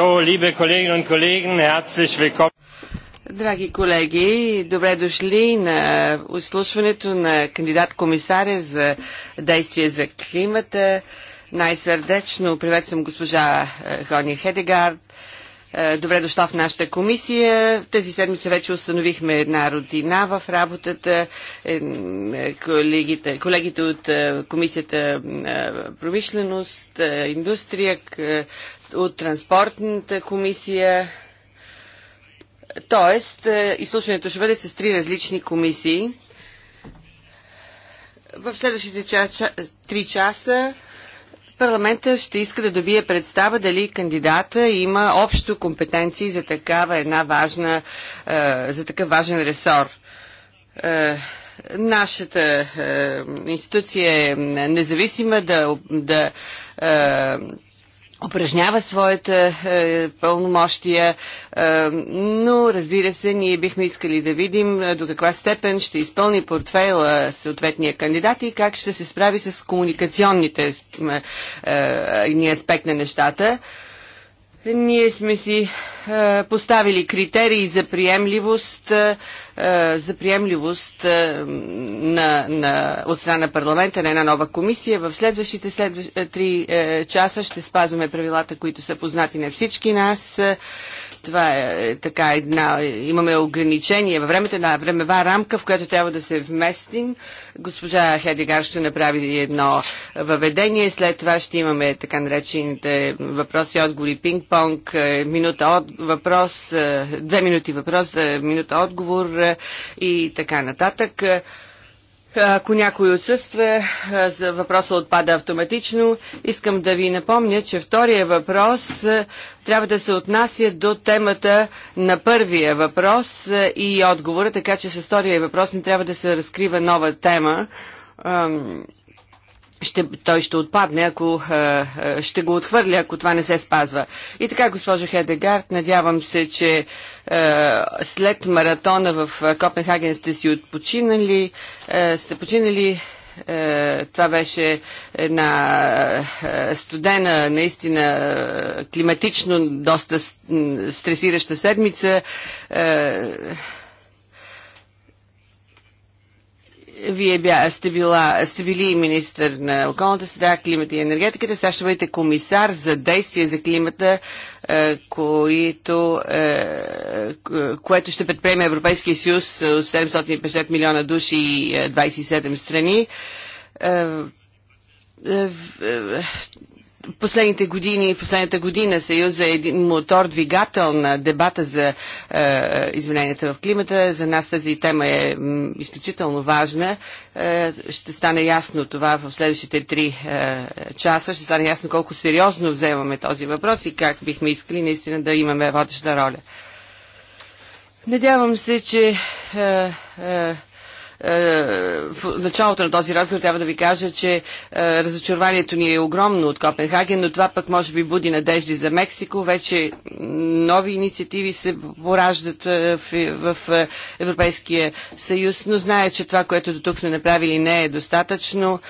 So, liebe Kolleginnen und Kollegen, herzlich willkommen. Драги колеги, добре дошли на изслушването на кандидат комисаря за действие за климата. Най-сърдечно приветствам госпожа е, Хони Хедегард, е, добре дошла в нашата комисия. тези седмица вече установихме една родина в работата. Е, е, колегите, колегите от комисията промишленост, индустрия, от транспортната комисия. Тоест, изслушването ще бъде с три различни комисии. В следващите ча- три часа парламента ще иска да добие представа дали кандидата има общо компетенции за такава една важна, е, за такъв важен ресор. Е, нашата е, институция е независима да, да упражнява своята е, пълномощия, е, но разбира се, ние бихме искали да видим е, до каква степен ще изпълни портфейла съответния кандидат и как ще се справи с комуникационните е, е, аспект на нещата. Ние сме си е, поставили критерии за приемливост, е, е, за приемливост е, на, на, от страна на парламента на една нова комисия. В следващите следващ, е, три е, часа ще спазваме правилата, които са познати на всички нас. Е, това е, е така една, имаме ограничение във времето, една времева рамка, в която трябва да се вместим. Госпожа Хедегар ще направи едно въведение, след това ще имаме така наречените въпроси отговори пинг-понг, е, минута от, въпрос, е, две минути въпрос, минута отговор и така нататък. Ако някой отсъства, въпросът отпада автоматично. Искам да ви напомня, че втория въпрос трябва да се отнася до темата на първия въпрос и отговора, така че с втория въпрос не трябва да се разкрива нова тема ще, той ще отпадне, ако е, е, ще го отхвърля, ако това не се спазва. И така, госпожо Хедегард, надявам се, че е, след маратона в Копенхаген сте си отпочинали, сте починали това беше една студена, наистина климатично доста стресираща седмица. Вие бя, сте, била, сте били министър на околната среда, климата и енергетиката. Сега ще бъдете комисар за действие за климата, е, които, е, което ще предприеме Европейския съюз от 750 милиона души и 27 е, страни последните години и последната година Съюза е един мотор, двигател на дебата за е, измененията в климата. За нас тази тема е изключително важна. Е, ще стане ясно това в следващите три е, часа. Ще стане ясно колко сериозно вземаме този въпрос и как бихме искали наистина да имаме водеща роля. Надявам се, че е, е, е, в началото на този разговор трябва да ви кажа, че е, разочарованието ни е огромно от Копенхаген, но това пък може би буди надежди за Мексико. Вече нови инициативи се пораждат е, в, Европейския съюз, но зная, че това, което до тук сме направили не е достатъчно.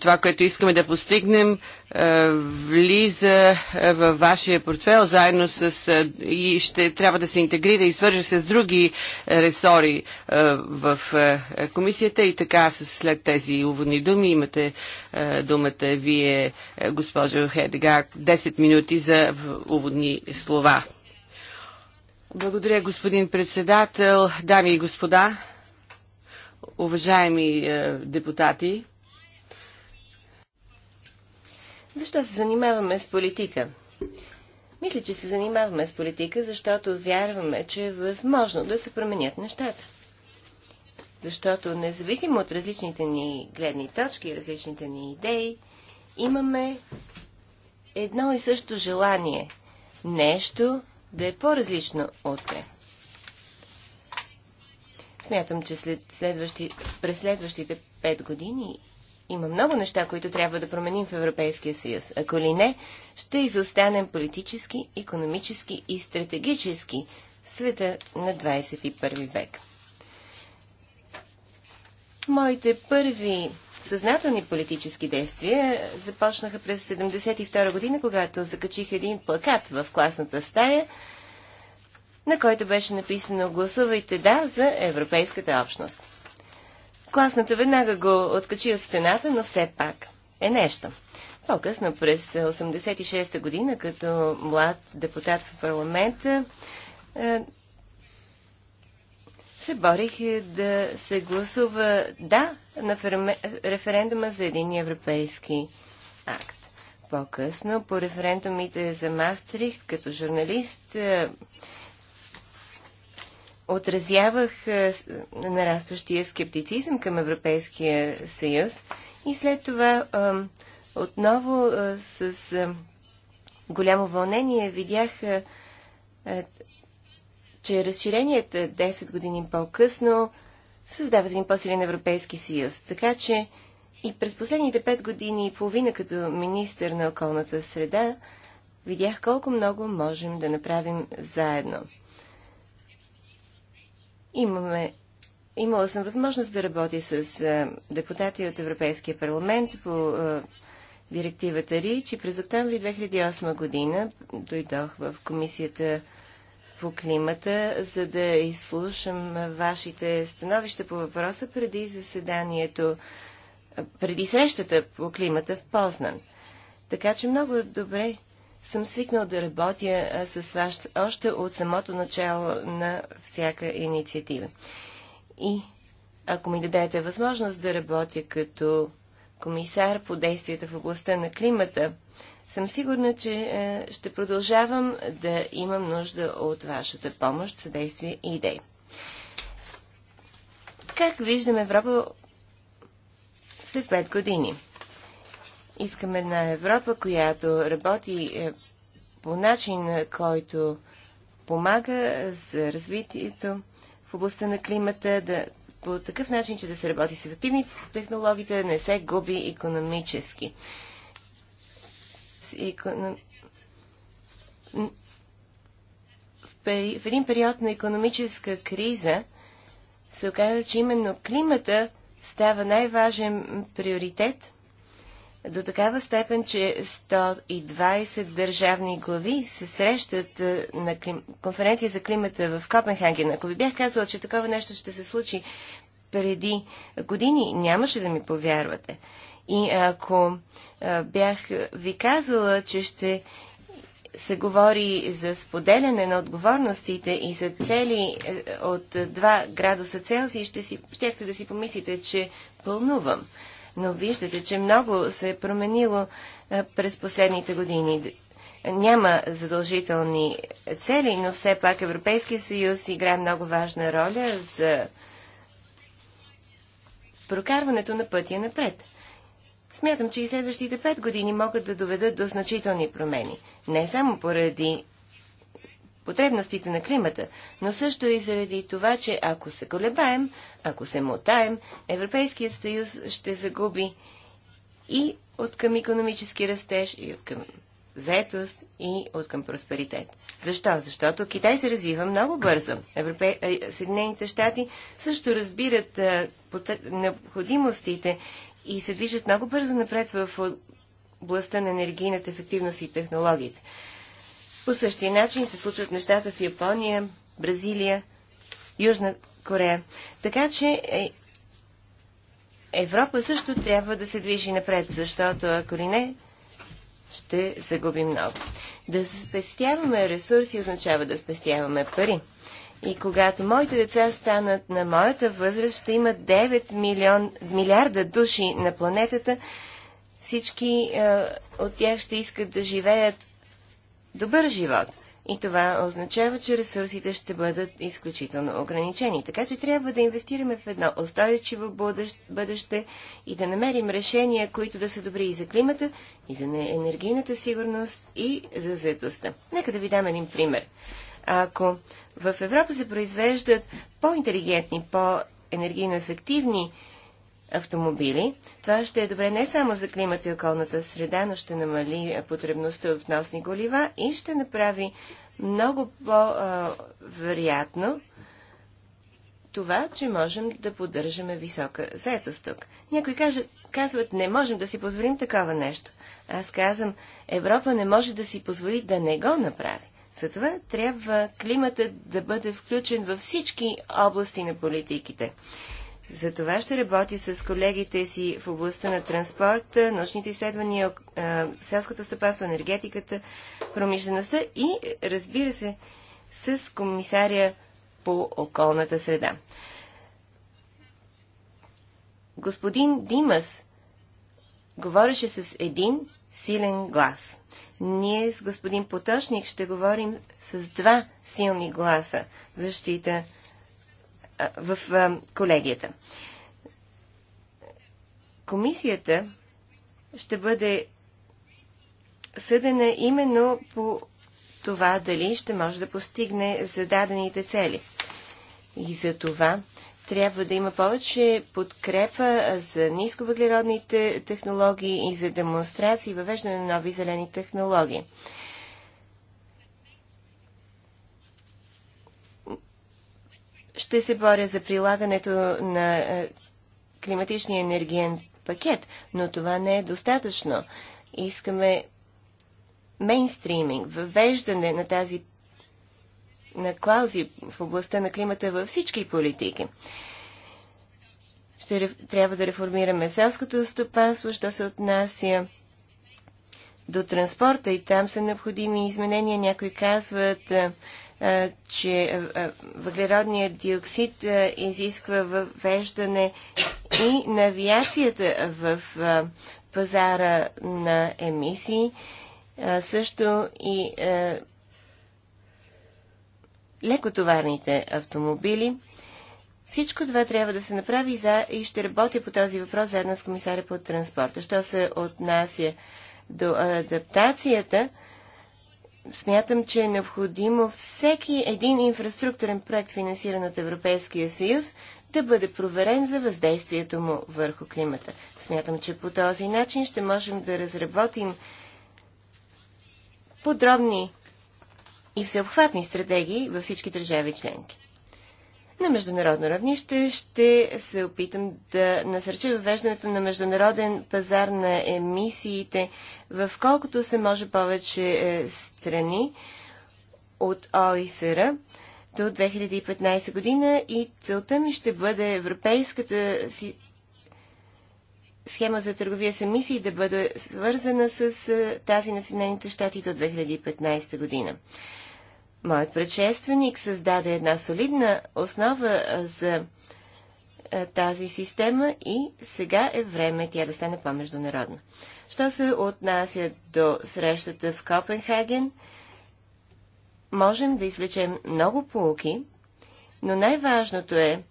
Това, което искаме да постигнем, е, влиза е, във вашия портфел заедно с е, и ще трябва да се интегрира и свържа се с други ресори в комисията и така след тези уводни думи имате думата вие, госпожо Хедега, 10 минути за уводни слова. Благодаря, господин председател, дами и господа, уважаеми депутати. Защо се занимаваме с политика? Мисля, че се занимаваме с политика, защото вярваме, че е възможно да се променят нещата. Защото независимо от различните ни гледни точки, различните ни идеи, имаме едно и също желание нещо да е по-различно от те. Смятам, че след следващи, през следващите пет години има много неща, които трябва да променим в Европейския съюз. Ако ли не, ще изостанем политически, економически и стратегически в света на 21 век. Моите първи съзнателни политически действия започнаха през 1972 година, когато закачих един плакат в класната стая, на който беше написано «Гласувайте да за Европейската общност». Класната веднага го откачи от стената, но все пак е нещо. По-късно, през 86-та година, като млад депутат в парламента, е, се борих да се гласува да на референдума за един европейски акт. По-късно, по референдумите за Мастрихт, като журналист, е, отразявах е, нарастващия скептицизъм към Европейския съюз и след това е, отново е, с голямо вълнение видях, че разширенията 10 години по-късно създават един по-силен Европейски съюз. Така че и през последните 5 години и половина като министър на околната среда видях колко много можем да направим заедно. Имаме Имала съм възможност да работя с а, депутати от Европейския парламент по а, директивата РИЧ и през октомври 2008 година дойдох в комисията по климата, за да изслушам вашите становища по въпроса преди заседанието, преди срещата по климата в Познан. Така че много добре съм свикнал да работя с вас още от самото начало на всяка инициатива. И ако ми дадете възможност да работя като комисар по действията в областта на климата, съм сигурна, че ще продължавам да имам нужда от вашата помощ, съдействие и идеи. Как виждаме Европа след 5 години? Искаме една Европа, която работи е, по начин, е, който помага за развитието в областта на климата, да, по такъв начин, че да се работи с ефективни технологии, да не се губи економически. Економ... В, пери... в един период на економическа криза се оказа, че именно климата става най-важен приоритет до такава степен, че 120 държавни глави се срещат е, на клим... конференция за климата в Копенхаген. Ако ви бях казала, че такова нещо ще се случи преди години, нямаше да ми повярвате. И ако е, бях ви казала, че ще се говори за споделяне на отговорностите и за цели е, от 2 градуса Целсия, ще си, щяхте да си помислите, че пълнувам но виждате, че много се е променило е, през последните години. Няма задължителни цели, но все пак Европейския съюз играе много важна роля за прокарването на пътя напред. Смятам, че и следващите пет години могат да доведат до значителни промени, не само поради потребностите на климата, но също и заради това, че ако се колебаем, ако се мотаем, Европейският съюз ще загуби и от към економически растеж, и от към заетост, и от към просперитет. Защо? Защото Китай се развива много бързо. Европе... Е, Съединените щати също разбират а, е, потър... необходимостите и се движат много бързо напред в областта на енергийната ефективност и технологиите. По същия начин се случват нещата в Япония, Бразилия, Южна Корея. Така че е, Европа също трябва да се движи напред, защото ако ли не, ще загубим много. Да спестяваме ресурси означава да спестяваме пари. И когато моите деца станат на моята възраст, ще има 9 милион, милиарда души на планетата. Всички е, от тях ще искат да живеят добър живот. И това означава, че ресурсите ще бъдат изключително ограничени. Така че трябва да инвестираме в едно устойчиво бъдеще и да намерим решения, които да са добри и за климата, и за енергийната сигурност, и за заедостта. Нека да ви дам един пример. Ако в Европа се произвеждат по-интелигентни, по-енергийно ефективни автомобили. Това ще е добре не само за климата и околната среда, но ще намали е, потребността от вносни голива и ще направи много по-вероятно това, че можем да поддържаме висока заетост тук. Някои кажат, казват, не можем да си позволим такова нещо. Аз казвам, Европа не може да си позволи да не го направи. Затова трябва климата да бъде включен във всички области на политиките. За това ще работи с колегите си в областта на транспорта, научните изследвания, е, селското стопанство, енергетиката, промишлеността и, разбира се, с комисаря по околната среда. Господин Димас говореше с един силен глас. Ние с господин Поточник ще говорим с два силни гласа. Защита в колегията. Комисията ще бъде съдена именно по това дали ще може да постигне зададените цели. И за това трябва да има повече подкрепа за нисковъглеродните технологии и за демонстрации и въвеждане на нови зелени технологии. ще се боря за прилагането на е, климатичния енергиен пакет, но това не е достатъчно. Искаме мейнстриминг, въвеждане на тази на клаузи в областта на климата във всички политики. Ще трябва да реформираме селското стопанство, що се отнася до транспорта и там са необходими изменения. Някои казват е, е, че е, е, въглеродният диоксид изисква въвеждане и на авиацията в пазара на емисии, също и лекотоварните автомобили. Всичко това трябва да се направи за, и ще работя по този въпрос заедно с комисаря по транспорта. Що се отнася до адаптацията, смятам, че е необходимо всеки един инфраструктурен проект, финансиран от Европейския съюз, да бъде проверен за въздействието му върху климата. Смятам, че по този начин ще можем да разработим подробни и всеобхватни стратегии във всички държави членки. На международно равнище ще се опитам да насърча въвеждането на международен пазар на емисиите в колкото се може повече е, страни от ОИСР до 2015 година и целта ми ще бъде европейската си схема за търговия с емисии да бъде свързана с е, тази на Съединените щати до 2015 година. Моят предшественик създаде една солидна основа за тази система и сега е време тя да стане по-международна. Що се отнася до срещата в Копенхаген, можем да извлечем много полуки, но най-важното е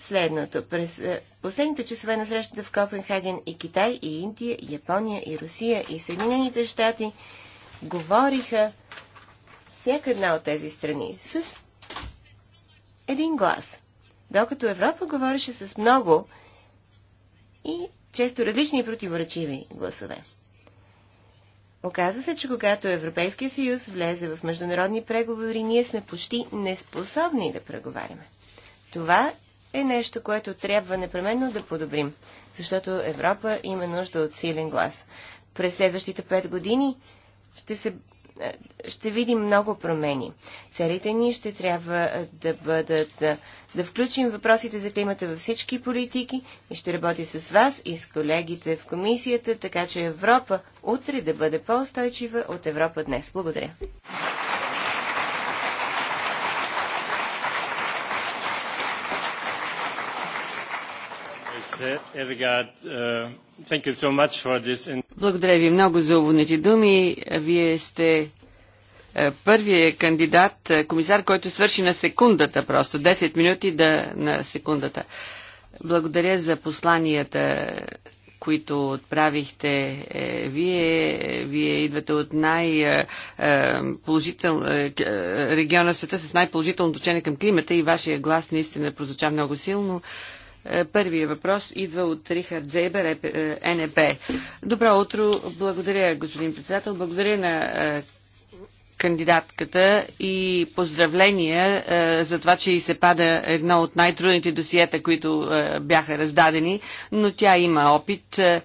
следното. През последните часове на срещата в Копенхаген и Китай, и Индия, и Япония, и Русия, и Съединените щати говориха всяка една от тези страни с един глас. Докато Европа говореше с много и често различни и противоречиви гласове. Оказва се, че когато Европейския съюз влезе в международни преговори, ние сме почти неспособни да преговаряме. Това е нещо, което трябва непременно да подобрим, защото Европа има нужда от силен глас. През следващите пет години ще се ще видим много промени. Целите ни ще трябва да бъдат да включим въпросите за климата във всички политики и ще работи с вас и с колегите в комисията, така че Европа утре да бъде по-устойчива от Европа днес. Благодаря. Е, е, Благодаря ви много за уводните думи. Вие сте е, първият кандидат, комисар, който свърши на секундата просто, 10 минути да, на секундата. Благодаря за посланията, които отправихте вие. Вие идвате от най-положител региона в света с най-положително отношение към климата и вашия глас наистина прозвуча много силно. Е, първият въпрос идва от Рихард Зейбер, е, е, НЕП. Добро утро, благодаря господин председател, благодаря на кандидатката и поздравления е, за това, че и се пада едно от най-трудните досиета, които е, бяха раздадени, но тя има опит е,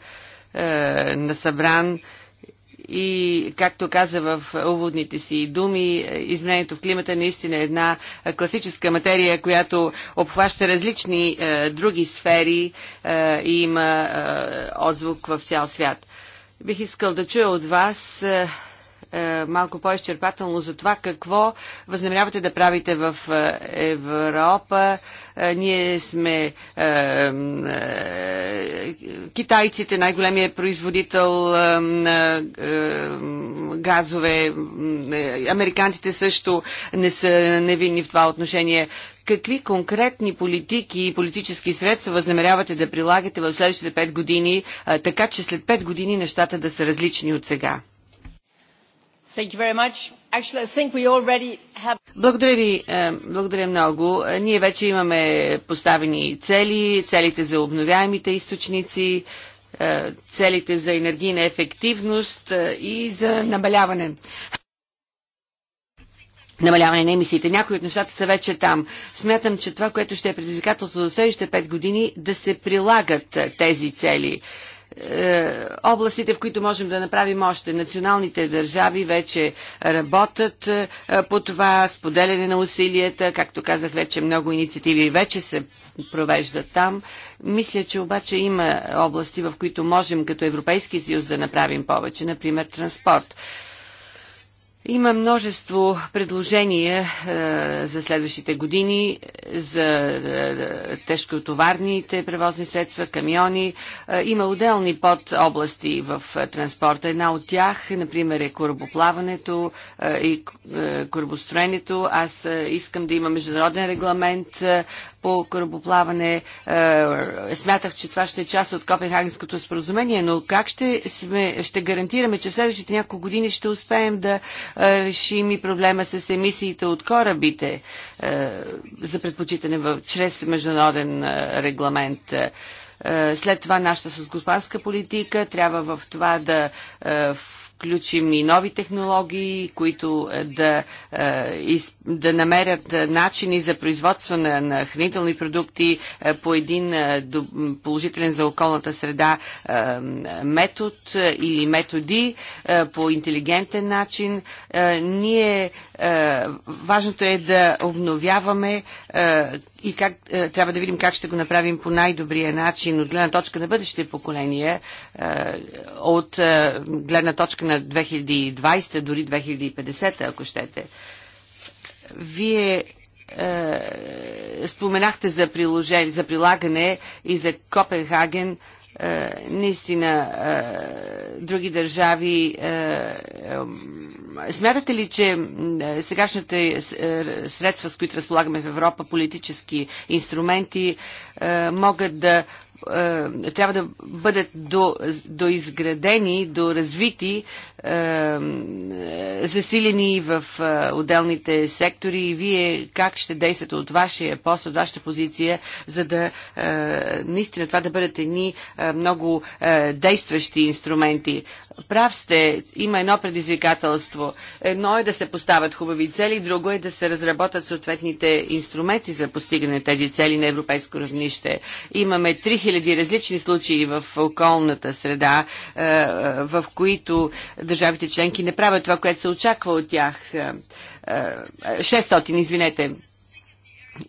е, и, както каза в уводните си думи, изменението в климата наистина е една класическа материя, която обхваща различни е, други сфери е, и има е, отзвук в цял свят. Бих искал да чуя от вас е, е, малко по-изчерпателно за това какво възнамерявате да правите в е, Европа. Е, ние сме китайците, най-големият производител на газове. Американците също не са невинни в това отношение. Какви конкретни политики и политически средства възнамерявате да прилагате в следващите 5 години, така че след 5 години нещата да са различни от сега? Благодаря ви, е, благодаря много. Ние вече имаме поставени цели, целите за обновяемите източници, е, целите за енергийна ефективност е, и за намаляване намаляване на емисиите. Някои от нещата са вече там. Смятам, че това, което ще е предизвикателство за следващите 5 години, да се прилагат тези цели е, областите, в които можем да направим още. Националните държави вече работят е, по това, споделяне на усилията, както казах, вече много инициативи вече се провеждат там. Мисля, че обаче има области, в които можем като Европейски съюз да направим повече, например транспорт. Има множество предложения е, за следващите години за е, тежкотоварните превозни средства, камиони. Е, има отделни подобласти в е, транспорта. Една от тях, например, е корабоплаването е, и е, корабостроенето. Аз е, искам да има международен регламент е, по корабоплаване. Е, е, смятах, че това ще е част от Копенхагенското споразумение, но как ще, сме, ще гарантираме, че в следващите няколко години ще успеем да е, решим и проблема с емисиите от корабите за предпочитане в, чрез международен регламент? След това нашата съсгоспанска политика трябва в това да включим и нови технологии, които да изпълняваме да намерят начини за производство на, на хранителни продукти по един положителен за околната среда метод или методи по интелигентен начин. Ние важното е да обновяваме и как трябва да видим как ще го направим по най-добрия начин от гледна точка на бъдещите поколения, от гледна точка на 2020, дори 2050, ако щете. Вие е, споменахте за, приложение, за прилагане и за Копенхаген. Е, наистина, е, други държави. Е, е, смятате ли, че е, сегашните е, средства, с които разполагаме в Европа, политически инструменти, е, могат да е, трябва да бъдат до, доизградени, доразвити, е, засилени в е, отделните сектори и вие как ще действате от вашия пост, от вашата позиция, за да е, наистина това да бъдат едни е, много е, действащи инструменти. Прав сте, има едно предизвикателство. Едно е да се поставят хубави цели, друго е да се разработят съответните инструменти за постигане тези цели на европейско равнище. Имаме 3000 различни случаи в околната среда, е, е, в които държавите членки не правят това, което се очаква от тях. 600, е, извинете,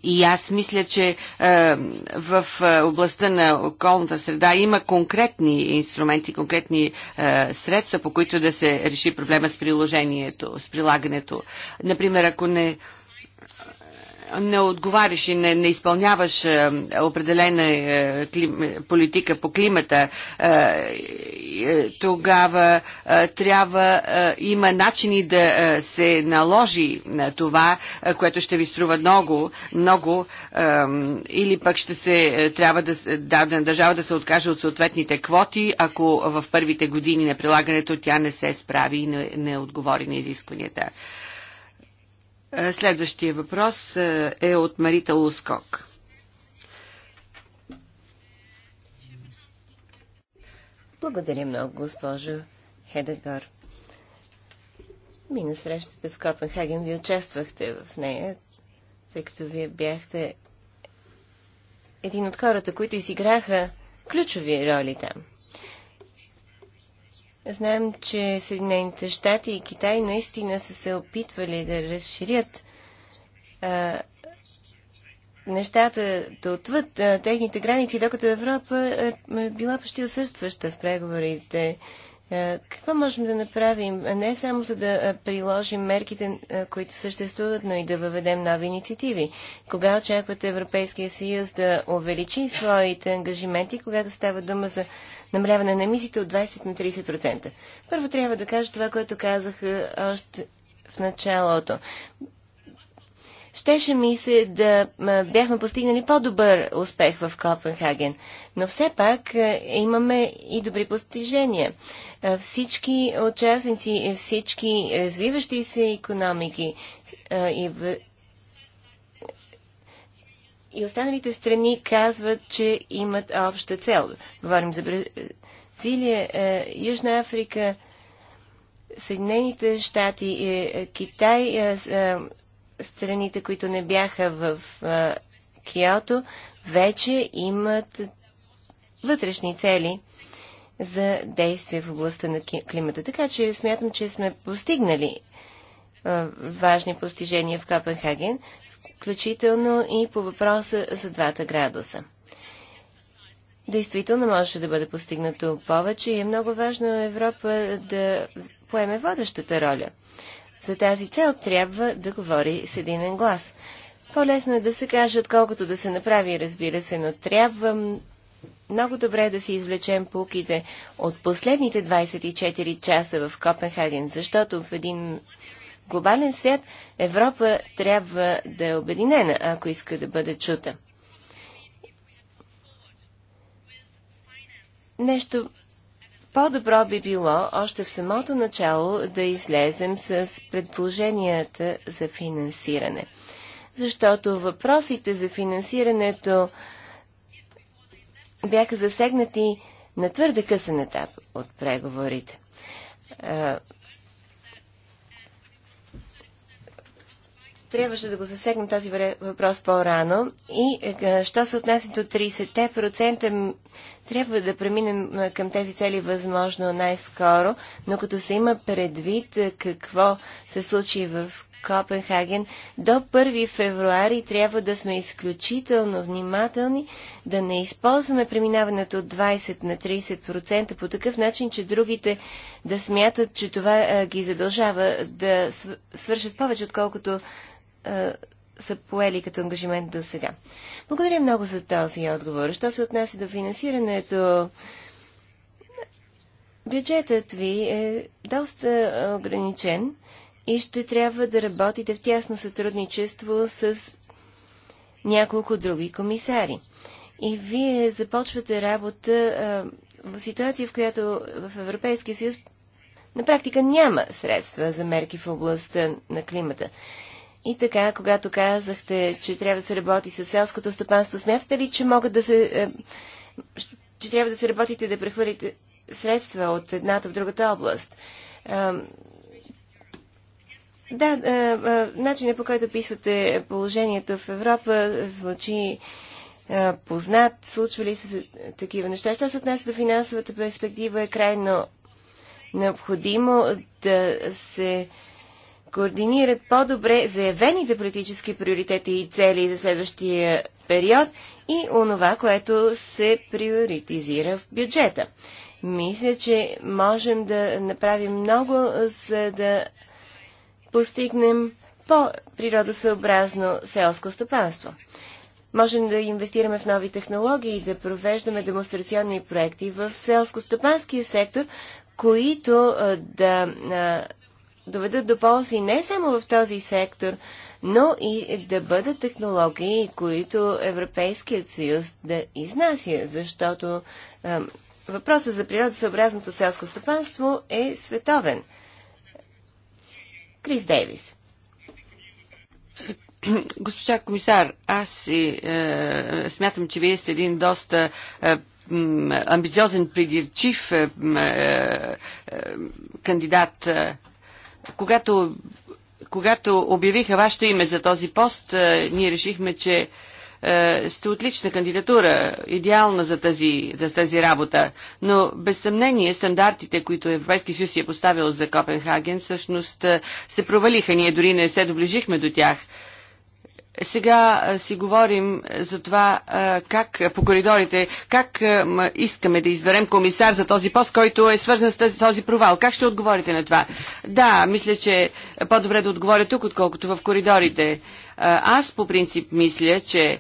и аз мисля, че е, в е, областта на околната среда има конкретни инструменти, конкретни е, средства, по които да се реши проблема с приложението, с прилагането. Например, ако не не отговаряш и не, не изпълняваш е, определена е, клим, политика по климата, е, е тогава е, трябва, е, има начини да се наложи на това, което ще ви струва много, много или пък ще се трябва да да държава да се откаже от съответните квоти, ако в първите години на прилагането тя не се справи и не, не отговори на изискванията. Е, следващия въпрос е, е от Марита Лускок. Благодаря много, госпожо Хедегор. Мина срещата в Копенхаген, ви участвахте в нея, тъй като вие бяхте един от хората, които изиграха ключови роли там. Знаем, че Съединените щати и Китай наистина са се опитвали да разширят а, нещата да отвъд а, техните граници, докато Европа е била почти осъщваща в преговорите е, какво можем да направим? Не само за да е, приложим мерките, е, които съществуват, но и да въведем нови инициативи. Кога очаквате Европейския съюз да увеличи своите ангажименти, когато става дума за намаляване на емисиите от 20 на 30%? Първо трябва да кажа това, което казах още в началото. Щеше ми се да бяхме постигнали по-добър успех в Копенхаген, но все пак имаме и добри постижения. Всички участници, всички развиващи се економики и, и останалите страни казват, че имат обща цел. Говорим за Бразилия, Южна Африка, Съединените щати, е, Китай, е, е, страните, които не бяха в а, Киото, вече имат вътрешни цели за действие в областта на климата. Така че смятам, че сме постигнали а, важни постижения в Копенхаген, включително и по въпроса за двата градуса. Действително може да бъде постигнато повече и е много важно Европа да поеме водещата роля за тази цел трябва да говори с единен глас. По-лесно е да се каже, отколкото да се направи, разбира се, но трябва много добре да си извлечем пулките от последните 24 часа в Копенхаген, защото в един глобален свят Европа трябва да е обединена, ако иска да бъде чута. Нещо по-добро би било още в самото начало да излезем с предложенията за финансиране. Защото въпросите за финансирането бяха засегнати на твърде късен етап от преговорите. трябваше да го засегна този въпрос по-рано. И е, що се отнася до 30%, трябва да преминем е, към тези цели възможно най-скоро, но като се има предвид е, какво се случи в Копенхаген, до 1 февруари трябва да сме изключително внимателни, да не използваме преминаването от 20 на 30% по такъв начин, че другите да смятат, че това ги задължава да свършат повече, отколкото а, са поели като ангажимент до сега. Благодаря много за този отговор. Що се отнася до финансирането, бюджетът ви е доста ограничен и ще трябва да работите в тясно сътрудничество с няколко други комисари. И вие започвате работа а, в ситуация, в която в Европейския съюз на практика няма средства за мерки в областта на климата. И така, когато казахте, че трябва да се работи с селското стопанство, смятате ли, че могат да се... Е, че трябва да се работите да прехвърлите средства от едната в другата област? Е, да, е, начинът по който описвате положението в Европа звучи познат. Случвали се такива неща. Що се отнася до финансовата перспектива е крайно необходимо да се координират по-добре заявените политически приоритети и цели за следващия период и онова, което се приоритизира в бюджета. Мисля, че можем да направим много, за да постигнем по-природосъобразно селско стопанство. Можем да инвестираме в нови технологии и да провеждаме демонстрационни проекти в селско-стопанския сектор, които да доведат до ползи не само в този сектор, но и да бъдат технологии, които Европейският съюз да изнася, защото е, въпросът за природосъобразното селско стопанство е световен. Крис Дейвис. Госпожа комисар, аз и, е, смятам, че вие сте един доста е, амбициозен, придирчив е, е, е, кандидат. Е, когато, когато обявиха вашето име за този пост, е, ние решихме, че е, сте отлична кандидатура, идеална за тази, за тази работа, но без съмнение стандартите, които Европейски съюз е поставил за Копенхаген, всъщност е, се провалиха. Ние дори не се доближихме до тях. Сега си говорим за това как по коридорите, как искаме да изберем комисар за този пост, който е свързан с този провал. Как ще отговорите на това? Да, мисля, че е по-добре да отговоря тук, отколкото в коридорите. Аз по принцип мисля, че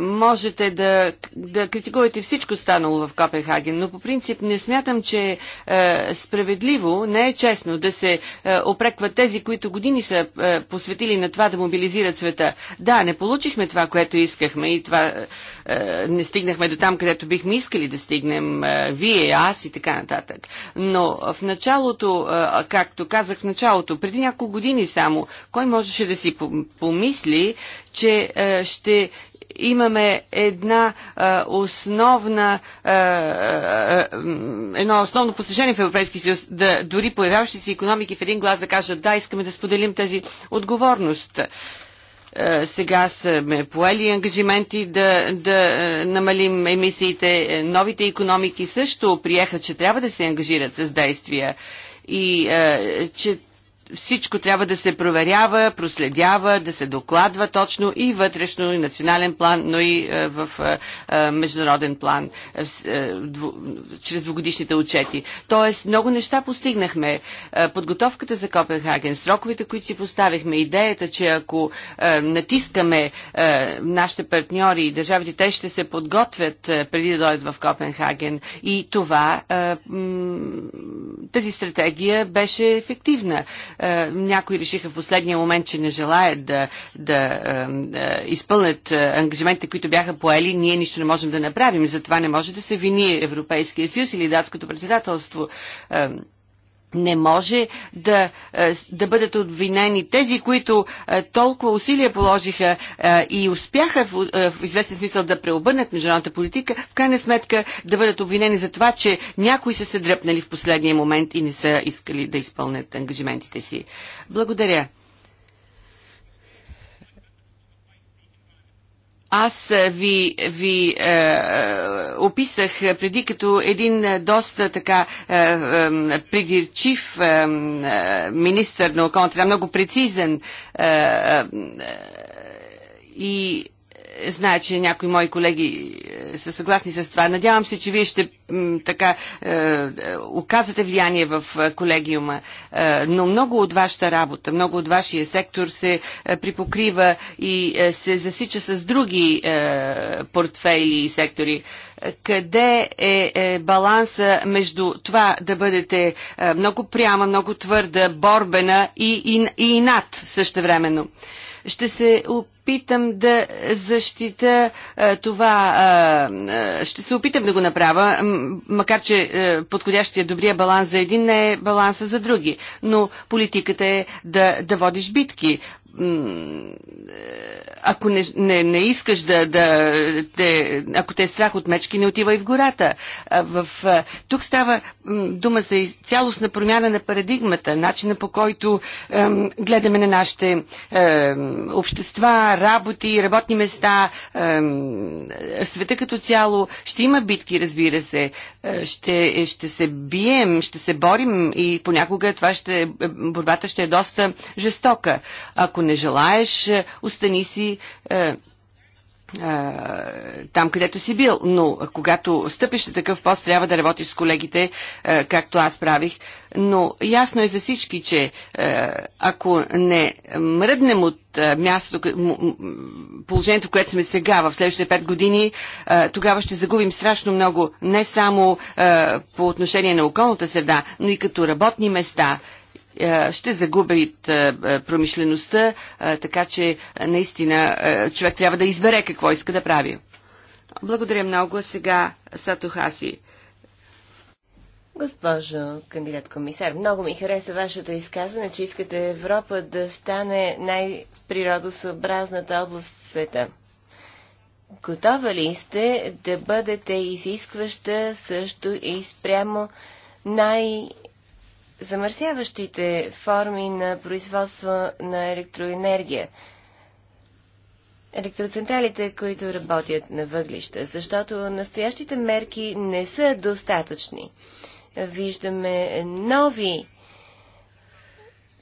можете да, да критикувате всичко станало в Копенхаген, но по принцип не смятам, че е справедливо, не е честно да се е, опрекват тези, които години са е, посветили на това да мобилизират света. Да, не получихме това, което искахме и това е, не стигнахме до там, където бихме искали да стигнем е, вие, аз и така нататък. Но в началото, е, както казах в началото, преди няколко години само, кой можеше да си помисли, че е, ще имаме една основна, едно основно постижение в Европейския съюз, да дори появяващи се економики в един глас да кажат да, искаме да споделим тази отговорност сега сме поели ангажименти да, да намалим емисиите. Новите економики също приеха, че трябва да се ангажират с действия и че всичко трябва да се проверява, проследява, да се докладва точно и вътрешно, и национален план, но и е, в е, е, международен план, чрез двугодишните отчети. Тоест, много неща постигнахме. Подготовката за Копенхаген, сроковете, които си поставихме, идеята, че ако натискаме нашите партньори и държавите, те ще се подготвят преди да дойдат в Копенхаген. И това, тази стратегия беше ефективна е, някои решиха в последния момент, че не желаят да, да е, е, изпълнят ангажиментите, които бяха поели. Ние нищо не можем да направим. Затова не може да се вини Европейския съюз или датското председателство. Не може да, е, да бъдат обвинени тези, които е, толкова усилия положиха е, и успяха в, в известен смисъл да преобърнат международната политика, в крайна сметка да бъдат обвинени за това, че някои са се дръпнали в последния момент и не са искали да изпълнят ангажиментите си. Благодаря. Аз ви, ви е, описах преди като един доста така е, е, придирчив е, е, министър на околната, много прецизен е, е, и Знае, че някои мои колеги е, са съгласни с това. Надявам се, че вие ще така е, е, оказвате влияние в колегиума, но много от вашата работа, много от вашия сектор се припокрива и се засича с други портфейли и сектори къде е, е баланса между това да бъдете е, много пряма, много твърда, борбена и, и, и над същевременно. времено. Ще се опитам да защита това. Ще се опитам да го направя, макар че подходящия е добрия баланс за един не е баланса за други. Но политиката е да, да водиш битки ако не, не, не искаш да, да те, ако те е страх от мечки, не отивай в гората. А, в, а, тук става м, дума за цялостна промяна на парадигмата, начина по който ем, гледаме на нашите ем, общества, работи, работни места, ем, света като цяло. Ще има битки, разбира се. ще, ще се бием, ще се борим и понякога това ще, борбата ще е доста жестока. Ако не желаеш, остани си е, е, там, където си бил. Но когато стъпиш на такъв пост, трябва да работиш с колегите, е, както аз правих. Но ясно е за всички, че е, ако не мръднем от мястото, положението, в което сме сега, в следващите 5 години, тогава ще загубим страшно много, не само по отношение на околната среда, но и като работни места – е, ще загубят е, е, промишлеността, така че наистина човек трябва да избере какво иска да прави. Благодаря много. Сега Сато Хаси. Госпожо кандидат комисар, много ми хареса вашето изказване, че искате Европа да стане най-природосъобразната област в света. Готова ли сте да бъдете изискваща също и спрямо най- замърсяващите форми на производство на електроенергия. Електроцентралите, които работят на въглища, защото настоящите мерки не са достатъчни. Виждаме нови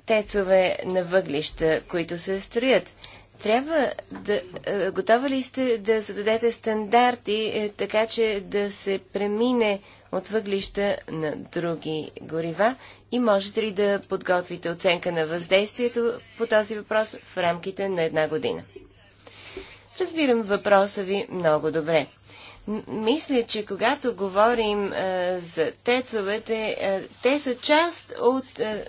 тецове на въглища, които се строят. Трябва да... Е, Готова ли сте да зададете стандарти, е, така че да се премине от въглища на други горива и можете ли да подготвите оценка на въздействието по този въпрос в рамките на една година? Разбирам въпроса ви много добре. Мисля, че когато говорим а, е, за тецовете, а, е, те са част от а, е,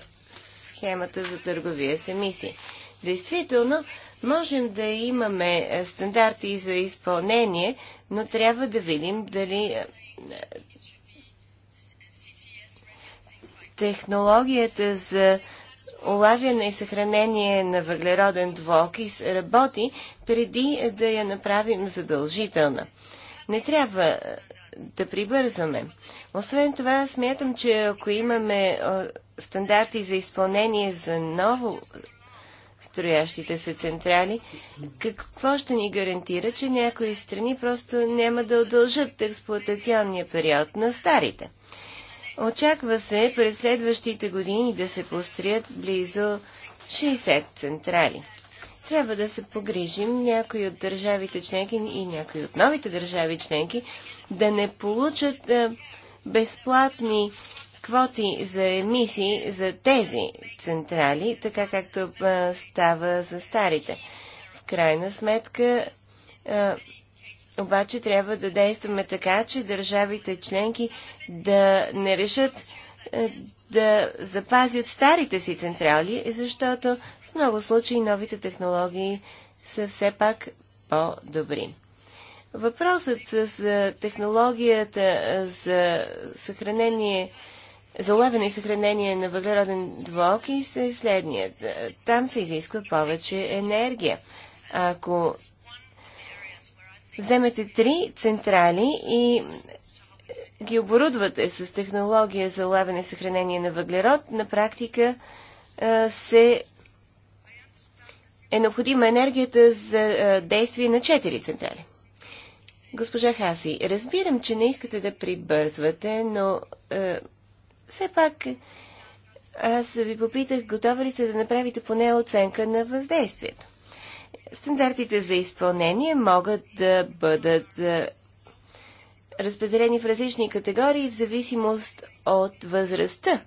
схемата за търговия с емисии. Действително, можем да имаме стандарти за изпълнение, но трябва да видим дали технологията за улавяне и съхранение на въглероден двокис работи преди да я направим задължителна. Не трябва е, да прибързаме. Освен това, смятам, че ако имаме е, стандарти за изпълнение за ново строящите се централи, какво ще ни гарантира, че някои страни просто няма да удължат експлуатационния период на старите? Очаква се през следващите години да се построят близо 60 централи. Трябва да се погрижим някои от държавите членки и някои от новите държави членки да не получат безплатни квоти за емисии за тези централи, така както става за старите. В крайна сметка обаче трябва да действаме така, че държавите членки да не решат е, да запазят старите си централи, защото в много случаи новите технологии са все пак по-добри. Въпросът с е, технологията е, за съхранение, за улавяне и съхранение на въглероден двуокис е следният. Там се изисква повече енергия. Ако вземете три централи и ги оборудвате с технология за улавяне и съхранение на въглерод, на практика се е необходима енергията за действие на четири централи. Госпожа Хаси, разбирам, че не искате да прибързвате, но е, все пак аз ви попитах, готова ли сте да направите поне оценка на въздействието? Стандартите за изпълнение могат да бъдат е, разпределени в различни категории в зависимост от възрастта е,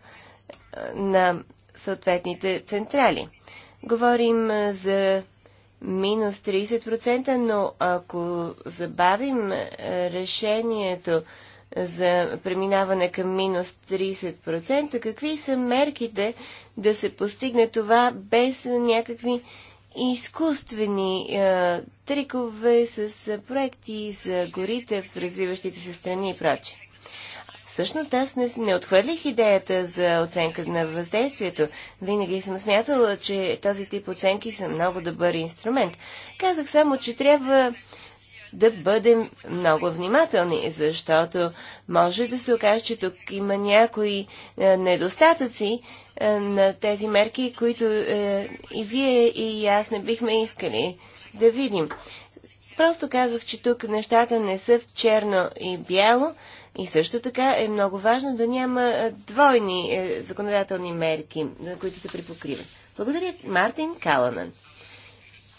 на съответните централи. Говорим е, за минус 30%, но ако забавим решението за преминаване към минус 30%, какви са мерките да се постигне това без някакви изкуствени е, трикове с е, проекти за горите в развиващите се страни и прочее. Всъщност аз не, не отхвърлих идеята за оценка на въздействието. Винаги съм смятала, че този тип оценки са много добър инструмент. Казах само, че трябва да бъдем много внимателни, защото може да се окаже, че тук има някои е, недостатъци е, на тези мерки, които е, и вие, и аз не бихме искали да видим. Просто казвах, че тук нещата не са в черно и бяло и също така е много важно да няма двойни законодателни мерки, които се припокриват. Благодаря, Мартин Каланан.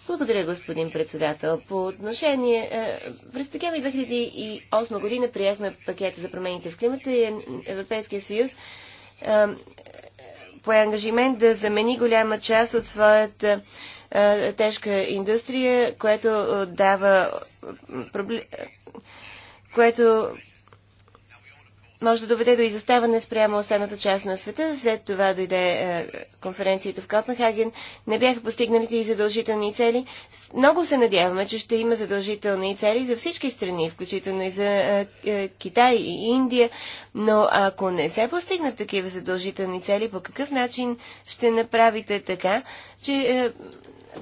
Благодаря, господин председател. По отношение, е, през декември 2008 година приехме пакета за промените в климата и Европейския съюз е, по ангажимент да замени голяма част от своята е, тежка индустрия, което дава което може да доведе до изоставане спрямо останата част на света. След това дойде е, конференцията в Копенхаген. Не бяха постигнати и задължителни цели. Много се надяваме, че ще има задължителни цели за всички страни, включително и за е, е, Китай и Индия. Но ако не се постигнат такива задължителни цели, по какъв начин ще направите така, че е,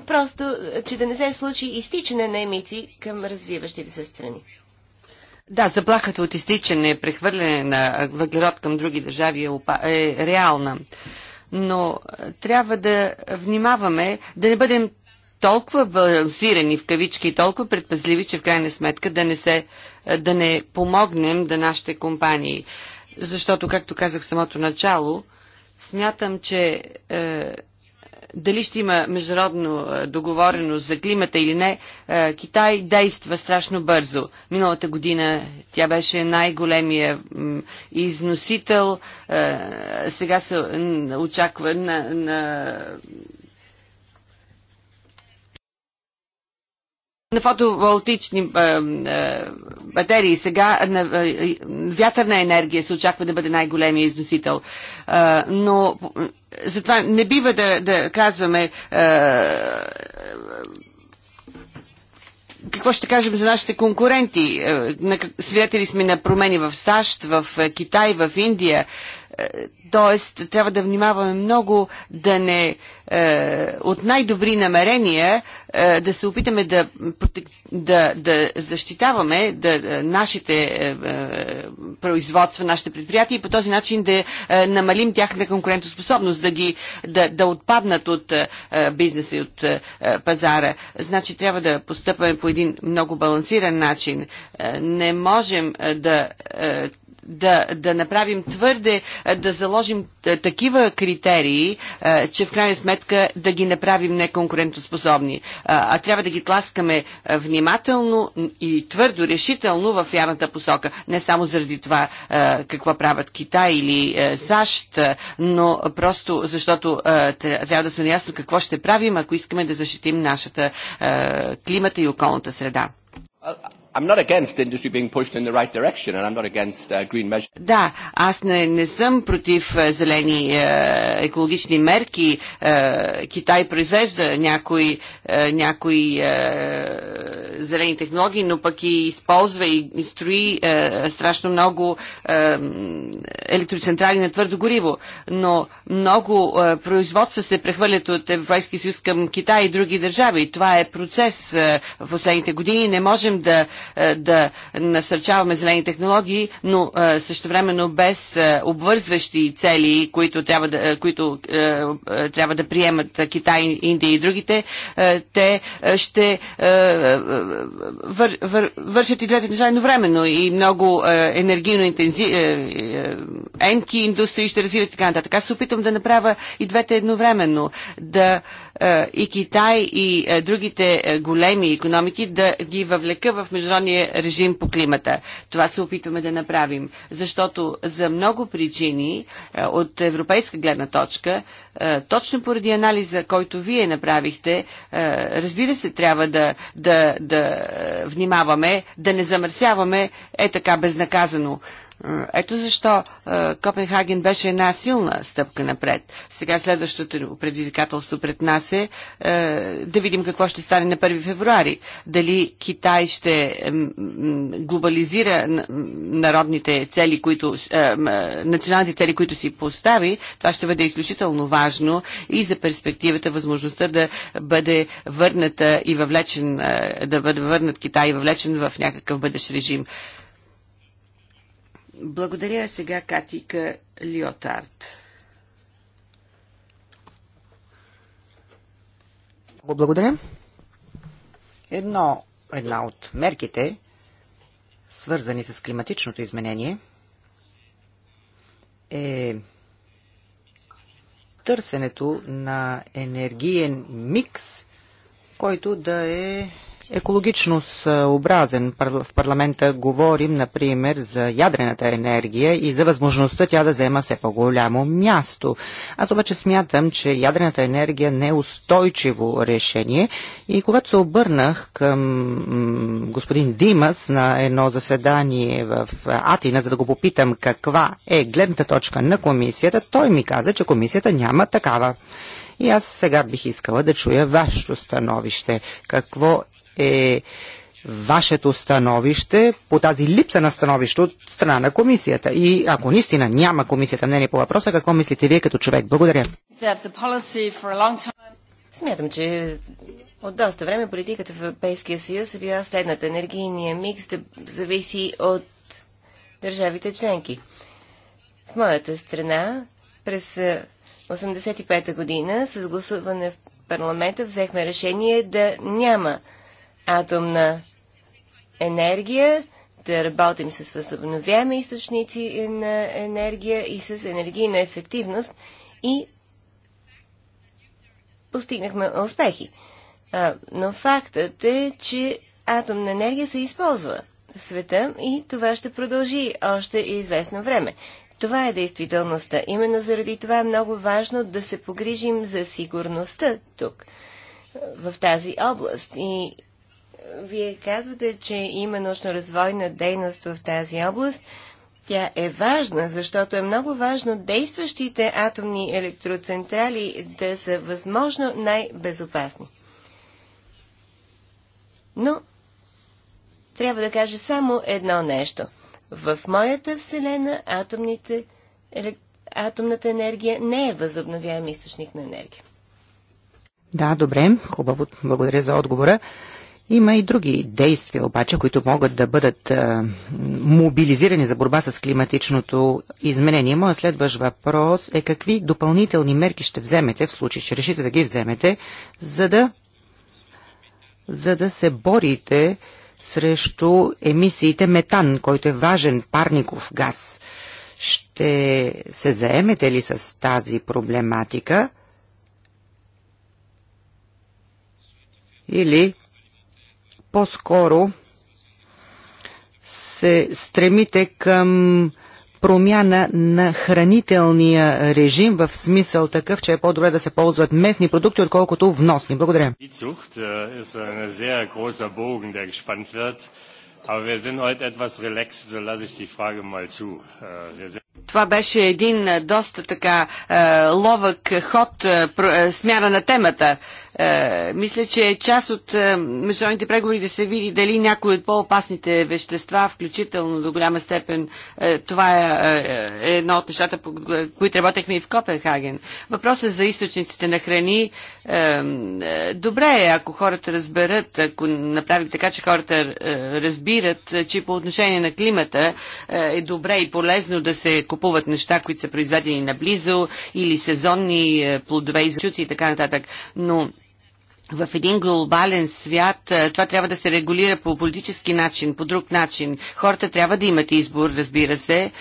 просто, е, че да не се случи изтичане на емиции към развиващите се страни? Да, заплахата от изтичане, прехвърляне на въглерод към други държави е, опа... е реална. Но е, трябва да внимаваме, да не бъдем толкова балансирани в кавички и толкова предпазливи, че в крайна сметка да не, се, е, да не помогнем да нашите компании. Защото, както казах в самото начало, смятам, че е, дали ще има международно е, договореност за климата или не, е, Китай действа страшно бързо. Миналата година тя беше най-големия износител. Е, сега се очаква на, на на фотоволтични е, е, батерии. Сега на е, вятърна енергия се очаква да бъде най-големия износител. Но затова не бива да, да казваме какво ще кажем за нашите конкуренти? Свидетели сме на промени в САЩ, в Китай, в Индия. Е, тоест, трябва да внимаваме много да не е, от най-добри намерения е, да се опитаме да, да, да защитаваме да, е, нашите е, е, производства, нашите предприятия и по този начин да е, намалим тяхната конкурентоспособност, да, ги, да, да отпаднат от е, бизнеса и от е, пазара. Значи, трябва да постъпваме по един много балансиран начин. Е, не можем да. Е, да, да направим твърде, да заложим такива критерии, че в крайна сметка да ги направим неконкурентоспособни. А трябва да ги тласкаме внимателно и твърдо, решително в вярната посока. Не само заради това какво правят Китай или САЩ, но просто защото трябва да сме наясно какво ще правим, ако искаме да защитим нашата климата и околната среда. Right да, аз не, не съм против е, зелени е, екологични мерки. Е, Китай произвежда някои, е, някои е, зелени технологии, но пък и използва и, и строи е, страшно много е, електроцентрали на твърдо гориво. Но много е, производства се прехвърлят от Европейския съюз към Китай и други държави. Това е процес е, в последните години. Не можем да е, да насърчаваме зелени технологии, но е, същевременно без е, обвързващи цели, които трябва да, които, трябва да приемат Китай, Индия и другите, те ще вър, вър, вършат и двете неща едновременно и много енергийно интензивно енки индустрии ще развиват и така нататък. Аз се опитвам да направя и двете едновременно. Да и Китай и другите големи економики да ги въвлека в международната амбициозния режим по климата. Това се опитваме да направим, защото за много причини е, от европейска гледна точка, е, точно поради анализа, който вие направихте, е, разбира се, трябва да, да, да внимаваме, да не замърсяваме е така безнаказано е, ето защо е, Копенхаген беше една силна стъпка напред. Сега следващото предизвикателство пред нас е, е да видим какво ще стане на 1 февруари. Дали Китай ще глобализира народните цели, които, националните цели, които си постави. Това ще бъде изключително важно и за перспективата, възможността да бъде върната и въвлечен, да бъде върнат Китай и въвлечен в някакъв бъдещ режим. Благодаря сега Катика Лиотард. Благодаря. Едно, една от мерките, свързани с климатичното изменение, е търсенето на енергиен микс, който да е екологично съобразен. В парламента говорим, например, за ядрената енергия и за възможността тя да взема все по-голямо място. Аз обаче смятам, че ядрената енергия не е устойчиво решение и когато се обърнах към господин Димас на едно заседание в Атина, за да го попитам каква е гледната точка на комисията, той ми каза, че комисията няма такава. И аз сега бих искала да чуя вашето становище. Какво е вашето становище по тази липса на становище от страна на комисията? И ако наистина няма комисията мнение по въпроса, какво мислите вие като човек? Благодаря. Смятам, че от доста време политиката в Европейския съюз е била следната. Енергийния микс да зависи от държавите членки. В моята страна през 1985 година с гласуване в парламента взехме решение да няма атомна енергия, да работим с възобновяеми източници на енергия и с енергийна ефективност и постигнахме успехи. А, но фактът е, че атомна енергия се използва в света и това ще продължи още известно време. Това е действителността. Именно заради това е много важно да се погрижим за сигурността тук, в тази област. И вие казвате, че има научно-развойна дейност в тази област. Тя е важна, защото е много важно действащите атомни електроцентрали да са възможно най-безопасни. Но трябва да кажа само едно нещо. В моята вселена атомните, елект... атомната енергия не е възобновяем източник на енергия. Да, добре, хубаво. Благодаря за отговора. Има и други действия обаче, които могат да бъдат а, е, мобилизирани за борба с климатичното изменение. Моят следващ въпрос е какви допълнителни мерки ще вземете, в случай, че решите да ги вземете, за да, за да се борите срещу емисиите метан, който е важен парников газ. Ще се заемете ли с тази проблематика? Или по-скоро се стремите към промяна на хранителния режим в смисъл такъв, че е по-добре да се ползват местни продукти, отколкото вносни. Благодаря. Äh, äh, Това беше един äh, доста така ловък ход, э, смяна на темата. Е, мисля, че е част от е, международните преговори да се види дали някои от по-опасните вещества, включително до голяма степен, е, това е, е, е едно от нещата, по които работехме и в Копенхаген. Въпросът за източниците на храни, е, е, добре е, ако хората разберат, ако направим така, че хората е, разбират, че по отношение на климата е, е добре и полезно да се купуват неща, които са произведени наблизо или сезонни е, плодове и и така нататък. Но в един глобален свят е, това трябва да се регулира по политически начин, по друг начин. Хората трябва да имат избор, разбира се,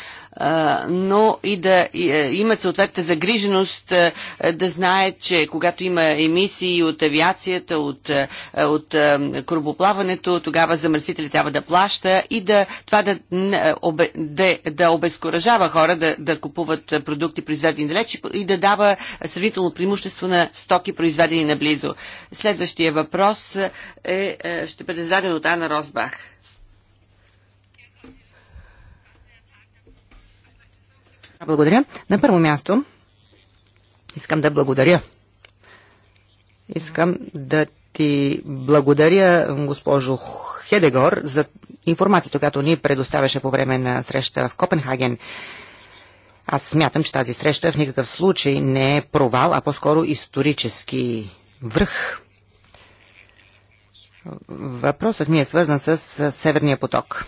но и да е, имат съответната загриженост е, е, да знаят, че когато има емисии от авиацията, от, от корабоплаването, тогава замърсители трябва да плаща и да това да, да, да обезкуражава хора да, да купуват продукти произведени далеч и да дава сравнително преимущество на стоки произведени наблизо. Следващия въпрос е, ще бъде зададен от Ана Розбах. Благодаря. На първо място искам да благодаря. Искам да ти благодаря, госпожо Хедегор, за информацията, която ни предоставяше по време на среща в Копенхаген. Аз смятам, че тази среща в никакъв случай не е провал, а по-скоро исторически връх. Въпросът ми е свързан с Северния поток.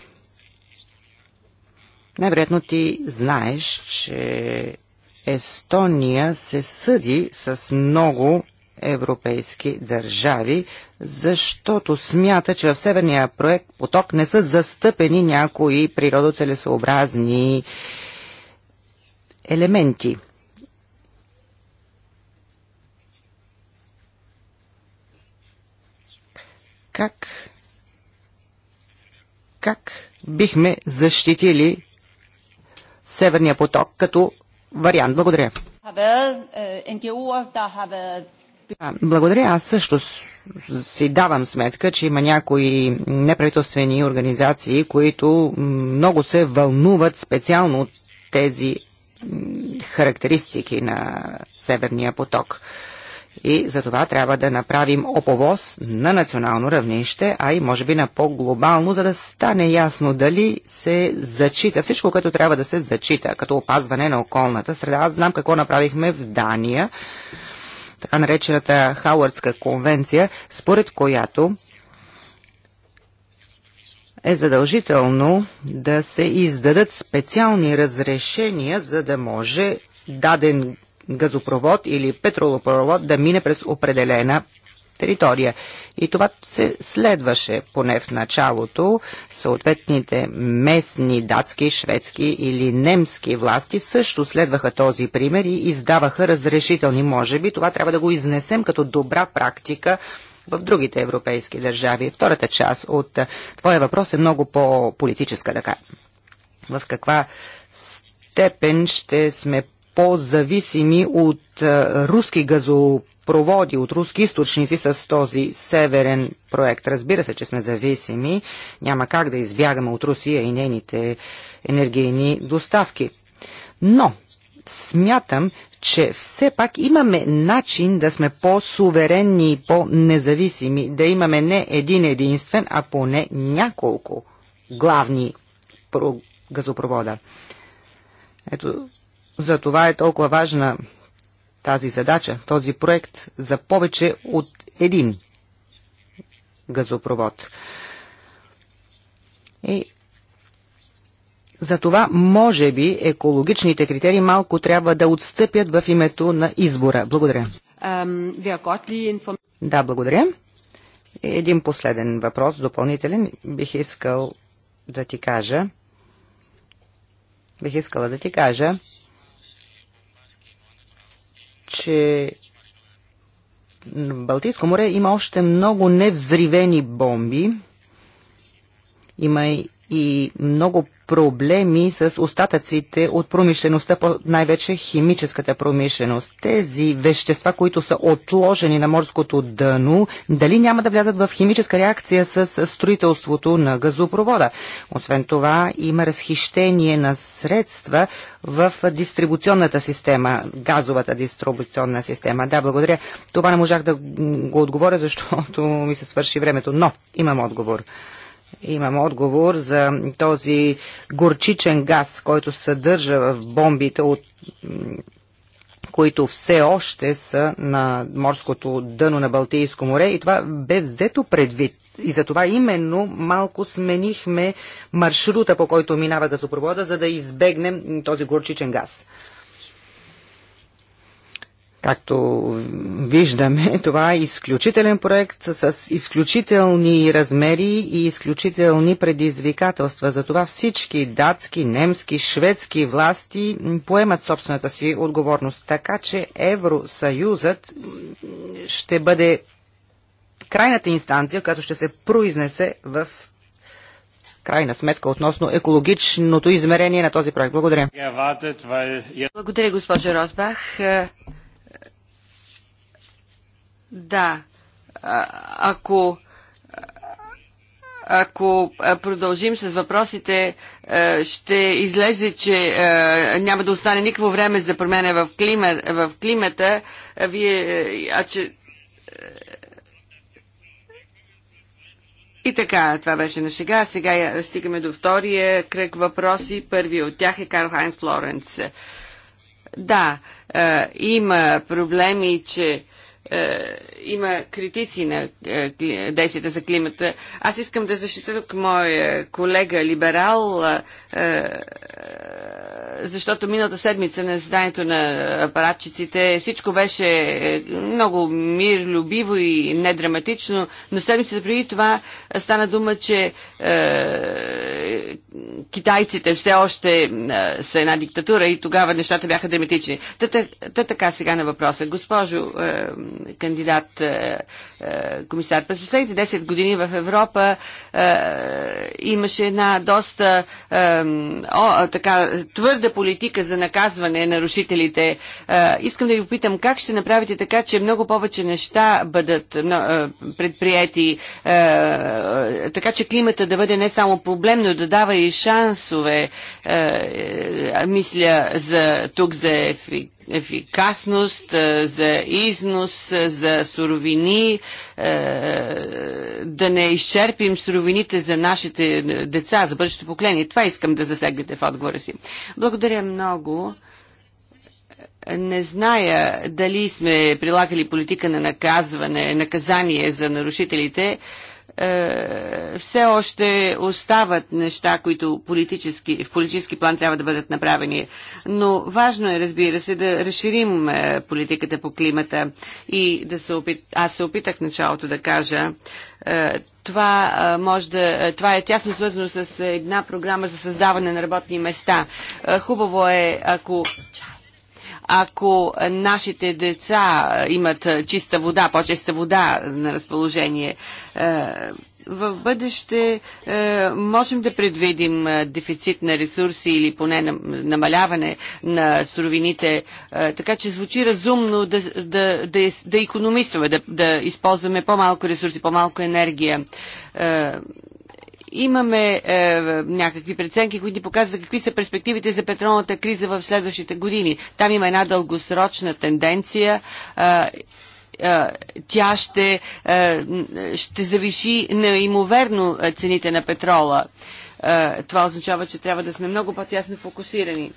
Най-вероятно ти знаеш, че Естония се съди с много европейски държави, защото смята, че в Северния проект поток не са застъпени някои природоцелесообразни елементи. Как, как бихме защитили Северния поток като вариант. Благодаря. Øh, благодаря. Аз също си давам сметка, че има някои неправителствени организации, които много се вълнуват специално от тези характеристики на Северния поток и за това трябва да направим оповоз на национално равнище, а и може би на по-глобално, за да стане ясно дали се зачита всичко, което трябва да се зачита, като опазване на околната среда. Аз знам какво направихме в Дания, така наречената Хауардска конвенция, според която е задължително да се издадат специални разрешения, за да може даден газопровод или петролопровод да мине през определена територия. И това се следваше поне в началото. Съответните местни датски, шведски или немски власти също следваха този пример и издаваха разрешителни. Може би това трябва да го изнесем като добра практика в другите европейски държави. Втората част от твоя въпрос е много по-политическа така. В каква степен ще сме по-зависими от е, руски газопроводи, от руски източници с този северен проект. Разбира се, че сме зависими, няма как да избягаме от Русия и нейните енергийни доставки. Но смятам, че все пак имаме начин да сме по-суверенни и по-независими, да имаме не един единствен, а поне няколко главни газопровода. Ето, за това е толкова важна тази задача, този проект за повече от един газопровод. И за това, може би, екологичните критерии малко трябва да отстъпят в името на избора. Благодаря. Да, благодаря. Един последен въпрос, допълнителен, бих искал да ти кажа. Бих искала да ти кажа, че Балтийско море има още много невзривени бомби. Има и и много проблеми с остатъците от промишлеността, най-вече химическата промишленост. Тези вещества, които са отложени на морското дъно, дали няма да влязат в химическа реакция с строителството на газопровода? Освен това, има разхищение на средства в дистрибуционната система, газовата дистрибуционна система. Да, благодаря. Това не можах да го отговоря, защото ми се свърши времето, но имам отговор имам отговор за този горчичен газ, който съдържа в бомбите от които все още са на морското дъно на Балтийско море и това бе взето предвид. И за това именно малко сменихме маршрута, по който минава газопровода, за да избегнем този горчичен газ. Както виждаме, това е изключителен проект с изключителни размери и изключителни предизвикателства. Затова всички датски, немски, шведски власти поемат собствената си отговорност. Така че Евросъюзът ще бъде крайната инстанция, която ще се произнесе в крайна сметка относно екологичното измерение на този проект. Благодаря. Благодаря, госпожо Росбах. Да, а, ако ако продължим с въпросите, е, ще излезе, че е, няма да остане никакво време за промяна в, клима, в климата. Вие, е, а че... И така, това беше на шега. Сега стигаме до втория кръг въпроси. Първият от тях е Карл Хайн Флоренц. Да, има проблеми, че е, има критици на е, действията за климата. Аз искам да защита тук моя колега либерал е, защото миналата седмица на заседанието на апаратчиците всичко беше е, много мирлюбиво и недраматично, но седмицата преди това стана дума, че е, китайците все още е, са една диктатура и тогава нещата бяха драматични. Та, та, та така сега на въпроса. Госпожо е, кандидат е, е, комисар, през последните 10 години в Европа е, имаше една доста е, о, така твърда общата политика за наказване на нарушителите. Искам да ви попитам как ще направите така, че много повече неща бъдат предприяти, така че климата да бъде не само проблем, но да дава и шансове, е, мисля, за тук за ефект ефикасност, е, за износ, е, за суровини, е, да не изчерпим суровините за нашите деца, за бъдещето поколение. Това искам да засегнете в отговора си. Благодаря много. Не зная дали сме прилагали политика на наказване, наказание за нарушителите. Е, все още остават неща, които политически, в политически план трябва да бъдат направени. Но важно е, разбира се, да разширим е, политиката по климата и да се опит... Аз се опитах в началото да кажа, е, това, може да, това е тясно свързано с една програма за създаване на работни места. Хубаво е, ако ако нашите деца имат чиста вода, по-чиста вода на разположение. Е, в бъдеще е, можем да предвидим е, дефицит на ресурси или поне намаляване на суровините, така че звучи разумно да, да, да, да економисваме, да, да използваме по-малко ресурси, по-малко енергия имаме е, някакви преценки, които ни показват какви са перспективите за петролната криза в следващите години. Там има една дългосрочна тенденция. Е, е тя ще, е, ще завиши неимоверно цените на петрола. Е, това означава, че трябва да сме много по-тясно фокусирани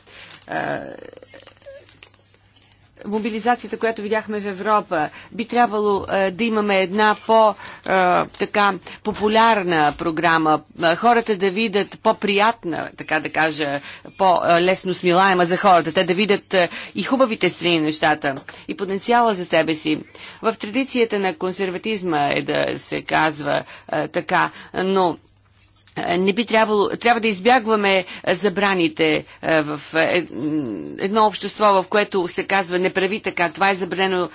мобилизацията, която видяхме в Европа. Би трябвало а, е, да имаме една по-така е, популярна програма, е, хората да видят по-приятна, така да кажа, по-лесно смилаема за хората, те да видят а, и хубавите страни на нещата, и потенциала за себе си. В традицията на консерватизма е да се казва така, но е, не би трябвало, трябва да избягваме е, забраните е, в едно общество, в което се казва не прави така, това е забранено,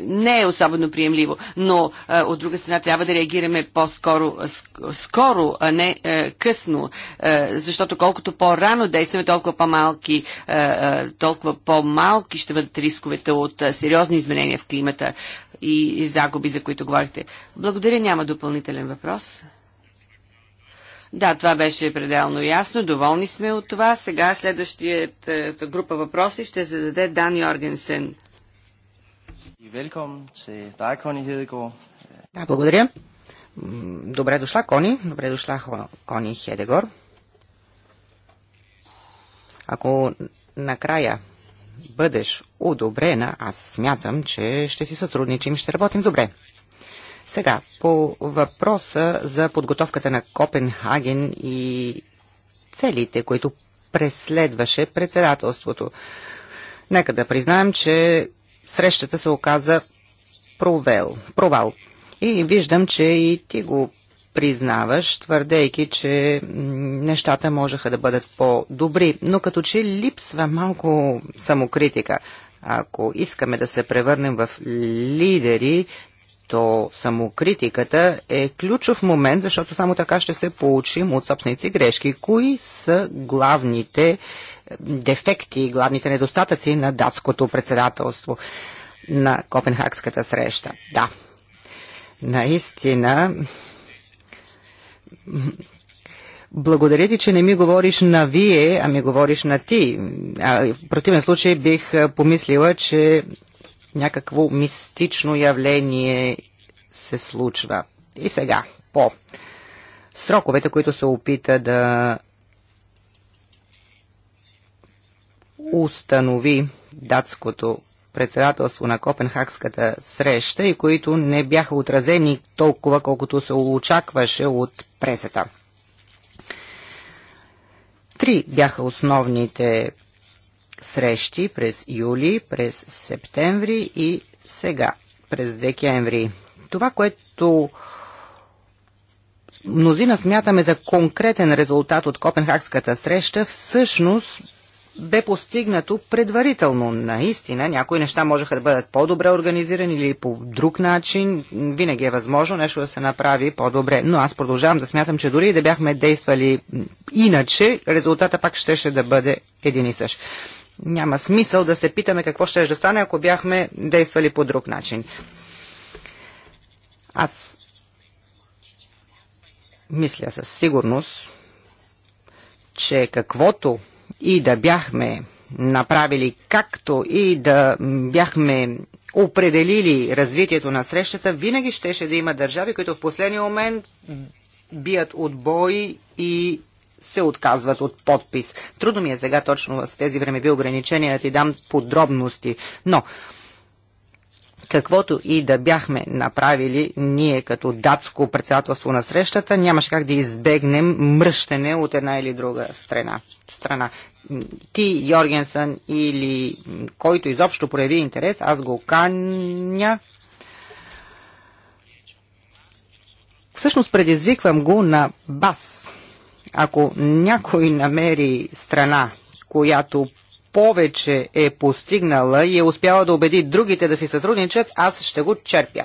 не е особено приемливо, но от друга страна трябва да реагираме по-скоро, скоро, а не късно, защото колкото по-рано действаме, толкова по-малки, толкова по-малки ще бъдат рисковете от сериозни изменения в климата и загуби, за които говорите. Благодаря, няма допълнителен въпрос. Да, това беше пределно ясно. Доволни сме от това. Сега следващият е, група въпроси ще зададе Дан Йоргенсен. Да, благодаря. Добре дошла, Кони. Добре дошла, Кони Хедегор. Ако накрая бъдеш одобрена, аз смятам, че ще си сътрудничим, ще работим добре. Сега, по въпроса за подготовката на Копенхаген и целите, които преследваше председателството. Нека да признаем, че срещата се оказа провел, провал. И виждам, че и ти го признаваш, твърдейки, че нещата можеха да бъдат по-добри, но като че липсва малко самокритика. Ако искаме да се превърнем в лидери, то самокритиката е ключов момент, защото само така ще се получим от собственици грешки. Кои са главните е, дефекти, главните недостатъци на датското председателство на Копенхагската среща? Да, наистина благодаря ти, че не ми говориш на вие, а ми говориш на ти. в противен случай бих е, помислила, че някакво мистично явление се случва. И сега, по сроковете, които се опита да установи датското председателство на Копенхагската среща и които не бяха отразени толкова, колкото се очакваше от пресата. Три бяха основните срещи през юли, през септември и сега, през декември. Това, което мнозина смятаме за конкретен резултат от Копенхагската среща, всъщност бе постигнато предварително. Наистина, някои неща можеха да бъдат по-добре организирани или по друг начин. Винаги е възможно нещо да се направи по-добре. Но аз продължавам да смятам, че дори и да бяхме действали иначе, резултата пак щеше да бъде един и същ няма смисъл да се питаме какво ще да стане, ако бяхме действали по друг начин. Аз мисля със сигурност, че каквото и да бяхме направили, както и да бяхме определили развитието на срещата, винаги щеше да има държави, които в последния момент бият отбой и се отказват от подпис. Трудно ми е сега точно с тези времеви ограничения да ти дам подробности, но каквото и да бяхме направили ние като датско председателство на срещата, нямаш как да избегнем мръщане от една или друга страна. страна. Ти, Йоргенсън или който изобщо прояви интерес, аз го каня. Всъщност предизвиквам го на бас ако някой намери страна, която повече е постигнала и е успяла да убеди другите да си сътрудничат, аз ще го черпя.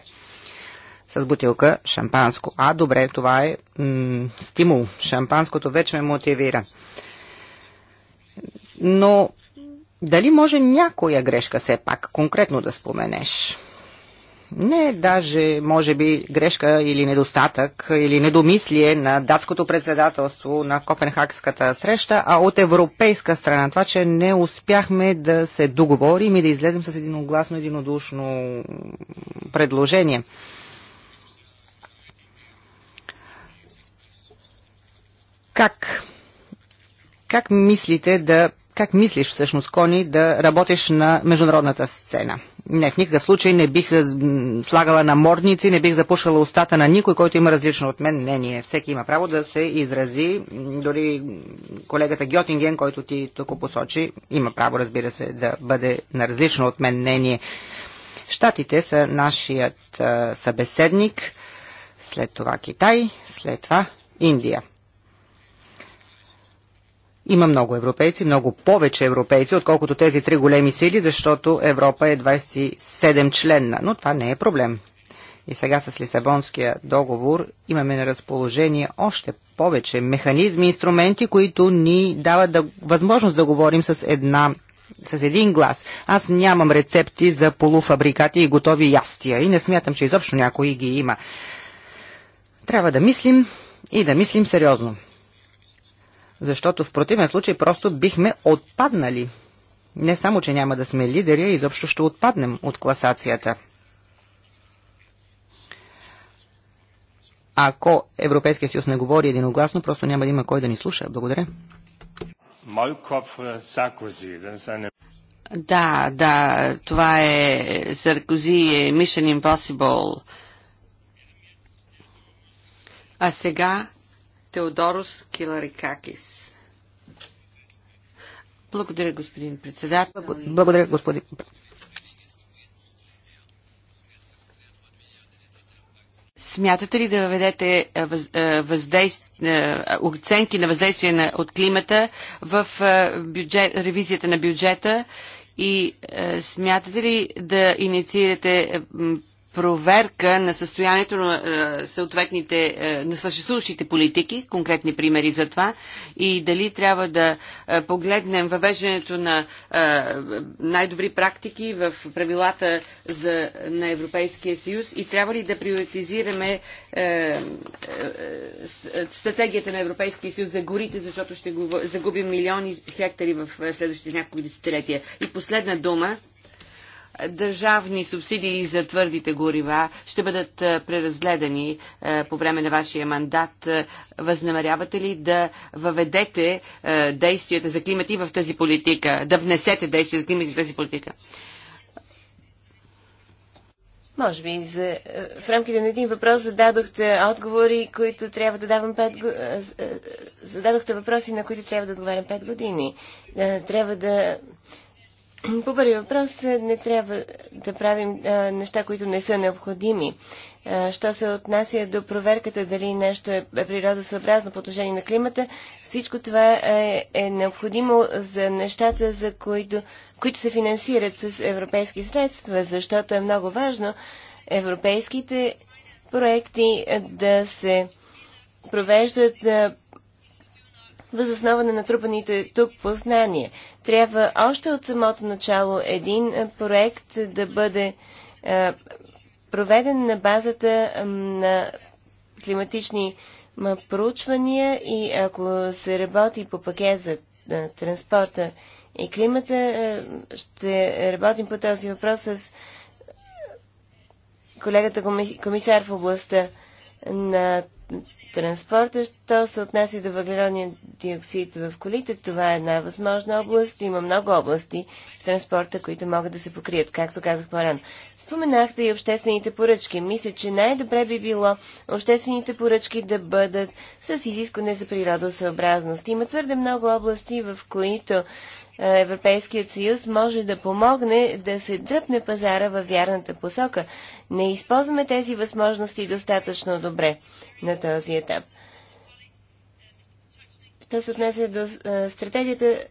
С бутилка шампанско. А, добре, това е стимул. Шампанското вече ме мотивира. Но дали може някоя грешка все пак конкретно да споменеш? Не даже, може би, грешка или недостатък или недомислие на датското председателство на Копенхагската среща, а от европейска страна. Това, че не успяхме да се договорим и да излезем с единогласно, единодушно предложение. Как? Как мислите да, как мислиш всъщност, Кони, да работиш на международната сцена? Не, в никакъв случай не бих слагала на морници, не бих запушвала устата на никой, който има различно от мен мнение. Всеки има право да се изрази, дори колегата Гьотинген, който ти тук посочи, има право, разбира се, да бъде на различно от мен мнение. Штатите са нашият събеседник, след това Китай, след това Индия. Има много европейци, много повече европейци, отколкото тези три големи сили, защото Европа е 27 членна. Но това не е проблем. И сега с Лисабонския договор имаме на разположение още повече механизми, инструменти, които ни дават да, възможност да говорим с една с един глас. Аз нямам рецепти за полуфабрикати и готови ястия и не смятам, че изобщо някой ги има. Трябва да мислим и да мислим сериозно защото в противен случай просто бихме отпаднали. Не само, че няма да сме лидери, а изобщо ще отпаднем от класацията. Ако Европейския съюз не говори единогласно, просто няма да има кой да ни слуша. Благодаря. Да, да, това е Саркози, е Mission Impossible. А сега Теодорос Киларикакис. Благодаря, господин председател. Благодаря, господин Смятате ли да въведете е, е, е, оценки на въздействие на... от климата в бюджет... ревизията на бюджета и смятате ли да инициирате проверка на състоянието на е, съответните, е, на съществуващите политики, конкретни примери за това, и дали трябва да е, погледнем въвеждането на най-добри практики в правилата за, на Европейския съюз и трябва ли да приоритизираме стратегията на Европейския съюз за горите, защото ще загубим милиони хектари в следващите няколко десетилетия. И последна дума, държавни субсидии за твърдите горива ще бъдат преразгледани по време на вашия мандат. Възнамерявате ли да въведете действията за климат и в тази политика? Да внесете действия за климати в тази политика? Може би за, в рамките на един въпрос зададохте отговори, които трябва да давам пет години. Зададохте въпроси, на които трябва да отговарям пет години. Трябва да по първи въпрос е, не трябва да правим а, неща, които не са необходими. А, що се отнася до проверката дали нещо е, е природосъобразно по отношение на климата, всичко това е, е необходимо за нещата, за които, които се финансират с европейски средства, защото е много важно европейските проекти да се провеждат възоснова на натрупаните тук познания. Трябва още от самото начало един е, проект да бъде е, проведен на базата на климатични проучвания и ако се работи по пакет за е, транспорта и климата, ще работим по този въпрос с колегата комисар в областта на транспорта. Що се отнася до въглеродния диоксид в колите, това е една възможна област. Има много области в транспорта, които могат да се покрият, както казах по-рано. Споменахте и обществените поръчки. Мисля, че най-добре би било обществените поръчки да бъдат с изискване за природосъобразност. Има твърде много области, в които е, Европейският съюз може да помогне да се дръпне пазара във вярната посока. Не използваме тези възможности достатъчно добре на този етап. Що се отнесе до е, стратегията,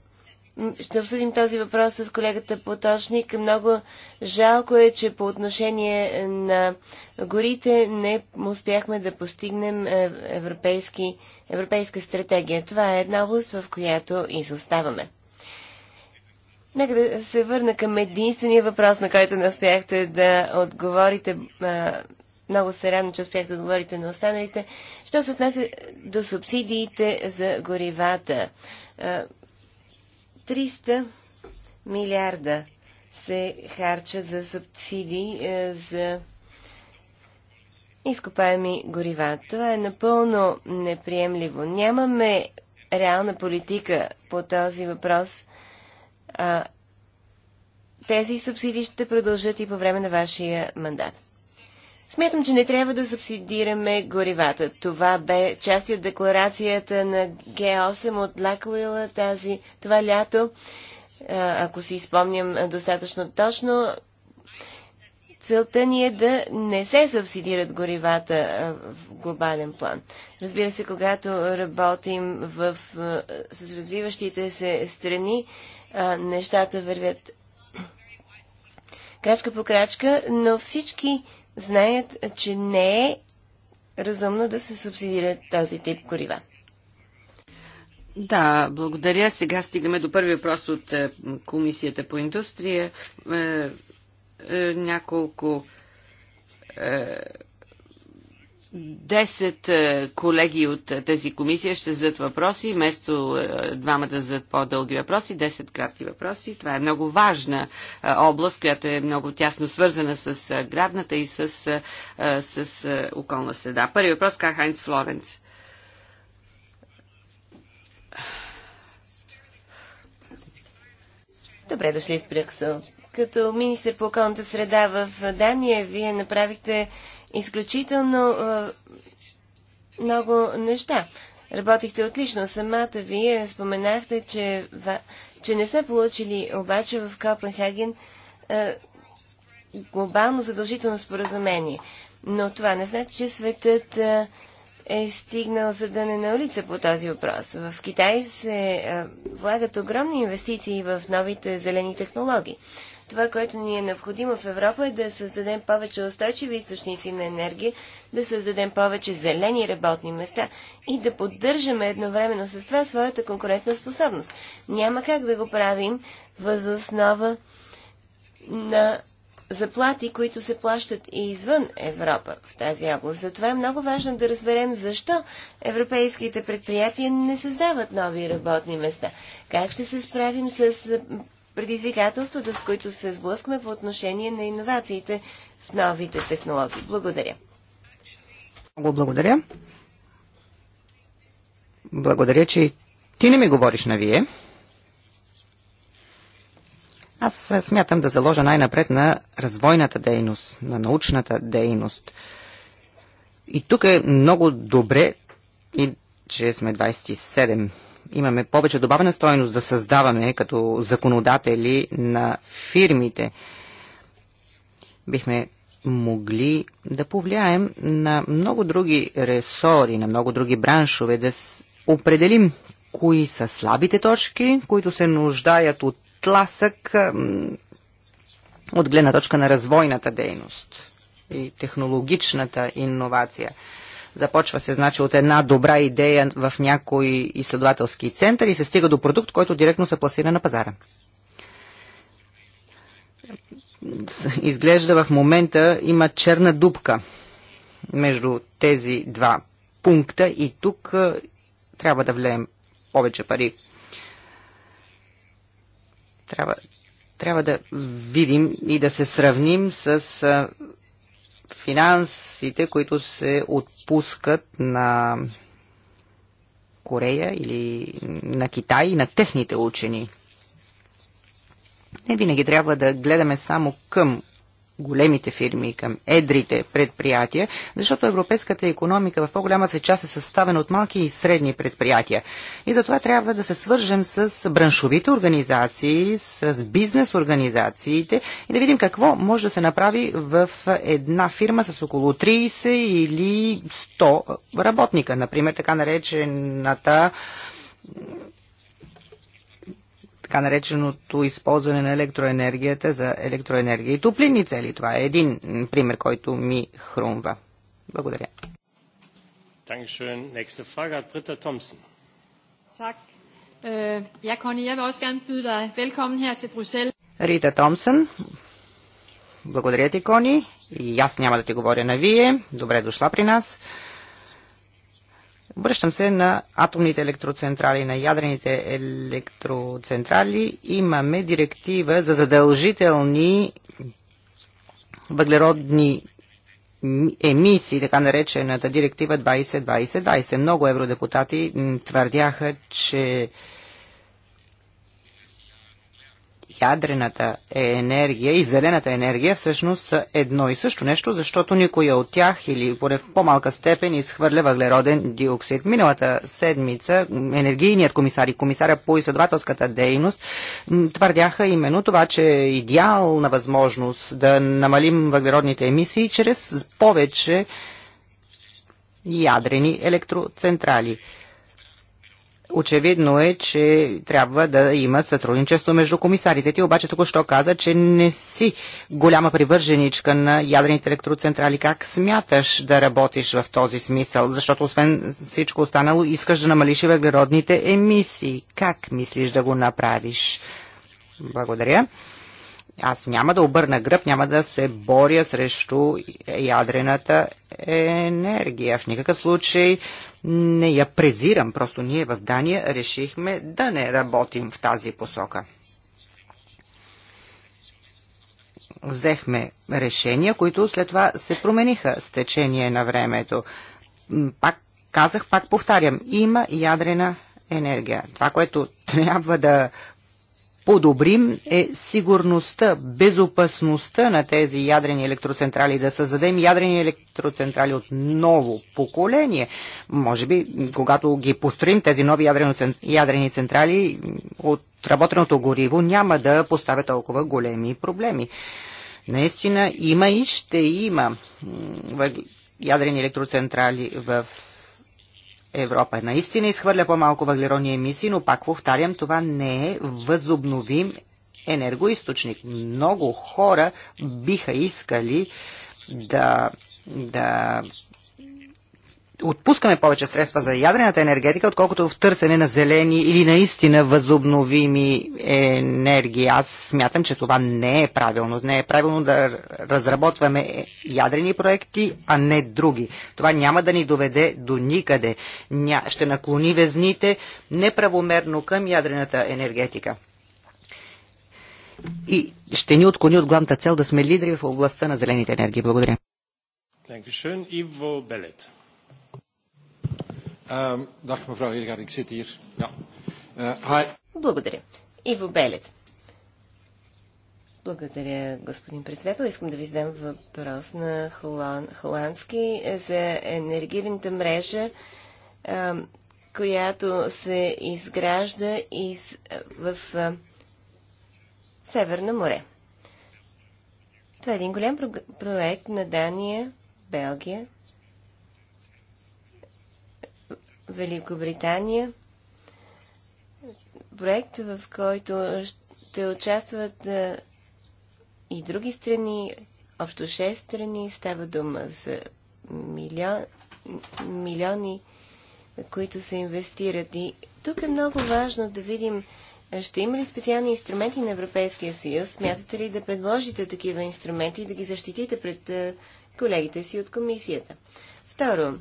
ще обсъдим този въпрос с колегата Поточник. Много жалко е, че по отношение на горите не успяхме да постигнем е, европейски, европейска стратегия. Това е една област, в която изоставаме. Нека да се върна към единствения въпрос, на който не успяхте да отговорите. Много се радвам, че успяхте да отговорите на останалите. Що се отнася до субсидиите за горивата? 300 милиарда се харчат за субсидии за изкопаеми горива. Това е напълно неприемливо. Нямаме реална политика по този въпрос а, тези субсидии ще продължат и по време на вашия мандат. Смятам, че не трябва да субсидираме горивата. Това бе част от декларацията на Г8 от Лакуила тази, това лято. Ако си изпомням достатъчно точно, целта ни е да не се субсидират горивата в глобален план. Разбира се, когато работим в, с развиващите се страни, нещата вървят крачка по крачка, но всички знаят, че не е разумно да се субсидират този тип горива. Да, благодаря. Сега стигаме до първи въпрос от е, Комисията по индустрия. Е, е, няколко Десет е, колеги от е, тази комисия ще зададат въпроси, вместо е, двама да зададат по-дълги въпроси, 10 кратки въпроси. Това е много важна област, която е много тясно свързана с градната и с, с, с околна среда. Първи въпрос към Хайнс Флоренц. Добре дошли в Брюксел. Като министр по околната среда в Дания, вие направихте изключително а, много неща. Работихте отлично. Самата вие споменахте, че, ва, че не сме получили обаче в Копенхаген а, глобално задължително споразумение. Но това не значи, че светът а, е стигнал за да не на улица по този въпрос. В Китай се а, влагат огромни инвестиции в новите зелени технологии това, което ни е необходимо в Европа е да създадем повече устойчиви източници на енергия, да създадем повече зелени работни места и да поддържаме едновременно с това своята конкурентна способност. Няма как да го правим възоснова на заплати, които се плащат и извън Европа в тази област. Затова е много важно да разберем защо европейските предприятия не създават нови работни места. Как ще се справим с предизвикателствата, с които се сблъскваме по отношение на иновациите в новите технологии. Благодаря. Много благодаря. Благодаря, че ти не ми говориш на вие. Аз смятам да заложа най-напред на развойната дейност, на научната дейност. И тук е много добре, и че сме 27 имаме повече добавена стоеност да създаваме като законодатели на фирмите. Бихме могли да повлияем на много други ресори, на много други браншове, да определим кои са слабите точки, които се нуждаят от тласък от гледна точка на развойната дейност и технологичната иновация. Започва се значи от една добра идея в някой изследователски център и се стига до продукт, който директно се пласира на пазара изглежда в момента има черна дупка между тези два пункта и тук трябва да влеем повече пари. Трябва, трябва да видим и да се сравним с финансите, които се отпускат на Корея или на Китай и на техните учени. Не винаги трябва да гледаме само към големите фирми, към едрите предприятия, защото европейската економика в по-голямата част е съставена от малки и средни предприятия. И затова трябва да се свържем с браншовите организации, с бизнес организациите и да видим какво може да се направи в една фирма с около 30 или 100 работника, например така наречената така нареченото използване на електроенергията за електроенергия и топлинни цели. Това е един пример, който ми хрумва. Благодаря. Рита Томсън. Øh, Благодаря ти, Кони. И аз няма да ти говоря на вие. Добре дошла при нас. Връщам се на атомните електроцентрали, на ядрените електроцентрали. Имаме директива за задължителни въглеродни емисии, така наречената директива 2020-2020. Много евродепутати твърдяха, че ядрената енергия и зелената енергия всъщност са едно и също нещо, защото никоя от тях или поне в по-малка степен изхвърля въглероден диоксид. Миналата седмица енергийният комисар и комисаря по изследователската дейност твърдяха именно това, че е идеална възможност да намалим въглеродните емисии чрез повече ядрени електроцентрали. Очевидно е, че трябва да има сътрудничество между комисарите. Ти обаче току-що каза, че не си голяма привърженичка на ядрените електроцентрали. Как смяташ да работиш в този смисъл? Защото освен всичко останало, искаш да намалиш въглеродните емисии. Как мислиш да го направиш? Благодаря. Аз няма да обърна гръб, няма да се боря срещу ядрената енергия. В никакъв случай не я презирам, просто ние в Дания решихме да не работим в тази посока. Взехме решения, които след това се промениха с течение на времето. Пак казах, пак повтарям, има ядрена енергия. Това, което трябва да подобрим е сигурността, безопасността на тези ядрени електроцентрали, да създадем ядрени електроцентрали от ново поколение. Може би, когато ги построим тези нови ядрени централи, от работеното гориво няма да поставя толкова големи проблеми. Наистина има и ще има ядрени електроцентрали в Европа наистина изхвърля по-малко въглеродни емисии, но пак повтарям, това не е възобновим енергоисточник. Много хора биха искали да, да отпускаме повече средства за ядрената енергетика, отколкото в търсене на зелени или наистина възобновими енергии. Аз смятам, че това не е правилно. Не е правилно да разработваме ядрени проекти, а не други. Това няма да ни доведе до никъде. Ня... Ще наклони везните неправомерно към ядрената енергетика. И ще ни отклони от главната цел да сме лидери в областта на зелените енергии. Благодаря. Dankeschön, Ivo Bellet ik zit hier. Благодаря. Иво Белец. Благодаря, господин председател. Искам да ви задам въпрос на холан... холандски за енергийната мрежа, а, която се изгражда из... в а, Северно море. Това е един голям проект на Дания, Белгия, Великобритания. Проект, в който ще участват и други страни, общо 6 страни, става дума за милион, милиони, които се инвестират. И тук е много важно да видим, ще има ли специални инструменти на Европейския съюз? Смятате ли да предложите такива инструменти и да ги защитите пред колегите си от комисията? Второ,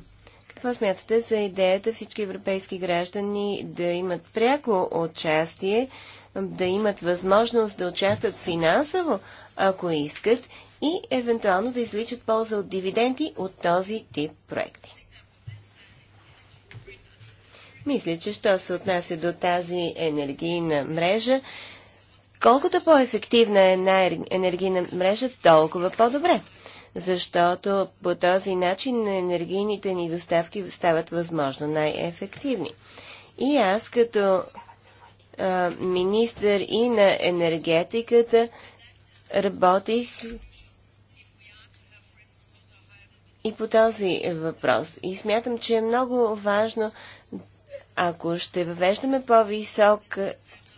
какво смятате за идеята всички европейски граждани да имат пряко участие, да имат възможност да участват финансово, ако искат, и евентуално да извличат полза от дивиденти от този тип проекти? Мисля, че що се отнася до тази енергийна мрежа, колкото по-ефективна е една енергийна мрежа, толкова по-добре защото по този начин енергийните ни доставки стават възможно най-ефективни. И аз като а, министър и на енергетиката работих и по този въпрос. И смятам, че е много важно, ако ще въвеждаме по-висок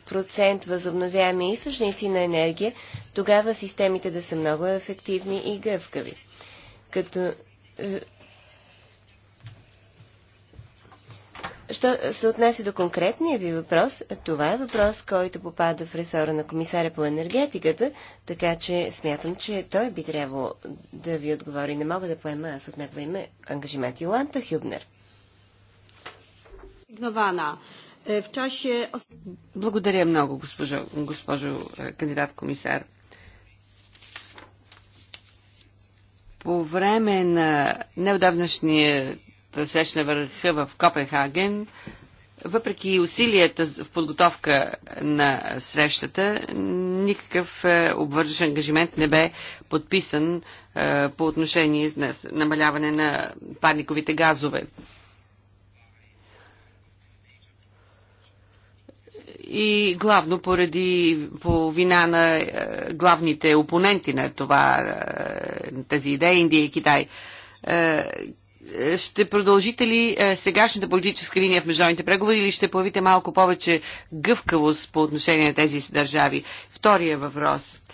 процент възобновяеми източници на енергия, тогава системите да са много ефективни и гъвкави. Като е, Що се отнася до конкретния ви въпрос, това е въпрос, който попада в ресора на комисаря по енергетиката, така че смятам, че той би трябвало да ви отговори. Не мога да поема аз от него име ангажимент Йоланта Хюбнер. Е, Благодаря много, госпожо, госпожо е, кандидат комисар. По време на неодавнашния срещна върха в Копенхаген, въпреки усилията в подготовка на срещата, никакъв е, обвързващ ангажимент не бе подписан е, по отношение на намаляване на парниковите газове. и главно поради по вина на е, главните опоненти на това, е, тази идея Индия и Китай. Е, ще продължите ли сегашната политическа линия в международните преговори или ще появите малко повече гъвкавост по отношение на тези държави? Втория въпрос –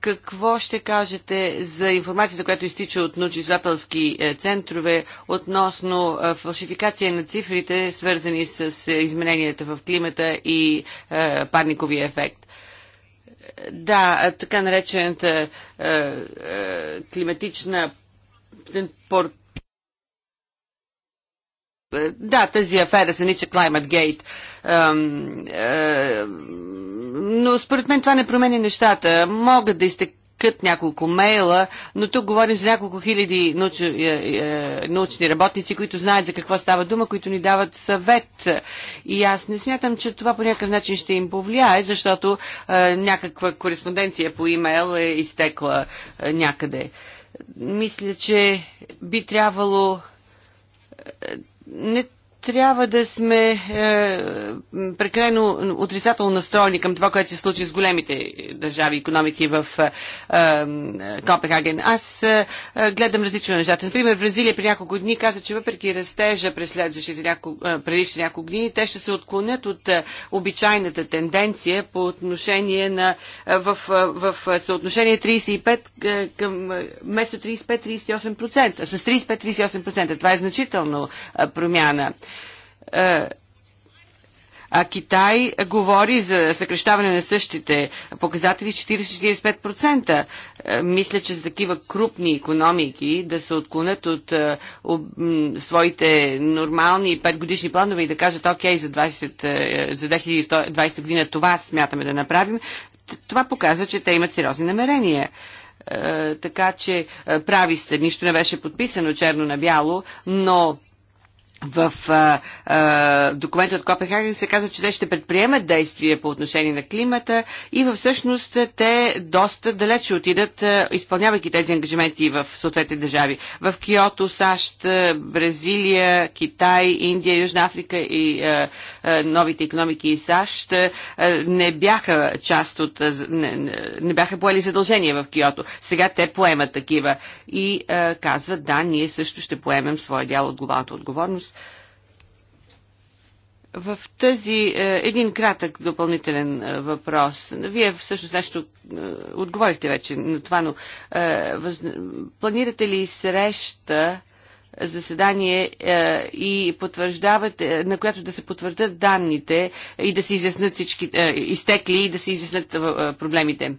какво ще кажете за информацията, която изтича от научно-изследователски е, центрове относно е, фалшификация на цифрите, свързани с е, измененията в климата и парниковия ефект? Да, така наречената климатична да, тази афера се нарича Climate Gate но според мен това не променя нещата. Могат да изтекат няколко мейла, но тук говорим за няколко хиляди науч, е, е, научни работници, които знаят за какво става дума, които ни дават съвет. И аз не смятам, че това по някакъв начин ще им повлияе, защото е, някаква кореспонденция по имейл е изтекла е, някъде. Мисля, че би трябвало. Е, не трябва да сме е, прекалено отрицателно настроени към това, което се случи с големите държави економики в е, е, Копенхаген. Аз е, е гледам различно нещата. Например, Бразилия при няколко дни каза, че въпреки растежа през следващите няколко, е, няколко дни, те ще се отклонят от е, обичайната тенденция по отношение на е, в, е, в съотношение 35 е, към е, вместо 35-38%. С 35-38%. Това е значително е, промяна. Е, а Китай говори за съкрещаване на същите показатели 40-45%. Е, мисля, че за такива крупни економики да се отклонят от е, своите нормални 5 годишни планове и да кажат, окей, за, 20, за 2020 година това смятаме да направим, това показва, че те имат сериозни намерения така че прави сте, нищо не беше подписано черно на бяло, но в а, а, документа от Копенхаген се казва, че те ще предприемат действия по отношение на климата и всъщност те доста далече отидат, а, изпълнявайки тези ангажименти в съответните държави. В Киото, САЩ, Бразилия, Китай, Индия, Южна Африка и а, а, новите економики и САЩ а, не бяха част от... А, не, не бяха поели задължения в Киото. Сега те поемат такива и а, казват, да, ние също ще поемем своя дял от глобалната отговорност в тази е, един кратък допълнителен е, въпрос. Вие всъщност нещо е, отговорихте вече на това, но въз... планирате ли среща заседание и потвърждавате, на която да се потвърдят данните и да се изяснат всички изтекли и да се изяснат проблемите.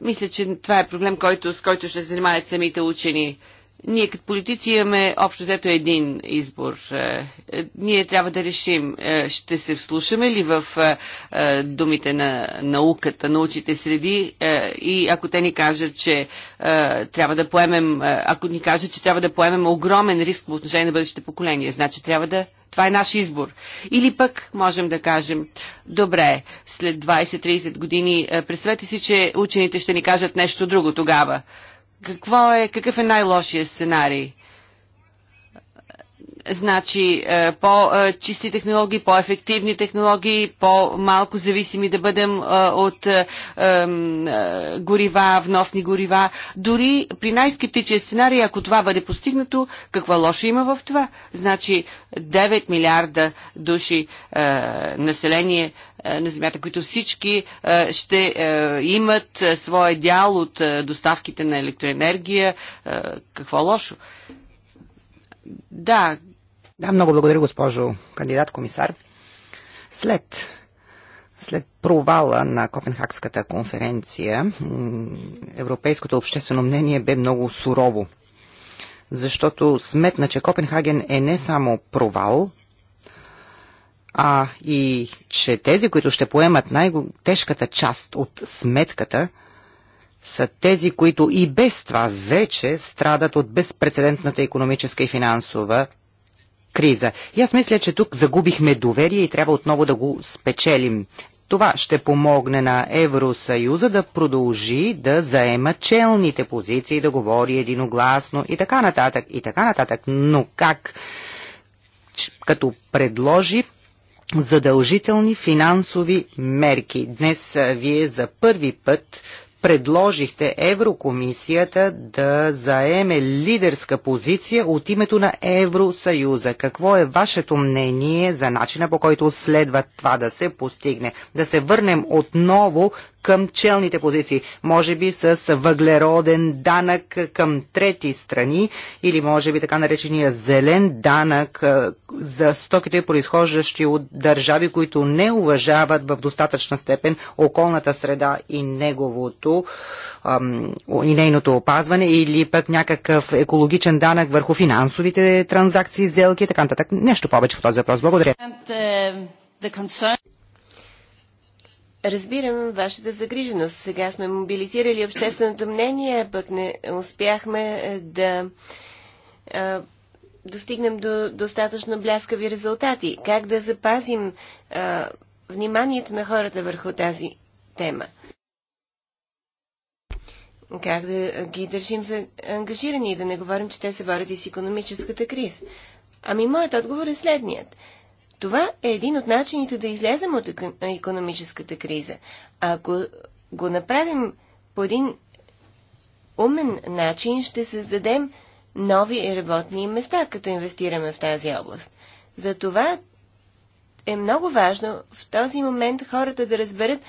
Мисля, че това е проблем, който, с който ще занимават самите учени. Ние като политици имаме общо взето един избор. Е, е, ние трябва да решим, е, ще се вслушаме ли в думите на науката, научите среди и ако те ни кажат, че трябва да поемем, ако ни кажат, че трябва да поемем огромен риск по отношение на бъдещите поколения, значи трябва да това е наш избор. Или пък можем да кажем, добре, след 20-30 години, представете си, че учените ще ни кажат нещо друго тогава. Какво е, какъв е най-лошия сценарий? Значи е, по-чисти технологии, по-ефективни технологии, по-малко зависими да бъдем е, от е, горива, вносни горива. Дори при най-скептичен сценарий, ако това бъде постигнато, какво лошо има в това? Значи 9 милиарда души население на земята, които всички ще имат своя дял от доставките на електроенергия. Какво лошо? Да, да, много благодаря, госпожо кандидат-комисар. След след провала на Копенхагската конференция, европейското обществено мнение бе много сурово, защото сметна, че Копенхаген е не само провал, а и че тези, които ще поемат най-тежката част от сметката, са тези, които и без това вече страдат от безпредседентната економическа и финансова криза. И аз мисля, че тук загубихме доверие и трябва отново да го спечелим. Това ще помогне на Евросъюза да продължи да заема челните позиции, да говори единогласно и така нататък, и така нататък. Но как? Като предложи задължителни финансови мерки. Днес вие за първи път предложихте Еврокомисията да заеме лидерска позиция от името на Евросъюза. Какво е вашето мнение за начина по който следва това да се постигне? Да се върнем отново към челните позиции, може би с въглероден данък към трети страни или може би така наречения зелен данък за стоките, произхождащи от държави, които не уважават в достатъчна степен околната среда и неговото и нейното опазване или пък някакъв екологичен данък върху финансовите транзакции, сделки и така нататък. Нещо повече по този въпрос. Благодаря. Uh, Разбирам вашата загриженост. Сега сме мобилизирали общественото мнение, пък не успяхме е, да а, е, достигнем до достатъчно бляскави резултати. Как да запазим а, е, вниманието на хората върху тази тема? Как да ги държим за ангажирани и да не говорим, че те се борят и с економическата криза? Ами моят отговор е следният. Това е един от начините да излезем от економическата криза. Ако го направим по един умен начин, ще създадем нови работни места, като инвестираме в тази област. Затова е много важно в този момент хората да разберат,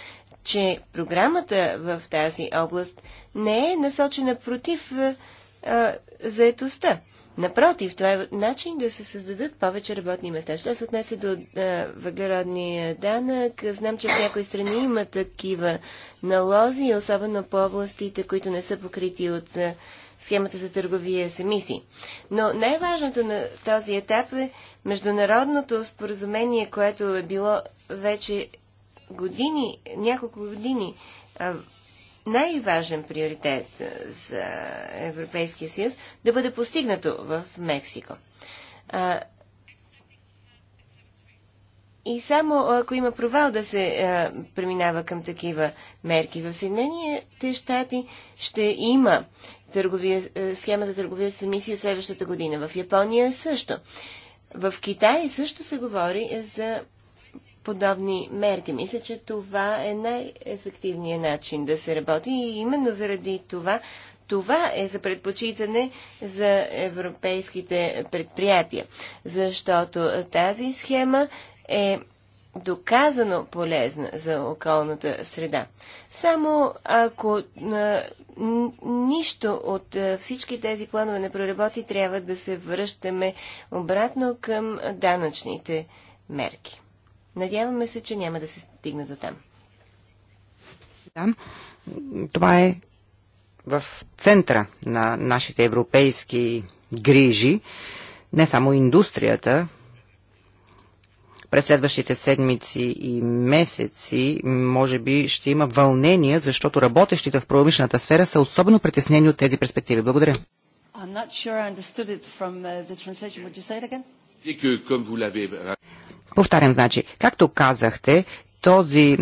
че програмата в тази област не е насочена против а, заетостта. Напротив, това е начин да се създадат повече работни места. Що се отнесе до да, въглеродния данък, знам, че в някои страни има такива налози, особено по областите, които не са покрити от схемата за търговия с емисии. Но най-важното на този етап е международното споразумение, което е било вече години, няколко години най-важен приоритет е, за Европейския съюз да бъде постигнато в Мексико. А, и само ако има провал да се а, е, преминава към такива мерки в Съединените щати, ще има търговия, е, схема за търговия с емисия следващата година. В Япония също. В Китай също се говори за подобни мерки. Мисля, че това е най-ефективният начин да се работи и именно заради това това е за предпочитане за европейските предприятия, защото тази схема е доказано полезна за околната среда. Само ако а, нищо от а, всички тези планове не проработи, трябва да се връщаме обратно към данъчните мерки. Надяваме се, че няма да се стигне до там. Там. Това е в центъра на нашите европейски грижи, не само индустрията, през следващите седмици и месеци може би ще има вълнение, защото работещите в промишлената сфера са особено притеснени от тези перспективи. Благодаря. Sure Повтарям, значи, както казахте, този,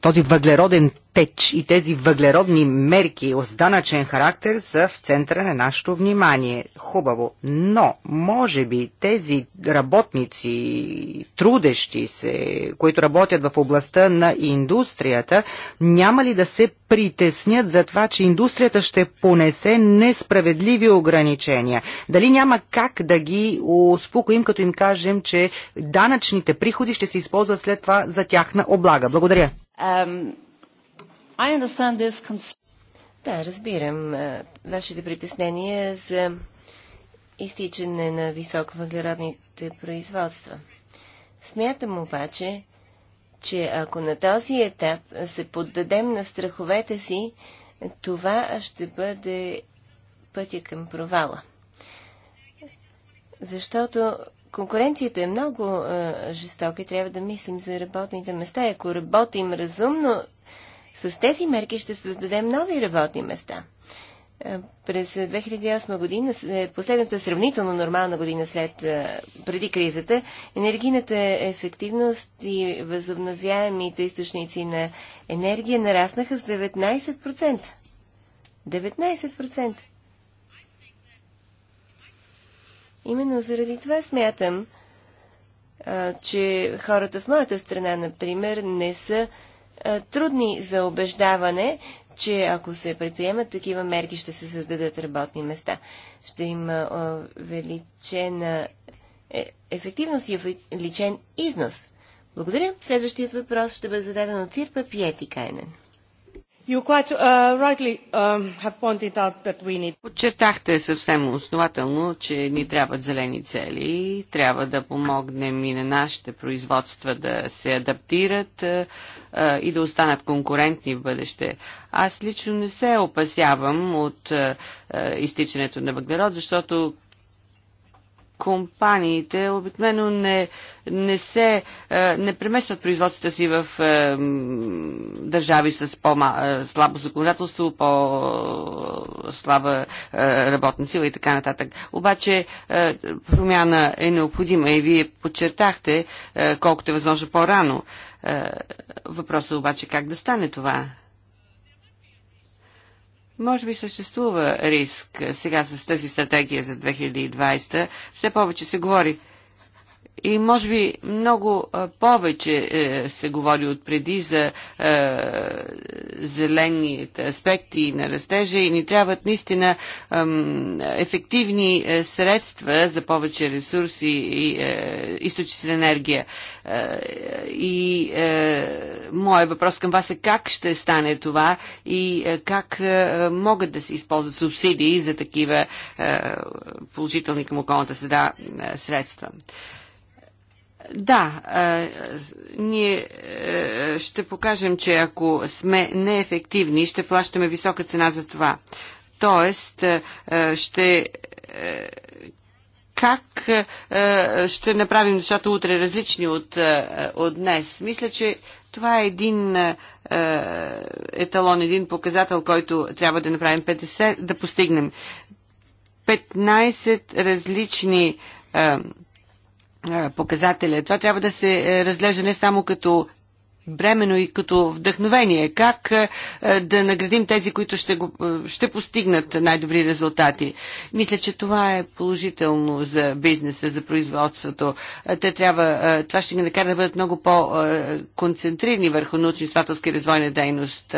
този въглероден теч и тези въглеродни мерки от данъчен характер са в центъра на нашето внимание. Хубаво. Но, може би, тези работници, трудещи се, които работят в областта на индустрията, няма ли да се притеснят за това, че индустрията ще понесе несправедливи ограничения? Дали няма как да ги успокоим, като им кажем, че данъчните приходи ще се използват след това за тяхна облага? Благодаря. Um... Да, разбирам вашите притеснения за изтичане на високовъглеродните производства. Смятам обаче, че ако на този етап се поддадем на страховете си, това ще бъде пътя към провала. Защото конкуренцията е много жестока и трябва да мислим за работните места. Ако работим разумно с тези мерки ще създадем нови работни места. Е, през 2008 е, година, е, последната сравнително нормална година след преди кризата, енергийната ефективност и възобновяемите източници на енергия нараснаха с 19%. 19%. Именно заради това смятам, че хората в моята страна, например, не са е, трудни за убеждаване, че ако се предприемат такива мерки, ще се създадат работни места. Ще има е, увеличена е, ефективност и увеличен износ. Благодаря. Следващият въпрос ще бъде зададен от Цирпа Пиети Кайнен. Uh, um, Подчертахте съвсем основателно, че ни трябват зелени цели, трябва да помогнем и на нашите производства да се адаптират е, е, и да останат конкурентни в бъдеще. Аз лично не се опасявам от е, изтичането на въглерод, защото компаниите обикновено не не се е, не преместват производствата си в е, държави с по-слабо е, законодателство, по-слаба работна сила и така нататък. Обаче промяна е необходима и вие подчертахте колкото е възможно по-рано. Въпросът обаче как да стане това? Може би съществува риск сега с тази стратегия за 2020. Все повече се говори и може би много повече е, се говори от преди за е, зелените аспекти на растежа и ни трябват наистина ефективни е, средства за повече ресурси и е, източници на енергия. Е, и моят въпрос към вас е как ще стане това и как могат да се използват субсидии за такива положителни към околната среда средства. Да, а, ние а, ще покажем, че ако сме неефективни, ще плащаме висока цена за това. Тоест, а, ще. А, как а, ще направим нещата утре различни от, а, от днес? Мисля, че това е един е, еталон, един показател, който трябва да направим 50, да постигнем. 15 различни е, показателя. Това трябва да се е, разглежда не само като бремено и като вдъхновение. Как е, е, да наградим тези, които ще, го, ще постигнат най-добри резултати? Мисля, че това е положително за бизнеса, за производството. Те трябва, това ще ги накара да бъдат много по-концентрирани върху научни сватовски развойна дейност.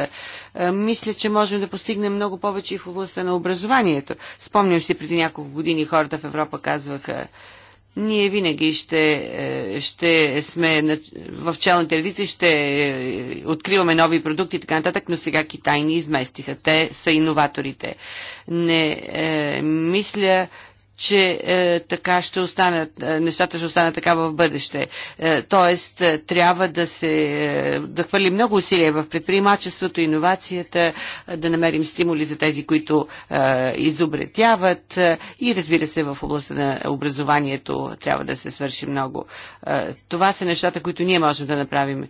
Мисля, че можем да постигнем много повече и в областта на образованието. Спомням си преди няколко години хората в Европа казваха, ние винаги ще, е, ще сме в челните редици, ще е, откриваме нови продукти и така нататък, но сега Китай ни изместиха. Те са иноваторите. Не е, мисля, че е, така ще останат, е, нещата ще останат така в бъдеще. Е, тоест, е, трябва да се е, да хвърли много усилия в предприемачеството, иновацията, е, да намерим стимули за тези, които е, изобретяват е, и разбира се, в областта на образованието трябва да се свърши много. Е, това са нещата, които ние можем да направим.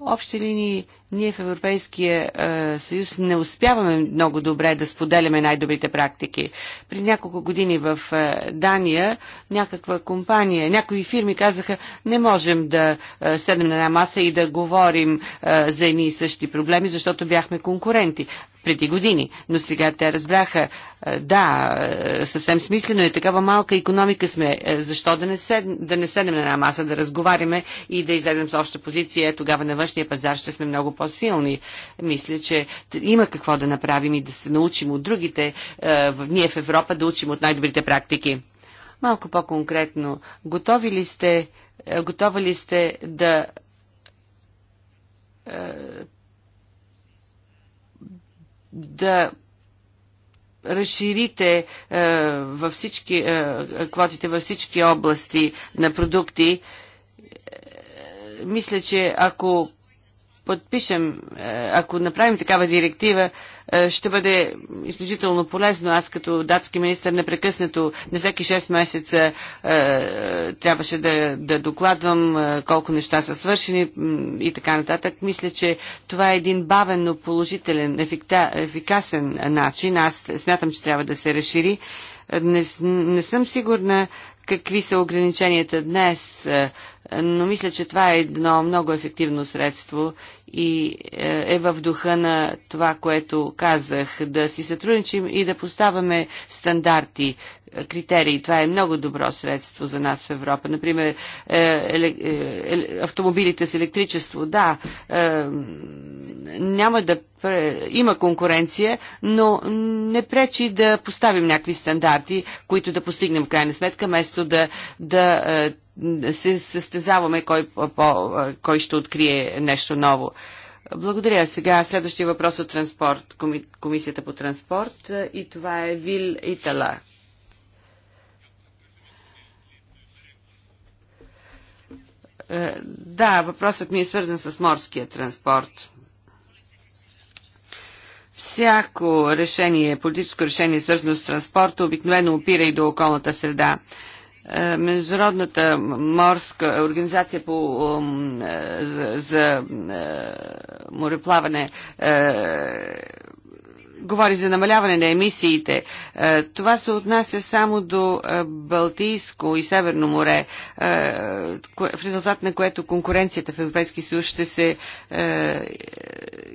Общи линии ние в Европейския е, съюз не успяваме много добре да споделяме най-добрите практики. При няколко години в е, Дания някаква компания, някои фирми казаха, не можем да е, седнем на една маса и да говорим за едни и същи проблеми, защото бяхме конкуренти преди години. Но сега те разбраха, да, съвсем смислено е, такава малка економика сме. Защо да не, сед, да не седнем на една маса, да разговаряме и да излезем с обща позиция, тогава на външния пазар ще сме много по-силни. Мисля, че има какво да направим и да се научим от другите, е, ние в Европа да учим от най-добрите практики. Малко по-конкретно, готови ли сте, е, готови ли сте да е, да разширите е, във всички, е, квотите във всички области на продукти, е, мисля, че ако подпишем, е, ако направим такава директива, е, ще бъде изключително полезно. Аз като датски министр непрекъснато, на всеки 6 месеца е, трябваше да, да докладвам колко неща са свършени и така нататък. Мисля, че това е един бавен, но положителен, ефикта, ефикасен начин. Аз смятам, че трябва да се разшири. Не, не съм сигурна какви са ограниченията днес, е, но мисля, че това е едно много ефективно средство и е, е в духа на това, което казах, да си сътрудничим и да поставяме стандарти критерии. Това е много добро средство за нас в Европа. Например, е, еле, е, е, автомобилите с електричество, да, е, няма да има конкуренция, но не пречи да поставим някакви стандарти, които да постигнем в крайна сметка, вместо да, да е, се състезаваме кой, по, кой ще открие нещо ново. Благодаря. Сега следващия въпрос от транспорт, Комисията по транспорт и това е Вил Итала. Е, да, въпросът ми е свързан с морския транспорт. Всяко решение, политическо решение, свързано с транспорта, обикновено опира и до околната среда. Е, Международната морска организация по, е, за, за мореплаване говори за намаляване на емисиите. Е, това се отнася само до е, Балтийско и Северно море, е, в резултат на което конкуренцията в Европейския съюз ще се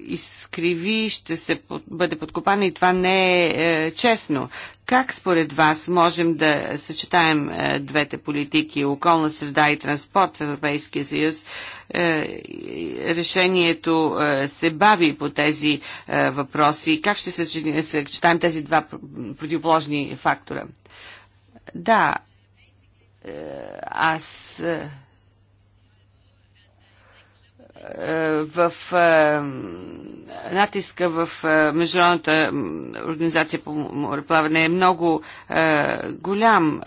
изкриви, ще се бъде подкопана и това не е честно. Как според вас можем да съчетаем е, двете политики, околна среда и транспорт в Европейския съюз? Е, решението е, се бави по тези въпроси. Как ще съчетаем тези два противоположни фактора? Да, аз е, в е, натиска в е, Международната организация по мореплаване е много голям.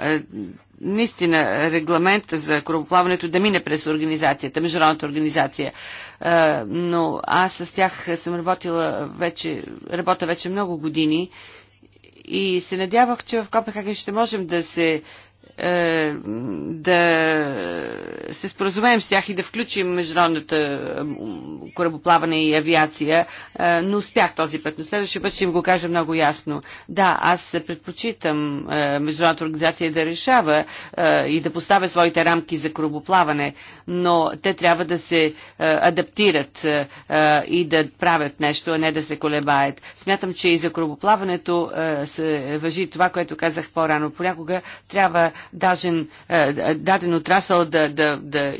Наистина регламента за корабоплаването да мине през организацията, Международната организация. Но аз с тях съм работила вече, работя вече много години и се надявах, че в Копенхаген ще можем да се е, да се споразумеем с тях и да включим международната е, корабоплаване и авиация. Е, но не успях този път, но следващия път ще им го кажа много ясно. Да, аз предпочитам международната организация да решава и да поставя своите рамки за корабоплаване, но те трябва да се адаптират и да правят нещо, а не да се колебаят. Смятам, че и за корабоплаването се въжи това, което казах по-рано. Понякога трябва дажен, е, даден отрасъл да, да, да,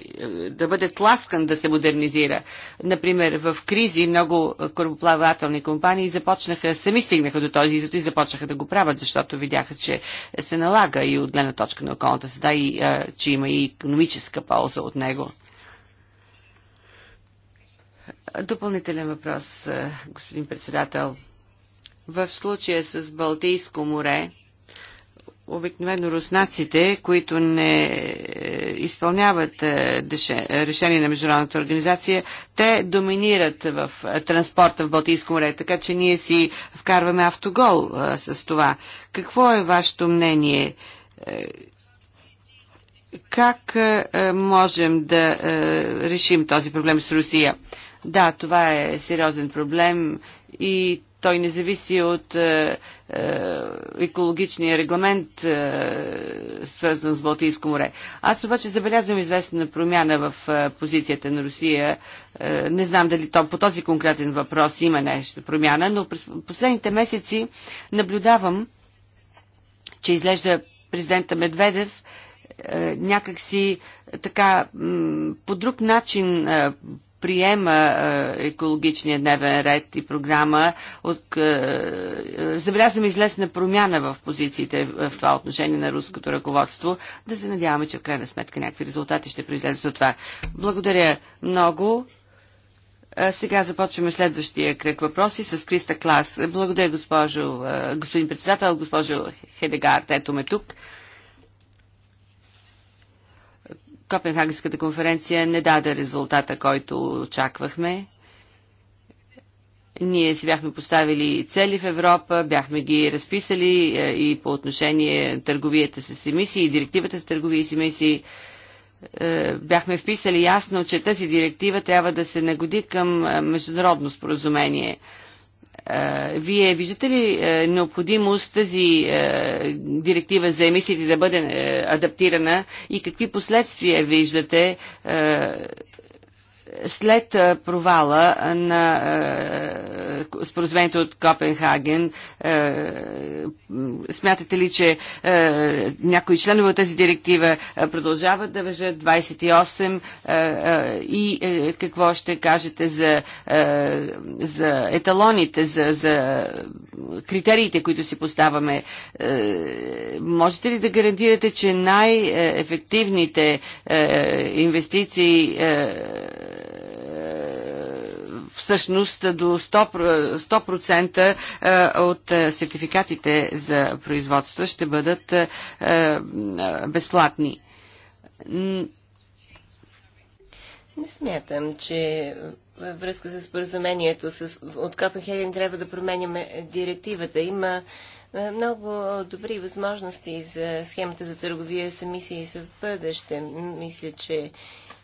да бъде тласкан да се модернизира. Например, в кризи много корабоплавателни компании започнаха, сами стигнаха до този извод и започнаха да го правят, защото видяха, че се налага и от гледна точка на околната среда и е, че има и економическа полза от него. Допълнителен въпрос, е, господин председател. В случая с Балтийско море, обикновено руснаците, които не е, изпълняват е, решение на Международната организация, те доминират в е, транспорта в Балтийско море, така че ние си вкарваме автогол с това. Какво е вашето мнение? Как можем да решим този проблем с Русия? Да, това е сериозен проблем и той не зависи от е, е, екологичния регламент, е, свързан с Балтийско море. Аз обаче забелязвам известна промяна в е, позицията на Русия. Е, не знам дали то по този конкретен въпрос има нещо промяна, но през последните месеци наблюдавам, че изглежда президента Медведев е, някакси е, така по друг начин е, приема екологичния дневен ред и програма, от, излезна промяна в позициите в това отношение на руското ръководство. Да се надяваме, че в крайна сметка някакви резултати ще произлезат от това. Благодаря много. Сега започваме следващия кръг въпроси с Криста Клас. Благодаря, госпожо, господин председател, госпожо Хедегард. Ето ме тук. Копенхагенската конференция не даде резултата, който очаквахме. Ние си бяхме поставили цели в Европа, бяхме ги разписали е, и по отношение търговията с емисии и директивата с търговия с емисии. Е, бяхме вписали ясно, че тази директива трябва да се нагоди към е, международно споразумение – вие виждате ли необходимост тази директива за емисиите да бъде адаптирана и какви последствия виждате след провала на споразумението от Копенхаген, смятате ли, че някои членове от тази директива продължават да въжат 28 и е, какво ще кажете за, за еталоните, за, за критериите, които си поставаме? Можете ли да гарантирате, че най-ефективните инвестиции всъщност до 100%, 100 е, от е, сертификатите за производство ще бъдат е, безплатни. Не смятам, че във връзка с споразумението с, от Копенхаген трябва да променяме директивата. Има много добри възможности за схемата за търговия с емисии за бъдеще. Мисля, че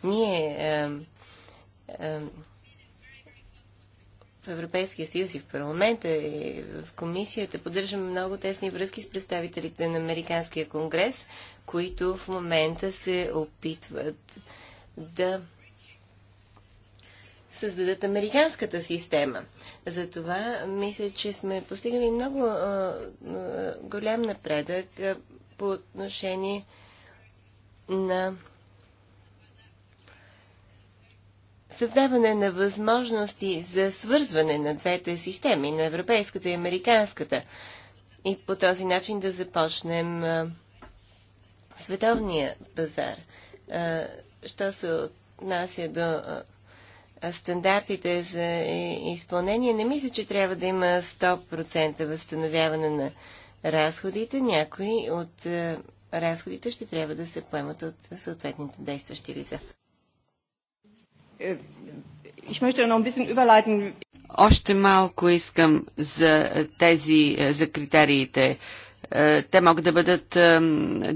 ние Е, е, в Европейския съюз и в парламента и в комисията поддържаме много тесни връзки с представителите на Американския конгрес, които в момента се опитват да създадат американската система. Затова мисля, че сме постигнали много а, голям напредък а, по отношение на създаване на възможности за свързване на двете системи, на европейската и американската. И по този начин да започнем а, световния пазар. А, що се отнася до а, стандартите за изпълнение, не мисля, че трябва да има 100% възстановяване на разходите. Някои от разходите ще трябва да се поемат от съответните действащи лица. Е, ich möchte noch ein bisschen überleiten. Още малко искам за тези, за критериите. Е, те могат да бъдат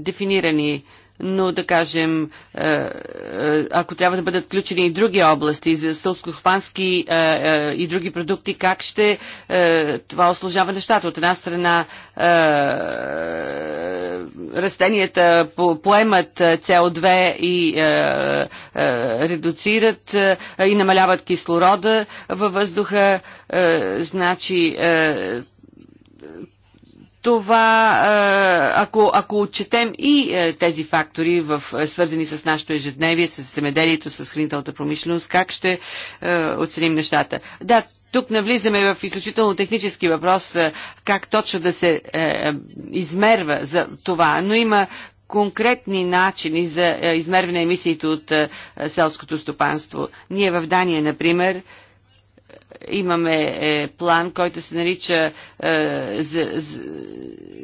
дефинирани но да кажем, е, е, ако трябва да бъдат включени и други области, за сълскохпански е, и други продукти, как ще това ослужава нещата? От една страна растенията поемат CO2 и редуцират и намаляват кислорода във въздуха, значи това, е, ако, ако отчетем и е, тези фактори, в, е, свързани с нашето ежедневие, с земеделието, с хранителната промишленост, как ще оценим нещата? Да, тук навлизаме в изключително технически въпрос, как точно да се измерва за това, но има конкретни начини за измерване емисиите от селското стопанство. Ние в Дания, например, имаме е, план, който се нарича е,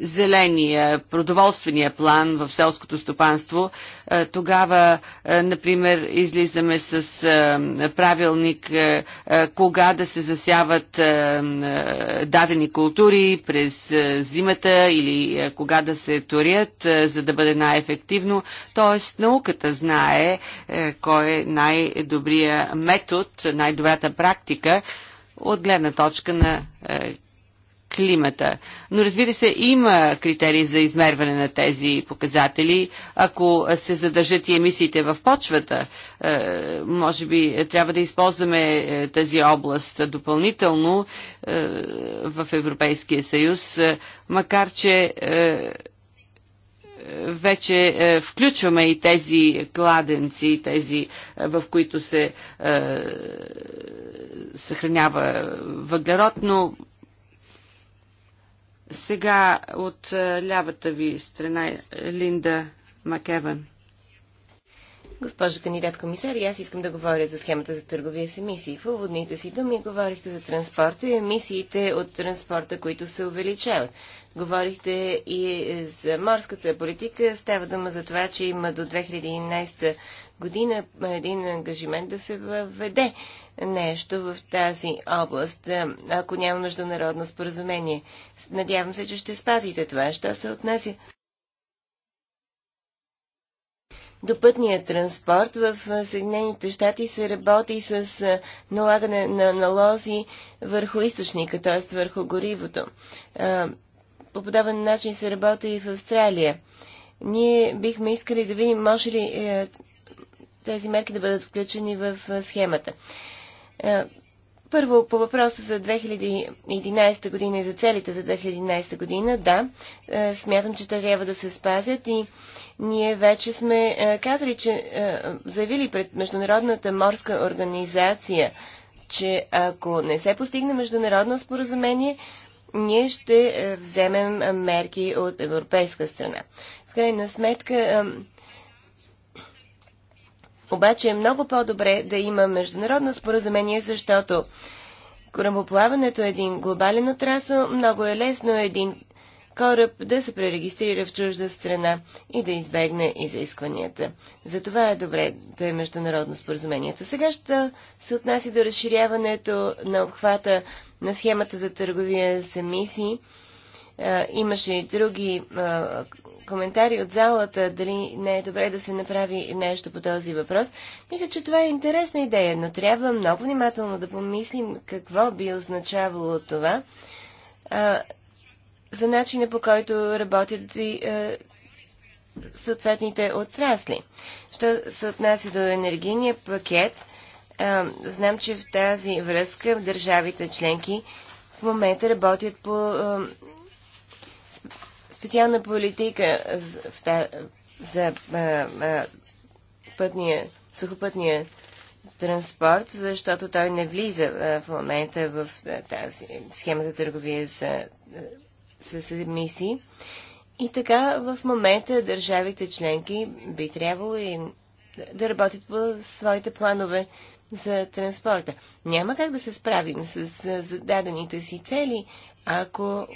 зеления, продоволствения план в селското стопанство, е, тогава, е, например, излизаме с е, правилник кога да се засяват дадени култури през зимата или кога да се торят, за да бъде най-ефективно. Тоест, науката знае кой е най-добрия метод, най-добрата практика от гледна точка на климата. Но разбира се, има критерии за измерване на тези показатели. Ако се задържат и емисиите в почвата, е, може би трябва да използваме е, тази област допълнително е, в Европейския съюз, макар че вече включваме и тези кладенци, тези в които се съхранява въглерод, но сега от е, лявата ви страна Линда Макеван. Госпожо кандидат комисар, аз искам да говоря за схемата за търговия с емисии. В уводните си думи говорихте за транспорта и емисиите от транспорта, които се увеличават. Говорихте и за морската политика. Става дума за това, че има до 2011 година един ангажимент да се въведе нещо в тази област, ако няма международно споразумение. Надявам се, че ще спазите това. Що се отнася до пътния транспорт в Съединените щати се работи с налагане на налози върху източника, т.е. върху горивото. По подобен начин се работи и в Австралия. Ние бихме искали да видим, може ли е, тези мерки да бъдат включени в схемата. Е, първо, по въпроса за 2011 година и за целите за 2011 година, да, е, смятам, че те трябва да се спазят и ние вече сме е, казали, че заявили пред Международната морска организация, че ако не се постигне международно споразумение, ние ще вземем мерки от европейска страна. В крайна сметка, обаче е много по-добре да има международно споразумение, защото корабоплаването е един глобален отрасъл, много е лесно един кораб да се пререгистрира в чужда страна и да избегне изискванията. Затова е добре да е международно споразумението. Сега ще се отнася до разширяването на обхвата на схемата за търговия с емисии е, имаше и други е, коментари от залата, дали не е добре да се направи нещо по този въпрос. Мисля, че това е интересна идея, но трябва много внимателно да помислим какво би означавало това е, за начина по който работят и съответните отрасли. Що се отнася до енергийния пакет, знам, че в тази връзка държавите членки в момента работят по специална политика за, за а, а, пътния, сухопътния транспорт, защото той не влиза в момента в тази схема за търговия за, с емисии. И така в момента държавите членки би трябвало и да работят по своите планове за транспорта. Няма как да се справим с зададените си цели, ако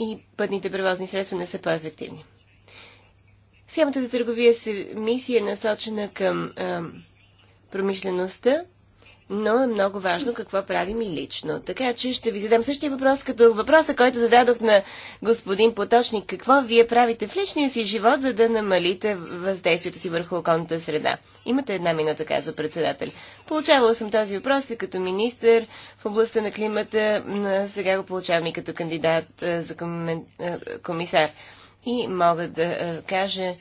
и пътните превозни средства не са по-ефективни. Схемата за търговия с емисия е насочена към а, промишлеността но е много важно какво правим и лично. Така че ще ви задам същия въпрос, като въпроса, който зададох на господин Поточник. Какво вие правите в личния си живот, за да намалите въздействието си върху околната среда? Имате една минута, казва председател. Получавал съм този въпрос и като министр в областта на климата, сега го получавам и като кандидат за комисар. И мога да кажа,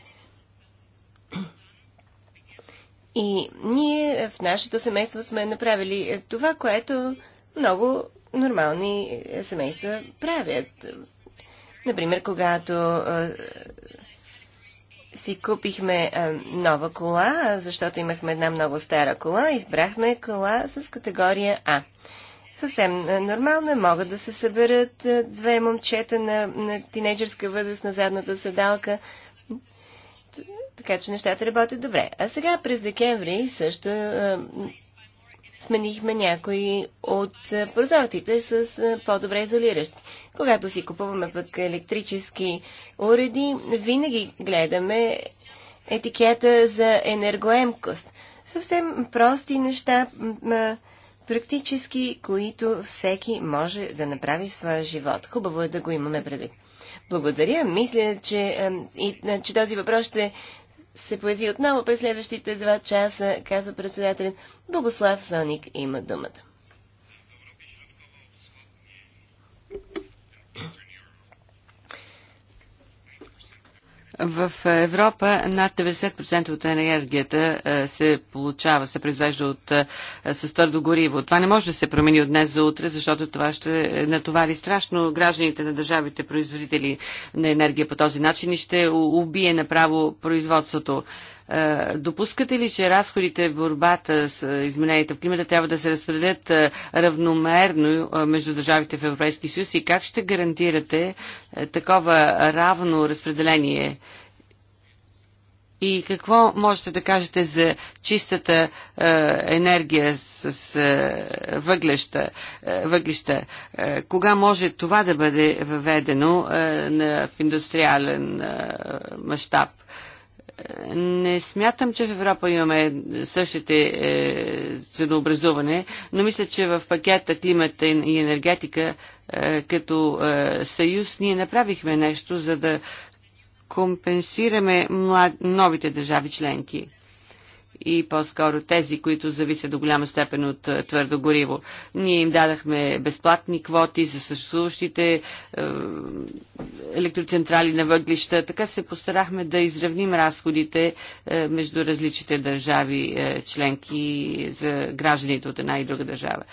и ние в нашето семейство сме направили това, което много нормални е, семейства правят. Например, когато а, си купихме а, нова кола, защото имахме една много стара кола, избрахме кола с категория А. Съвсем нормално е, могат да се съберат а, две момчета на, на тинейджерска възраст на задната седалка така че нещата работят добре. А сега през декември също сменихме някои от прозорците с по-добре изолиращи. Когато си купуваме пък електрически уреди, винаги гледаме етикета за енергоемкост. Съвсем прости неща, практически, които всеки може да направи своя живот. Хубаво е да го имаме предвид. Благодаря. Мисля, че, и, че този въпрос ще се появи отново през следващите два часа, казва председателят. Богослав Соник има думата. В Европа над 90% от енергията е, се получава, се произвежда от, е, с твърдо гориво. Това не може да се промени от днес за утре, защото това ще натовари страшно гражданите на държавите производители на енергия по този начин и ще убие направо производството. Е, допускате ли, че разходите в борбата с е, измененията в климата трябва да се разпределят е, равномерно между държавите в Европейския съюз и как ще гарантирате такова равно разпределение? И какво можете да кажете за чистата е, енергия с, с е, въглеща? Е, въглеща? Е, кога може това да бъде въведено е, на, в индустриален е, мащаб? Е, не смятам, че в Европа имаме същите е, ценообразуване, но мисля, че в пакета климата и енергетика е, като е, съюз ние направихме нещо, за да компенсираме млад... новите държави членки и по-скоро тези, които зависят до голяма степен от е, твърдо гориво. Ние им дадахме безплатни квоти за съществуващите е, електроцентрали на въглища. Така се постарахме да изравним разходите е, между различните държави членки за гражданите от една и друга държава.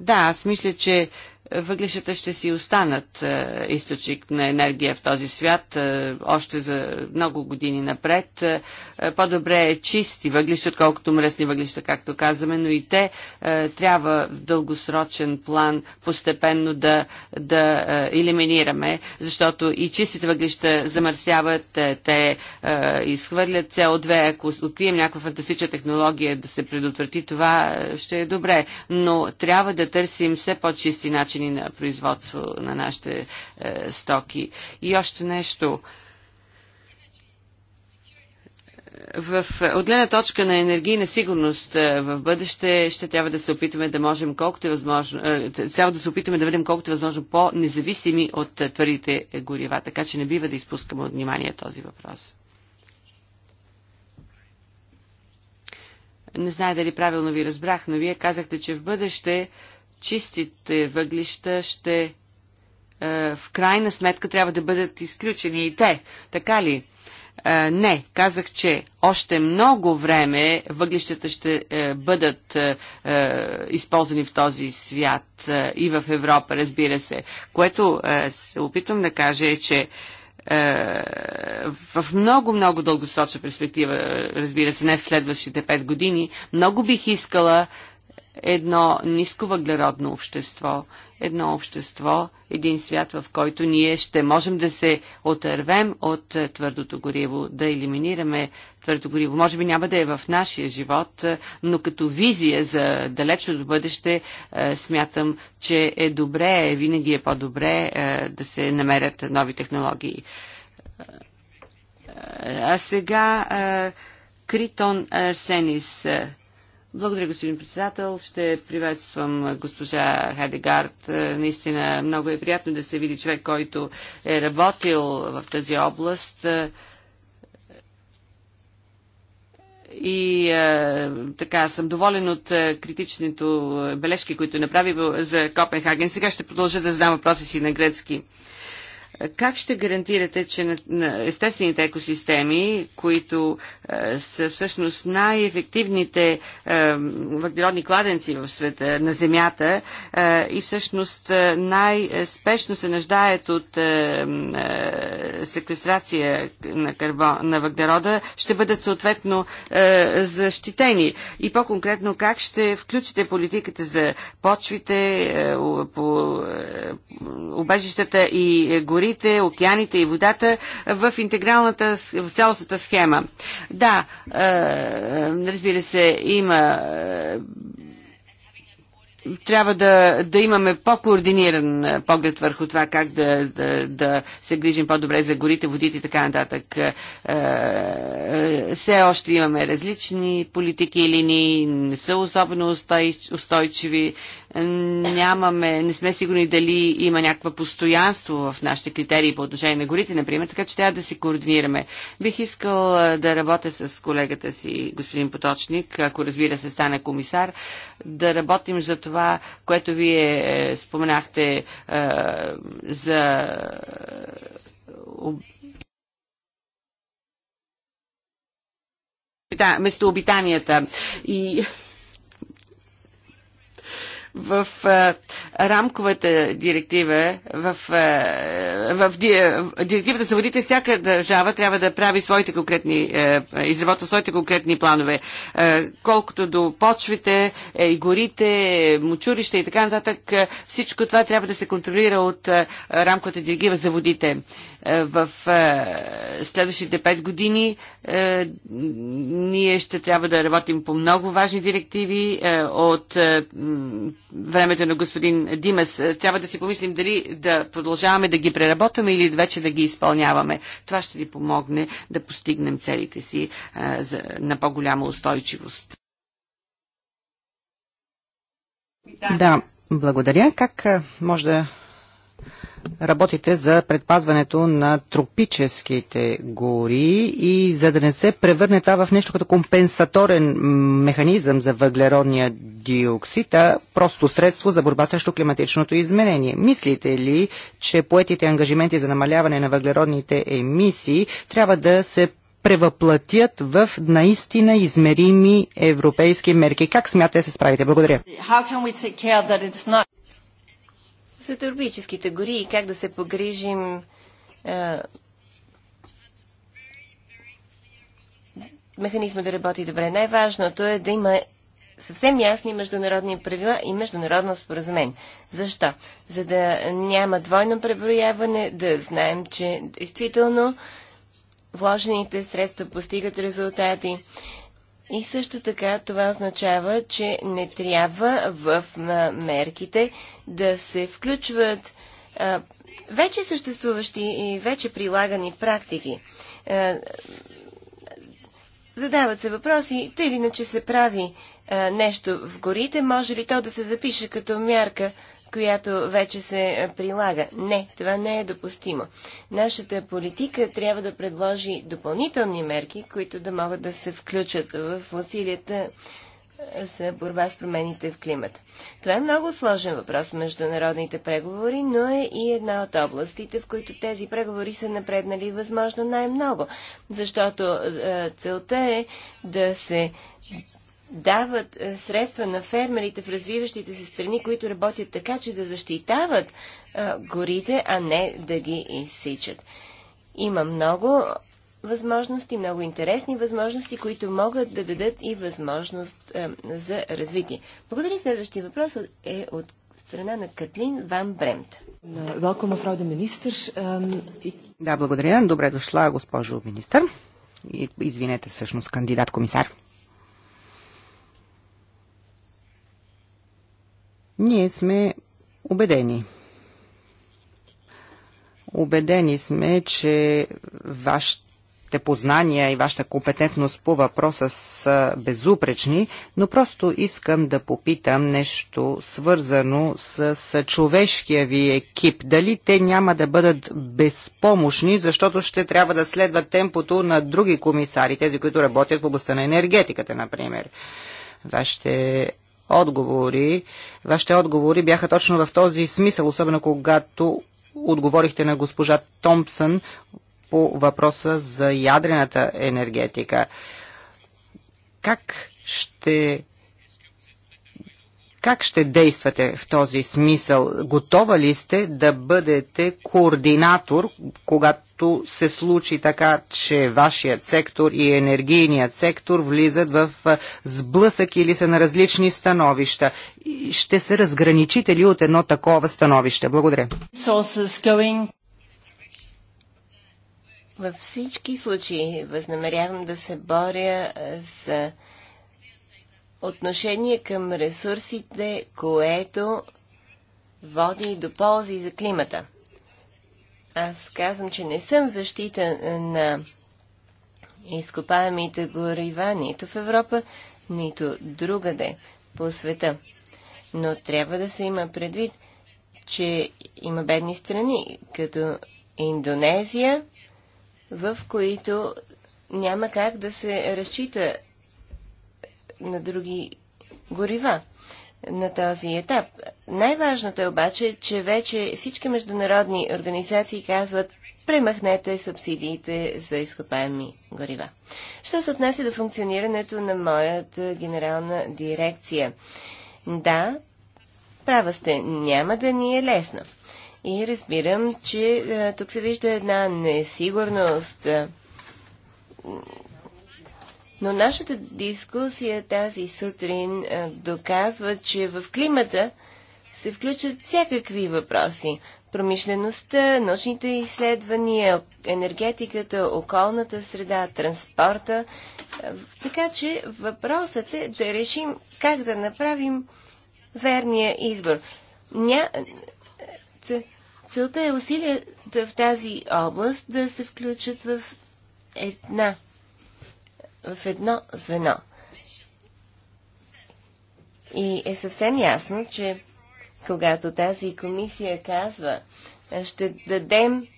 Да, аз мисля, че Въглищата ще си останат е, източник на енергия в този свят е, още за много години напред. Е, е по-добре е чисти въглища, отколкото мръсни въглища, както казваме, но и те е, трябва в дългосрочен план постепенно да, да е, елиминираме, защото и чистите въглища замърсяват, те изхвърлят CO2. Ако открием някаква фантастична технология да се предотврати това, ще е добре. Но трябва да търсим все по-чисти начини начини на производство на нашите е, стоки. И още нещо. В, от точка на енергийна сигурност е, в бъдеще ще трябва да се опитаме да можем колкото е възможно, е, трябва да се опитаме да бъдем колкото е възможно по-независими от е, твърдите горива, така че не бива да изпускаме от внимание този въпрос. Не знае дали правилно ви разбрах, но вие казахте, че в бъдеще чистите въглища ще е, в крайна сметка трябва да бъдат изключени и те. Така ли? Е, не, казах, че още много време въглищата ще е, бъдат използвани в този свят и в Европа, разбира се. Което се опитвам да кажа е, че в много-много дългосрочна перспектива, разбира се, не в следващите пет години, много бих искала едно нисковъглеродно общество, едно общество, един свят, в който ние ще можем да се отървем от е, твърдото гориво, да елиминираме твърдото гориво. Може би няма да е в нашия живот, е, но като визия за далечното бъдеще е, смятам, че е добре, винаги е по-добре да се намерят нови технологии. А сега Критон Сенис. Благодаря, господин председател. Ще приветствам госпожа Хадегард. Е, наистина много е приятно да се види човек, който е работил в тази област е, и е, така съм доволен от е, критичните е, бележки, които направи за Копенхаген. Сега ще продължа да задам въпроси си на гръцки. Как ще гарантирате, че на, на естествените екосистеми, които е, са всъщност най-ефективните е, въглеродни кладенци в света, на Земята, е, и всъщност е, най-спешно се нуждаят от е, е, секвестрация на, карбон, на въглерода, ще бъдат съответно е, защитени? И по-конкретно, как ще включите политиката за почвите, е, по, е, убежищата и е, гори? морите, океаните и водата в интегралната, в цялостната схема. Да, е, разбира се, има е, трябва да, да имаме по-координиран е, поглед върху това как да, да, да се грижим по-добре за горите, водите и така нататък. Все още имаме различни политики и линии, не са особено устойчиви нямаме, не сме сигурни дали има някаква постоянство в нашите критерии по отношение на горите, например, така че трябва да се координираме. Бих искал да работя с колегата си, господин Поточник, ако разбира се стане комисар, да работим за това, което вие е, споменахте за местообитанията и в а, рамковата директива, в, а, в директивата за водите, всяка държава трябва да прави своите конкретни, а, е, изработва своите конкретни планове. А, е, колкото до почвите а, е, и горите, мочурища и така нататък, а, всичко това трябва да се контролира от а, рамковата директива за водите. Е, в е, следващите пет години е, ние ще трябва да работим по много важни директиви от времето на господин Димас. Трябва да си помислим дали да продължаваме да ги преработваме или вече да ги изпълняваме. Това ще ни помогне да постигнем целите си на по-голяма устойчивост. Да, благодаря. Как може да работите за предпазването на тропическите гори и за да не се превърне това в нещо като компенсаторен механизъм за въглеродния диоксид, а просто средство за борба срещу климатичното изменение. Мислите ли, че поетите ангажименти за намаляване на въглеродните емисии трябва да се превъплатят в наистина измерими европейски мерки. Как смятате да се справите? Благодаря за турбическите гори и как да се погрижим а, механизма да работи добре. Най-важното е да има съвсем ясни международни правила и международно споразумение. Защо? За да няма двойно преброяване, да знаем, че действително вложените средства постигат резултати. И също така това означава, че не трябва в мерките да се включват вече съществуващи и вече прилагани практики. задават се въпроси, тъй или иначе се прави нещо в горите, може ли то да се запише като мярка която вече се е, прилага. Не, това не е допустимо. Нашата политика трябва да предложи допълнителни мерки, които да могат да се включат в усилията е, за борба с промените в климата. Това е много сложен въпрос в международните преговори, но е и една от областите, в които тези преговори са напреднали възможно най-много, защото е, целта е да се дават е, средства на фермерите в развиващите се страни, които работят така, че да защитават е, горите, а не да ги изсичат. Има много възможности, много интересни възможности, които могат да дадат и възможност е, за развитие. Благодаря. Следващия въпрос е от страна на Катлин Ван Бремт. Велкома, фрауде министър. Да, благодаря. Добре дошла, госпожо министър. Извинете, всъщност, кандидат комисар. Ние сме убедени. Убедени сме, че вашите познания и вашата компетентност по въпроса са безупречни, но просто искам да попитам нещо свързано с, човешкия ви екип. Дали те няма да бъдат безпомощни, защото ще трябва да следват темпото на други комисари, тези, които работят в областта на енергетиката, например. Вашите отговори. Вашите отговори бяха точно в този смисъл, особено когато отговорихте на госпожа Томпсън по въпроса за ядрената енергетика. Как ще как ще действате в този смисъл? Готова ли сте да бъдете координатор, когато се случи така, че вашият сектор и енергийният сектор влизат в сблъсък или са на различни становища? Ще се разграничите ли от едно такова становище? Благодаря. Във всички случаи възнамерявам да се боря за за отношение към ресурсите, което води до ползи за климата. Аз казвам, че не съм защита на изкопаемите горива нито в Европа, нито другаде по света. Но трябва да се има предвид, че има бедни страни, като Индонезия, в които няма как да се разчита на други горива на този етап. Най-важното е обаче, че вече всички международни организации казват премахнете субсидиите за изкопаеми горива. Що се отнася до функционирането на моята е, генерална дирекция? Да, права сте, няма да ни е лесно. И разбирам, че е, тук се вижда една несигурност. Е, но нашата дискусия тази сутрин доказва, че в климата се включват всякакви въпроси. Промишлеността, научните изследвания, енергетиката, околната среда, транспорта. Така че въпросът е да решим как да направим верния избор. Ня... Целта е усилията в тази област да се включат в една в едно звено. И е съвсем ясно, че когато тази комисия казва, е, ще дадем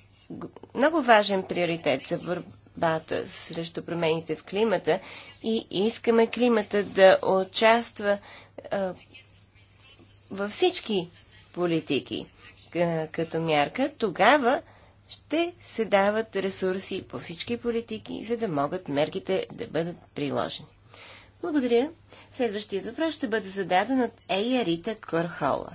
много важен приоритет за борбата срещу промените в климата и искаме климата да участва а, във всички политики а, като мярка, тогава ще се дават ресурси по всички политики, за да могат мерките да бъдат приложени. Благодаря. Следващият въпрос ще бъде зададен от Ея Рита Корхола.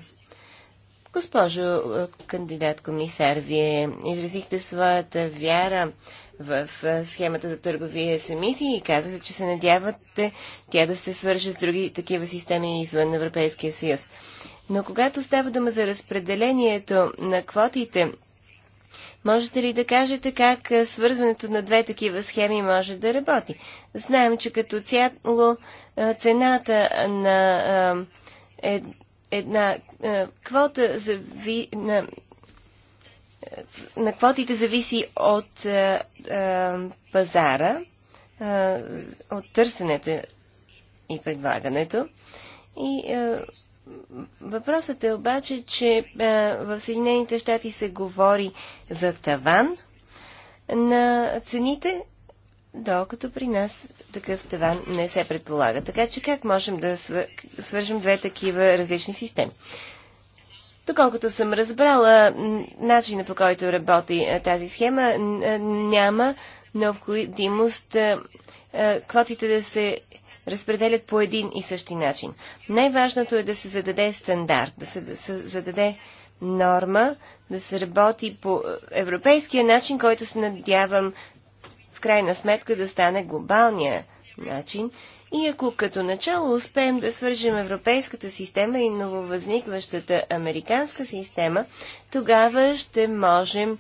Госпожо е, кандидат комисар, вие изразихте своята вяра в е, схемата за търговия с емисии и казахте, че се надявате тя да се свърже с други такива системи извън Европейския съюз. Но когато става дума за разпределението на квотите Можете ли да кажете как свързването на две такива схеми може да работи? Знаем, че като цяло цената на една квота ви, на... на квотите зависи от пазара, от търсенето и предлагането. И Въпросът е обаче, че в Съединените щати се говори за таван на цените, докато при нас такъв таван не се предполага. Така че как можем да свържем две такива различни системи? Доколкото съм разбрала, начина по който работи тази схема няма необходимост квотите да се разпределят по един и същи начин. Най-важното е да се зададе стандарт, да се, да се зададе норма, да се работи по е, европейския начин, който се надявам в крайна сметка да стане глобалния начин. И ако като начало успеем да свържем европейската система и нововъзникващата американска система, тогава ще можем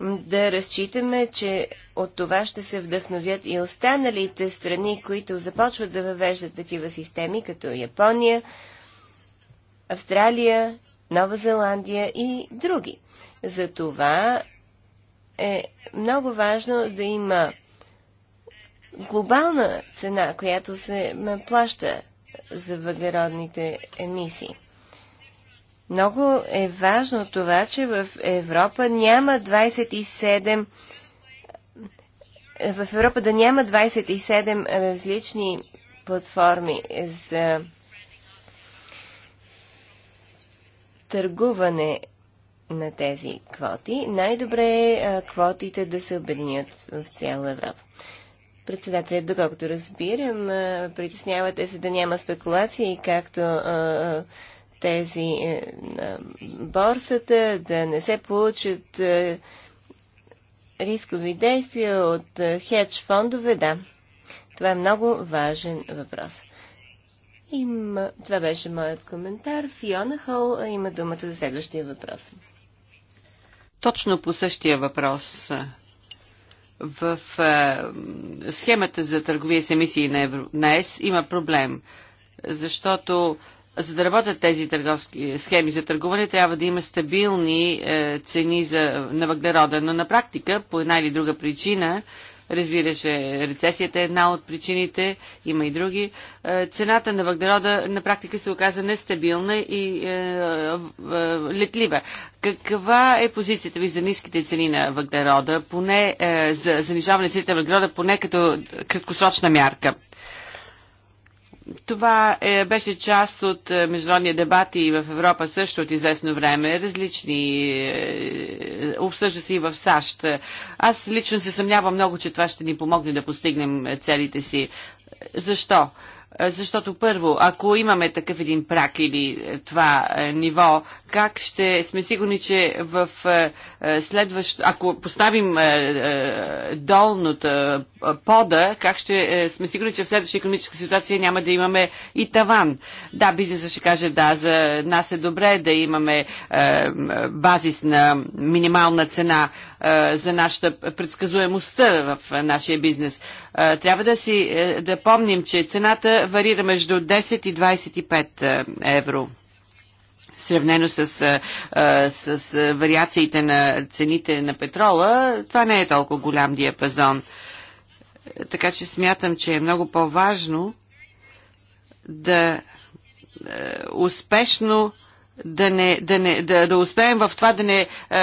да разчитаме, че от това ще се вдъхновят и останалите страни, които започват да въвеждат такива системи, като Япония, Австралия, Нова Зеландия и други. За това е много важно да има глобална цена, която се плаща за въглеродните емисии. Много е важно това, че в Европа няма 27 в Европа да няма 27 различни платформи за търгуване на тези квоти. Най-добре е квотите да се объединят в цяла Европа. Председателят, доколкото разбирам, притеснявате се да няма спекулации, както тези е, на борсата, да не се получат е, рискови действия от е, хедж фондове, да. Това е много важен въпрос. Има, това беше моят коментар. Фиона Хол има думата за следващия въпрос. Точно по същия въпрос в е, схемата за търговия с емисии на, Евро, на ЕС има проблем, защото за да работят тези търговски схеми за търгуване, трябва да има стабилни е, цени за, на въглерода. Но на практика, по една или друга причина, разбира се, рецесията е една от причините, има и други, е, цената на въглерода на практика се оказа нестабилна и е, е, летлива. Каква е позицията ви за ниските цени на въглерода, поне е, за занижаване цените на въглерода, поне като краткосрочна мярка? Това е, беше част от е, международния дебат и в Европа също от известно време. Различни е, обсъжда се и в САЩ. Аз лично се съмнявам много, че това ще ни помогне да постигнем е, целите си. Защо? Е, защото първо, ако имаме такъв един прак или това ниво как ще сме сигурни, че в е, е, следващ... Ако поставим е, долната пода, как ще сме сигурни, че в следващата економическа ситуация няма да имаме и таван. Да, бизнесът ще каже да, за нас е добре да имаме базис на минимална цена за нашата предсказуемостта в нашия бизнес. Трябва да си да помним, че цената варира между 10 и 25 евро сравнено с, с вариациите на цените на петрола, това не е толкова голям диапазон. Така че смятам, че е много по-важно да успешно да, не, да, не, да, да успеем в това да не а,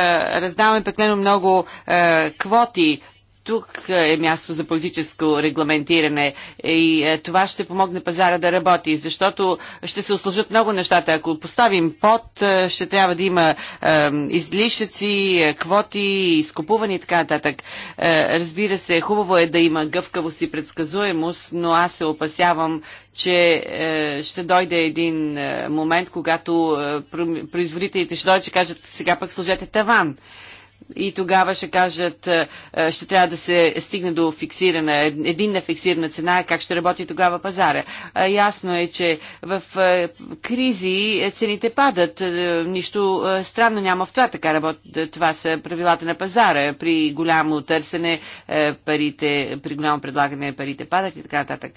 раздаваме пеклено много а, квоти тук е място за политическо регламентиране и е, това ще помогне пазара да работи, защото ще се услужат много нещата. Ако поставим под, е, ще трябва да има е, излишъци, квоти, изкупувани и така нататък. разбира се, хубаво е да има гъвкавост и предсказуемост, но аз се опасявам, че е, ще дойде един момент, когато производителите ще дойдат, че кажат сега пък служете таван и тогава ще кажат, е, е, ще трябва да се стигне до фиксирана, единна фиксирана цена, как ще работи тогава пазара. Ясно е, че в е, кризи цените падат. Нищо странно няма в това. Така работ... Това са правилата на пазара. При голямо търсене парите, при голямо предлагане парите падат и така нататък.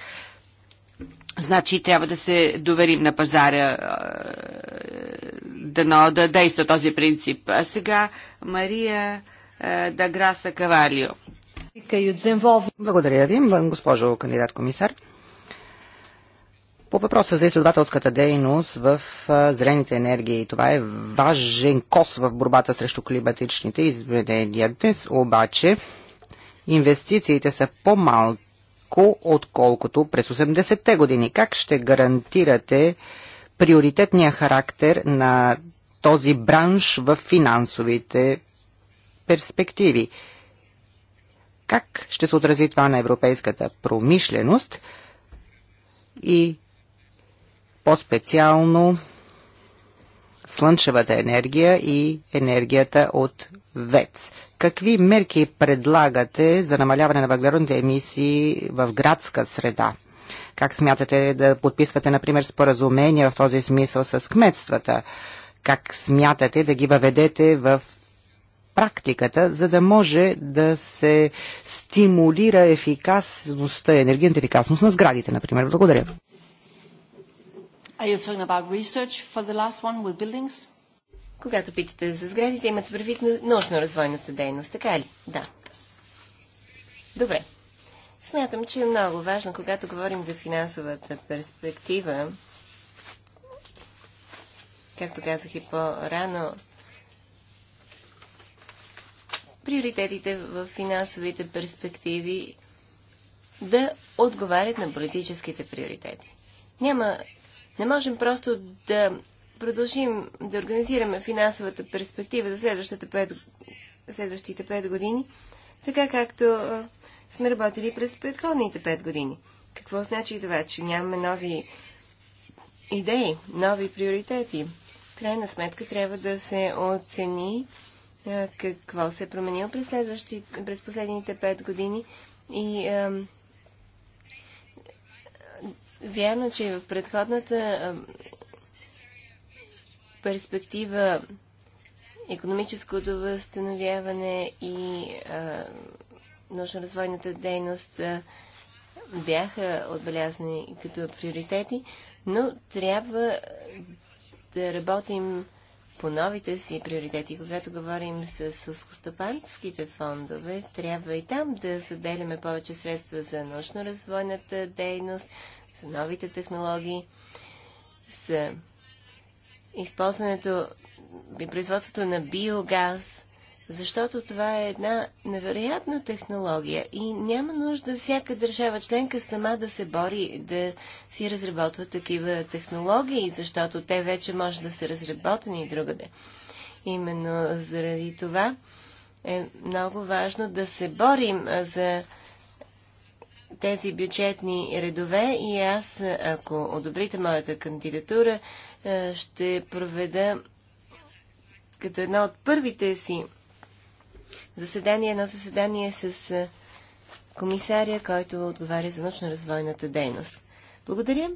Значи трябва да се доверим на пазара да, но, да действа този принцип. А сега Мария Даграса Кавалио. Благодаря ви, госпожо кандидат комисар. По въпроса за изследователската дейност в зелените енергии, това е важен кос в борбата срещу климатичните изменения. Днес обаче инвестициите са по-малки по рядко отколкото през 80-те години. Как ще гарантирате приоритетния характер на този бранш в финансовите перспективи? Как ще се отрази това на европейската промишленост и по-специално слънчевата енергия и енергията от ВЕЦ. Какви мерки предлагате за намаляване на въглеродните емисии в градска среда? Как смятате да подписвате, например, споразумения в този смисъл с кметствата? Как смятате да ги въведете в практиката, за да може да се стимулира ефикасността, енергийната ефикасност на сградите, например? Благодаря. Are you talking about research for the last one with buildings? Когато питате за сградите, имате предвид на научно-развойната дейност, така ли? Да. Добре. Смятам, че е много важно, когато говорим за финансовата перспектива, както казах и по-рано, приоритетите в финансовите перспективи да отговарят на политическите приоритети. Няма, не можем просто да продължим да организираме финансовата перспектива за следващите 5, следващите пет години, така както сме работили през предходните 5 години. Какво значи това, че нямаме нови идеи, нови приоритети? В крайна сметка трябва да се оцени какво се е променило през, следващи, през последните 5 години и Вярно, че в предходната перспектива економическото възстановяване и научно-развойната дейност бяха отбелязани като приоритети, но трябва да работим по новите си приоритети. Когато говорим с сълскостопанските фондове, трябва и там да заделяме повече средства за научно-развойната дейност, за новите технологии, за използването и производството на биогаз, защото това е една невероятна технология и няма нужда всяка държава членка сама да се бори да си разработва такива технологии, защото те вече може да са разработени другаде. Именно заради това е много важно да се борим за тези бюджетни редове и аз, ако одобрите моята кандидатура, е, ще проведа като една от първите си заседания едно заседание с е, комисария, който отговаря за научно-развойната дейност. Благодаря.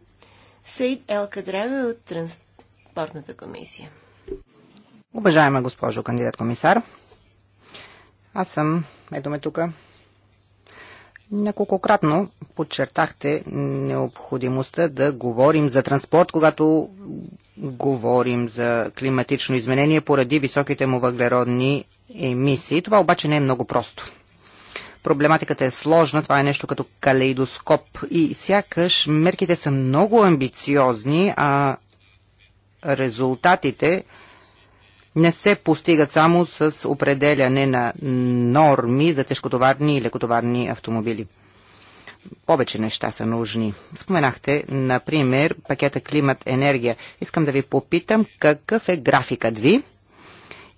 Сейд Елка Кадраве от Транспортната комисия. Уважаема госпожо кандидат комисар, аз съм, ето ме тук, Няколкократно подчертахте необходимостта да говорим за транспорт, когато говорим за климатично изменение поради високите му въглеродни емисии. Това обаче не е много просто. Проблематиката е сложна, това е нещо като калейдоскоп и сякаш мерките са много амбициозни, а резултатите – не се постигат само с определяне на норми за тежкотоварни и лекотоварни автомобили. Повече неща са нужни. Споменахте, например, пакета климат-енергия. Искам да ви попитам какъв е графикът ви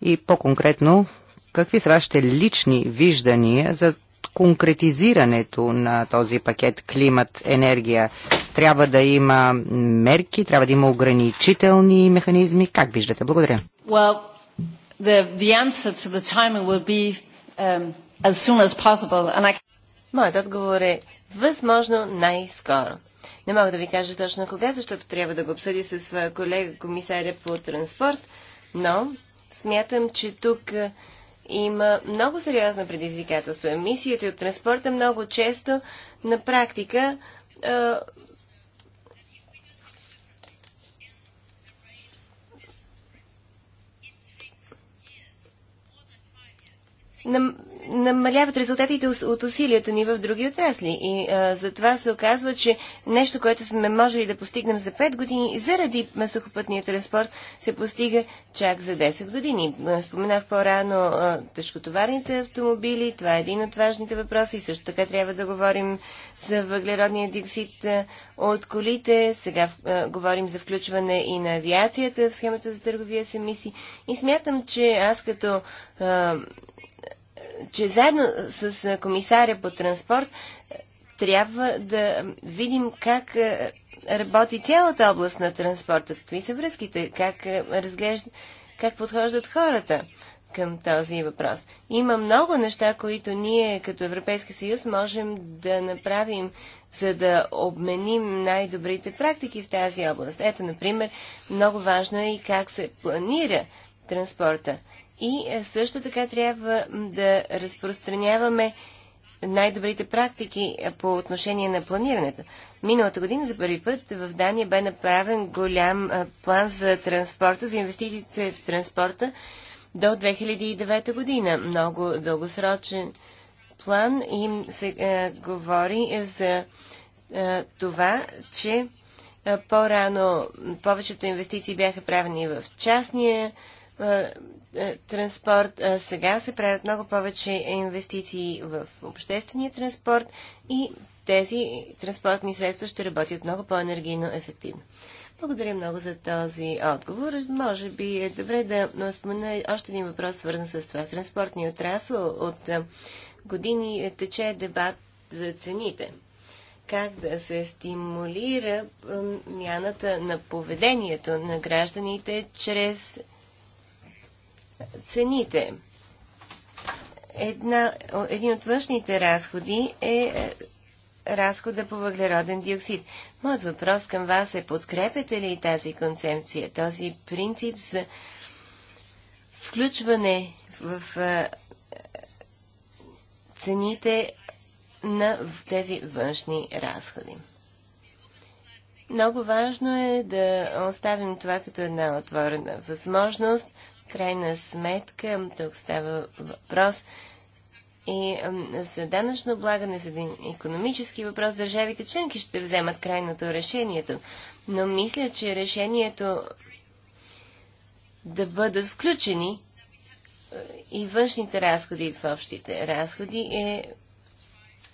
и по-конкретно какви са вашите лични виждания за конкретизирането на този пакет климат-енергия трябва да има мерки, трябва да има ограничителни механизми. Как виждате? Благодаря. Well, the, the answer to the timing will be um, as soon as possible. And I... Моят отговор е възможно най-скоро. Не мога да ви кажа точно кога, защото трябва да го обсъди с своя колега комисаря по транспорт, но смятам, че тук има много сериозно предизвикателство. Емисиите от транспорта много често на практика нам, намаляват резултатите от усилията ни в други отрасли. И а, това се оказва, че нещо, което сме можели да постигнем за 5 години, заради сухопътния транспорт, се постига чак за 10 години. Споменах по-рано тежкотоварните автомобили. Това е един от важните въпроси. Също така трябва да говорим за въглеродния диоксид от колите. Сега а, говорим за включване и на авиацията в схемата за търговия с емисии. И смятам, че аз като а, че заедно с комисаря по транспорт е, трябва да видим как е, работи цялата област на транспорта, какви са връзките, как е, разглежда, как подхождат хората към този въпрос. Има много неща, които ние като Европейски съюз можем да направим, за да обменим най-добрите практики в тази област. Ето, например, много важно е и как се планира транспорта. И е, също така трябва да разпространяваме най-добрите практики е, по отношение на планирането. Миналата година за първи път в Дания бе направен голям е, план за транспорта, за инвестициите в транспорта до 2009 година. Много дългосрочен план и се е, говори за е, това, че е, по-рано повечето инвестиции бяха правени в частния е, е, транспорт. Е, сега се правят много повече инвестиции в обществения транспорт и тези транспортни средства ще работят много по-енергийно ефективно. Благодаря много за този отговор. Може би е добре да спомена още един въпрос, свързан с това. Транспортния отрасъл от години тече дебат за цените. Как да се стимулира мяната на поведението на гражданите чрез цените. Една, един от външните разходи е, е разхода по въглероден диоксид. Моят въпрос към вас е подкрепяте ли тази концепция, този принцип за включване в е, цените на тези външни разходи. Много важно е да оставим това като една отворена възможност крайна сметка тук става въпрос и за данъчно облагане, за един економически въпрос, държавите членки ще вземат крайното решението. Но мисля, че решението да бъдат включени е, и външните разходи в общите разходи е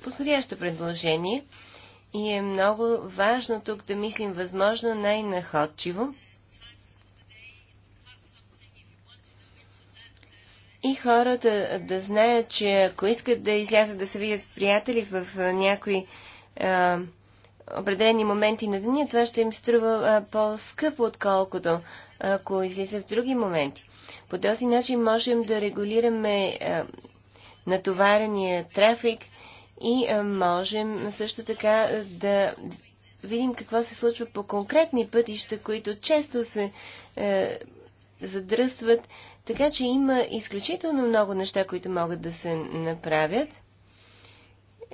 подходящо предложение и е много важно тук да мислим възможно най-находчиво. и хората да знаят, че ако искат да излязат да се видят приятели в някои а, определени моменти на деня, това ще им струва по-скъпо, отколкото ако излиза в други моменти. По този начин можем да регулираме а, натоварения трафик и а, можем също така да видим какво се случва по конкретни пътища, които често се а, е, задръстват така че има изключително много неща, които могат да се направят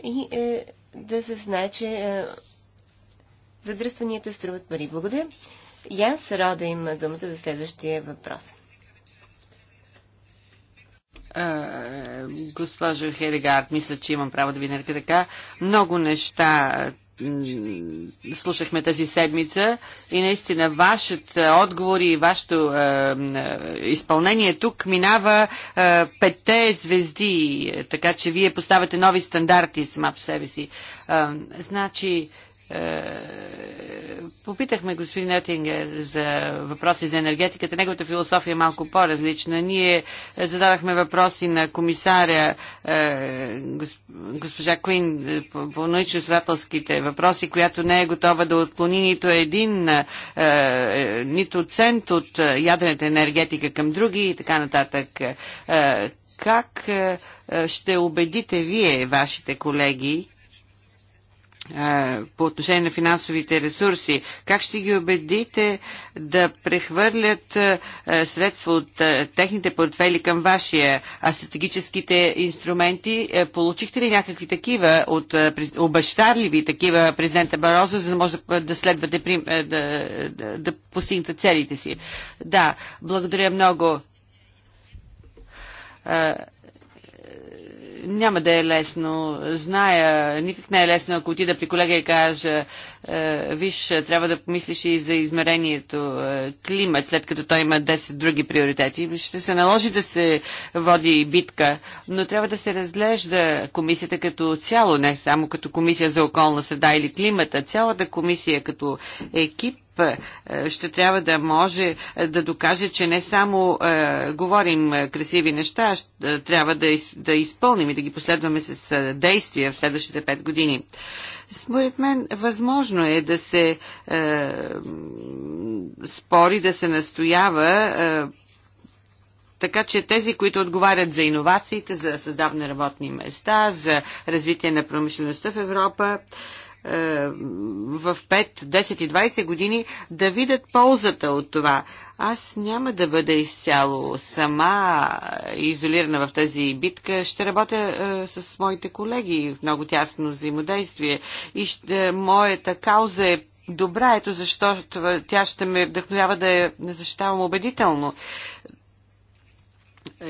и е, да се знае, че е, задръстванията струват пари. Благодаря. Ян рада има думата за следващия въпрос. Госпожо Хедегард, мисля, че имам право да ви нарека така. Много неща слушахме тази седмица и наистина вашият е, отговор и вашето е, е, изпълнение тук минава е, петте звезди, е, така че вие поставяте нови стандарти сама по себе си. Е, значи, е, попитахме господин Етингер за въпроси за енергетиката. Неговата философия е малко по-различна. Ние зададахме въпроси на комисаря е, госпожа Куин е, по научно-изследователските въпроси, която не е готова да отклони нито един, нито цент от ядрената енергетика към други и така нататък. Как ще убедите вие вашите колеги по отношение на финансовите ресурси. Как ще ги убедите да прехвърлят средства от техните портфели към вашия, а стратегическите инструменти? Получихте ли някакви такива от обещарливи такива президента Барозо, за да може да следвате, да, да, да постигнете целите си? Да, благодаря много няма да е лесно. Зная, никак не е лесно, ако отида при колега и кажа, е, виж, трябва да помислиш и за измерението е, климат, след като той има 10 други приоритети. Ще се наложи да се води битка, но трябва да се разглежда комисията като цяло, не само като комисия за околна среда или климата, цялата комисия като екип е, ще трябва да може е, да докаже, че не само е, говорим красиви неща, а е, трябва да, из, да изпълним и да ги последваме с действия в следващите пет години. Според мен, възможно е да се е, спори, да се настоява. Е, така че тези, които отговарят за иновациите, за създаване работни места, за развитие на промишлеността в Европа, е, е, в 5, 10 и 20 години да видят ползата от това. Аз няма да бъда изцяло сама е, изолирана в тази битка. Ще работя е, с моите колеги в много тясно взаимодействие и ще, моята кауза е добра, ето защо тя ще ме вдъхновява да я защитавам убедително.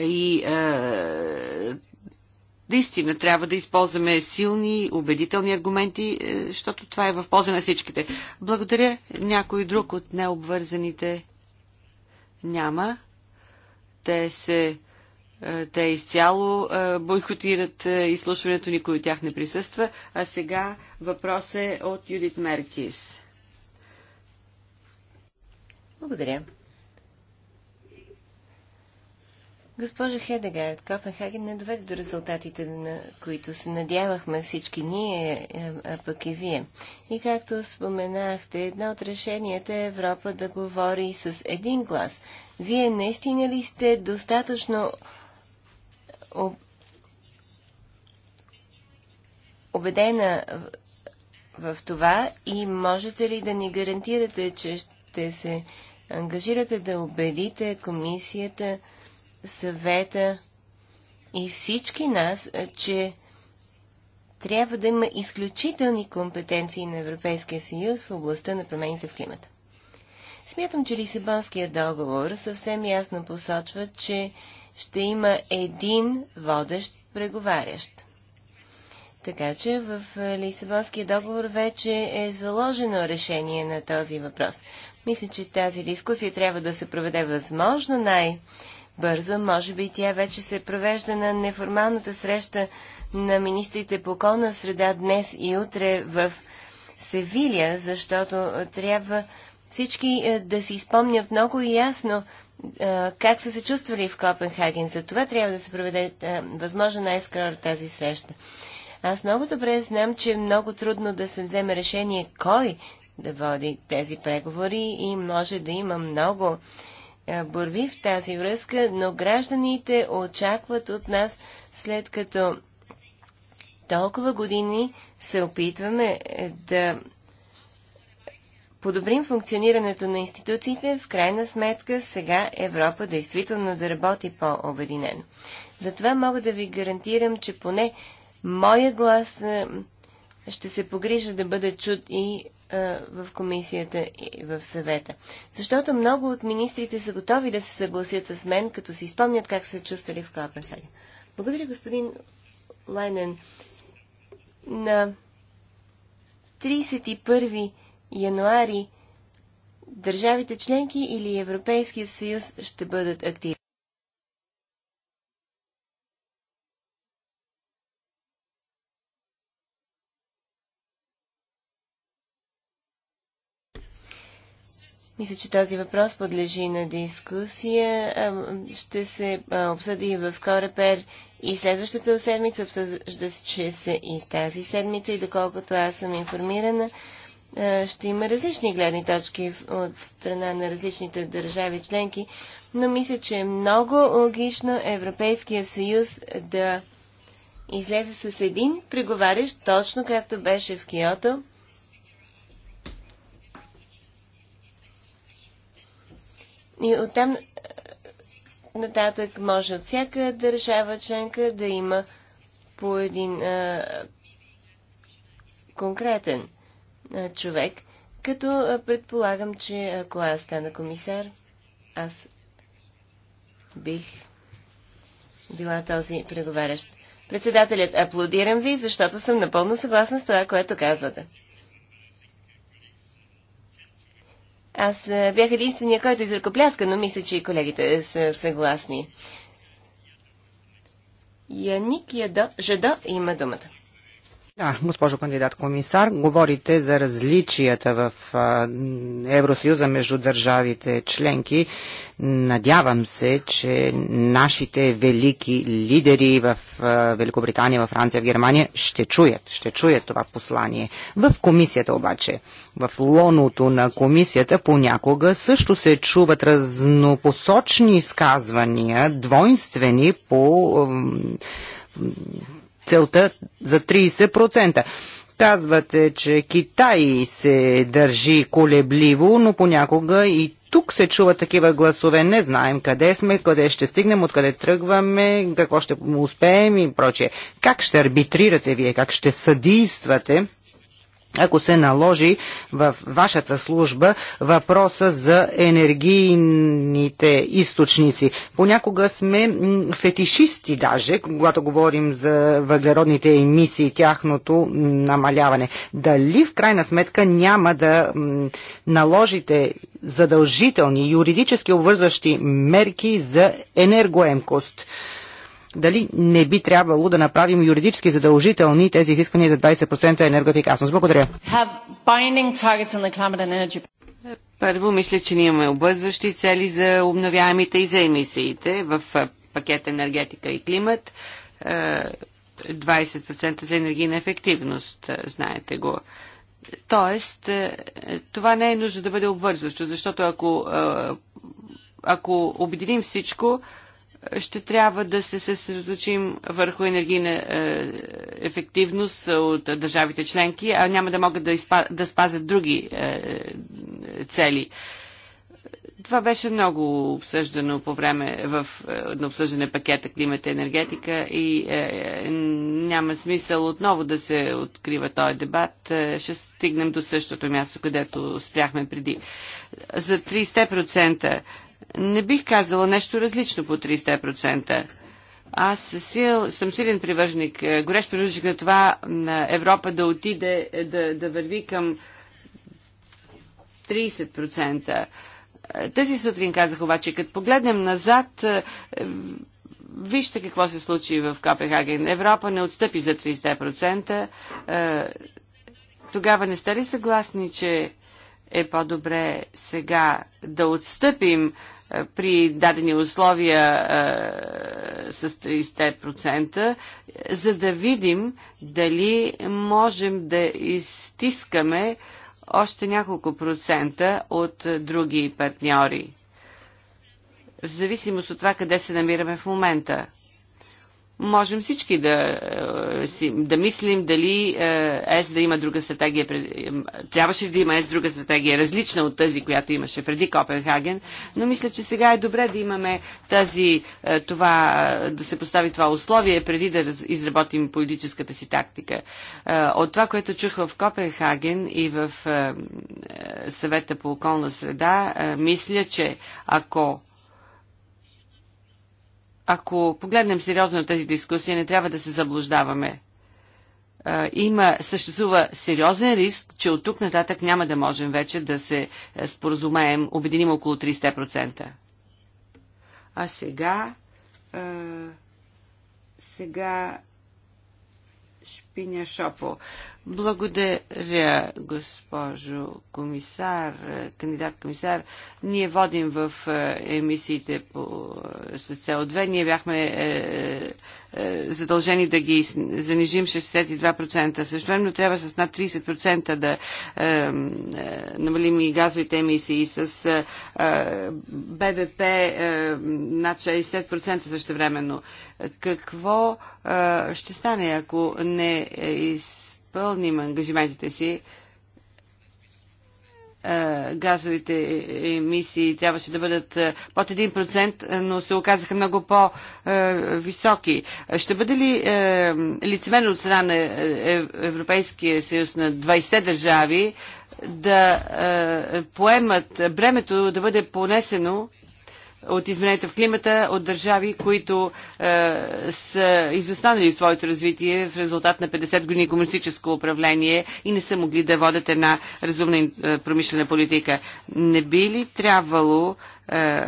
И е, Наистина трябва да използваме силни, убедителни аргументи, е, защото това е в полза на всичките. Благодаря някой друг от необвързаните. Няма. Те се е, те изцяло е, бойкотират изслушването, никой от тях не присъства. А сега въпрос е от Юдит Меркис. Благодаря. Госпожо Хедегард, Копенхаген не доведе до резултатите, на които се надявахме всички ние, е, а пък и вие. И както споменахте, едно от решенията е Европа да говори с един глас. Вие наистина ли сте достатъчно убедена в това и можете ли да ни гарантирате, че ще се ангажирате да убедите комисията, съвета и всички нас, че трябва да има изключителни компетенции на Европейския съюз в областта на промените в климата. Смятам, че Лисабонския договор съвсем ясно посочва, че ще има един водещ преговарящ. Така че в Лисабонския договор вече е заложено решение на този въпрос. Мисля, че тази дискусия трябва да се проведе възможно най- бързо. Може би тя вече се провежда на неформалната среща на министрите по околна среда днес и утре в Севилия, защото трябва всички да си спомнят много ясно как са се чувствали в Копенхаген. За това трябва да се проведе възможно най-скоро тази среща. Аз много добре знам, че е много трудно да се вземе решение кой да води тези преговори и може да има много е, борби в тази връзка, но гражданите очакват от нас, след като толкова години се опитваме е, да подобрим функционирането на институциите, в крайна сметка сега Европа действително да работи по-обединено. Затова мога да ви гарантирам, че поне моя глас е, ще се погрижа да бъде чуд и е, в комисията и в съвета. Защото много от министрите са готови да се съгласят с мен, като си спомнят как се чувствали в Копенхаген. Благодаря, господин Лайнен. На 31 януари държавите членки или Европейския съюз ще бъдат активни. Мисля, че този въпрос подлежи на дискусия. Ще се обсъди и в Корепер и следващата седмица. Обсъжда се и тази седмица и доколкото аз съм информирана, ще има различни гледни точки от страна на различните държави членки, но мисля, че е много логично Европейския съюз да излезе с един преговарящ, точно както беше в Киото – И оттам е, нататък може от всяка държава членка да има по един а, е, конкретен а, е, човек. Като а, предполагам, че ако аз стана комисар, аз бих била този преговарящ. Председателят, аплодирам ви, защото съм напълно съгласна с това, което казвате. Аз бях единствения, който пляска, но мисля, че и колегите са съгласни. Яник Ядо, Жадо има думата. Да, госпожо кандидат комисар, говорите за различията в Евросъюза между държавите членки. Надявам се, че нашите велики лидери в Великобритания, в Франция, в Германия ще чуят, ще чуят това послание. В комисията обаче, в лоното на комисията понякога също се чуват разнопосочни изказвания, двойствени по целта за 30%. Казвате, че Китай се държи колебливо, но понякога и тук се чува такива гласове. Не знаем къде сме, къде ще стигнем, откъде тръгваме, какво ще успеем и прочее. Как ще арбитрирате вие, как ще съдействате ако се наложи в вашата служба въпроса за енергийните източници. Понякога сме фетишисти даже, когато говорим за въглеродните емисии, тяхното намаляване. Дали в крайна сметка няма да наложите задължителни юридически обвързващи мерки за енергоемкост? дали не би трябвало да направим юридически задължителни тези изисквания за 20% енергоефикасност. Благодаря. Първо, мисля, че ние имаме обвързващи цели за обновяемите и за емисиите в пакет енергетика и климат. 20% за енергийна ефективност, знаете го. Тоест, това не е нужно да бъде обвързващо, защото ако, ако обединим всичко, ще трябва да се съсредоточим върху енергийна е, ефективност от държавите членки, а няма да могат да, изпа, да спазят други е, цели. Това беше много обсъждано по време в, е, на обсъждане пакета климата и енергетика и е, няма смисъл отново да се открива този дебат. Ще стигнем до същото място, където спряхме преди. За 30% не бих казала нещо различно по 30%. Аз сил, съм силен привържник, е, горещ привържник на това на Европа да отиде, е, да, да върви към 30%. Е, тази сутрин казах обаче, като погледнем назад, вижте какво се случи в Копенхаген. Европа не отстъпи за 30%. Тогава не сте ли съгласни, че е по-добре сега да отстъпим е, при дадени условия е, с 30%, за да видим дали можем да изтискаме още няколко процента от други партньори. В зависимост от това къде се намираме в момента можем всички да, е, да мислим дали е, ЕС да има друга стратегия. Трябваше да има ЕС друга стратегия, различна от тази, която имаше преди Копенхаген, но мисля, че сега е добре да имаме тази, е, това, да се постави това условие, преди да изработим политическата си тактика. От това, което чух в Копенхаген и в съвета по околна среда, мисля, че ако ако погледнем сериозно тази дискусия, не трябва да се заблуждаваме. Има, съществува сериозен риск, че от тук нататък няма да можем вече да се е, споразумеем, обединим около 30%. А сега... сега Шпиня Шопо. Благодаря, госпожо комисар, кандидат-комисар. Ние водим в е, емисиите по, е, с 2 Ние бяхме е, е, е, задължени да ги занижим 62%. Също време трябва с над 30% да е, намалим и газовите емисии. С БВП над 60% също времено. Какво ще стане, ако не из изпълним ангажиментите си, е, газовите емисии трябваше да бъдат е, под 1%, но се оказаха много по-високи. Ще бъде ли е, лицемерно от страна на Европейския съюз на 20 държави да поемат бремето да бъде понесено от измененията в климата от държави, които е, са изостанали в своето развитие в резултат на 50 години комунистическо управление и не са могли да водят една разумна е, промишлена политика. Не би ли трябвало е, е,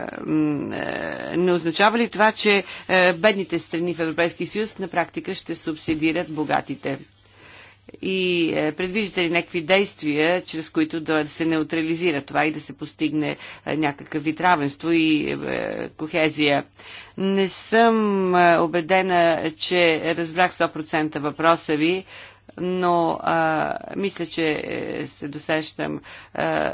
не означава ли това, че е, бедните страни в Европейския съюз на практика ще субсидират богатите? и е, предвиждате ли някакви действия, чрез които да се неутрализира това и да се постигне е, някакъв вид равенство и е, кохезия? Не съм убедена, че разбрах 100% въпроса ви но а, мисля, че е, се досещам. А,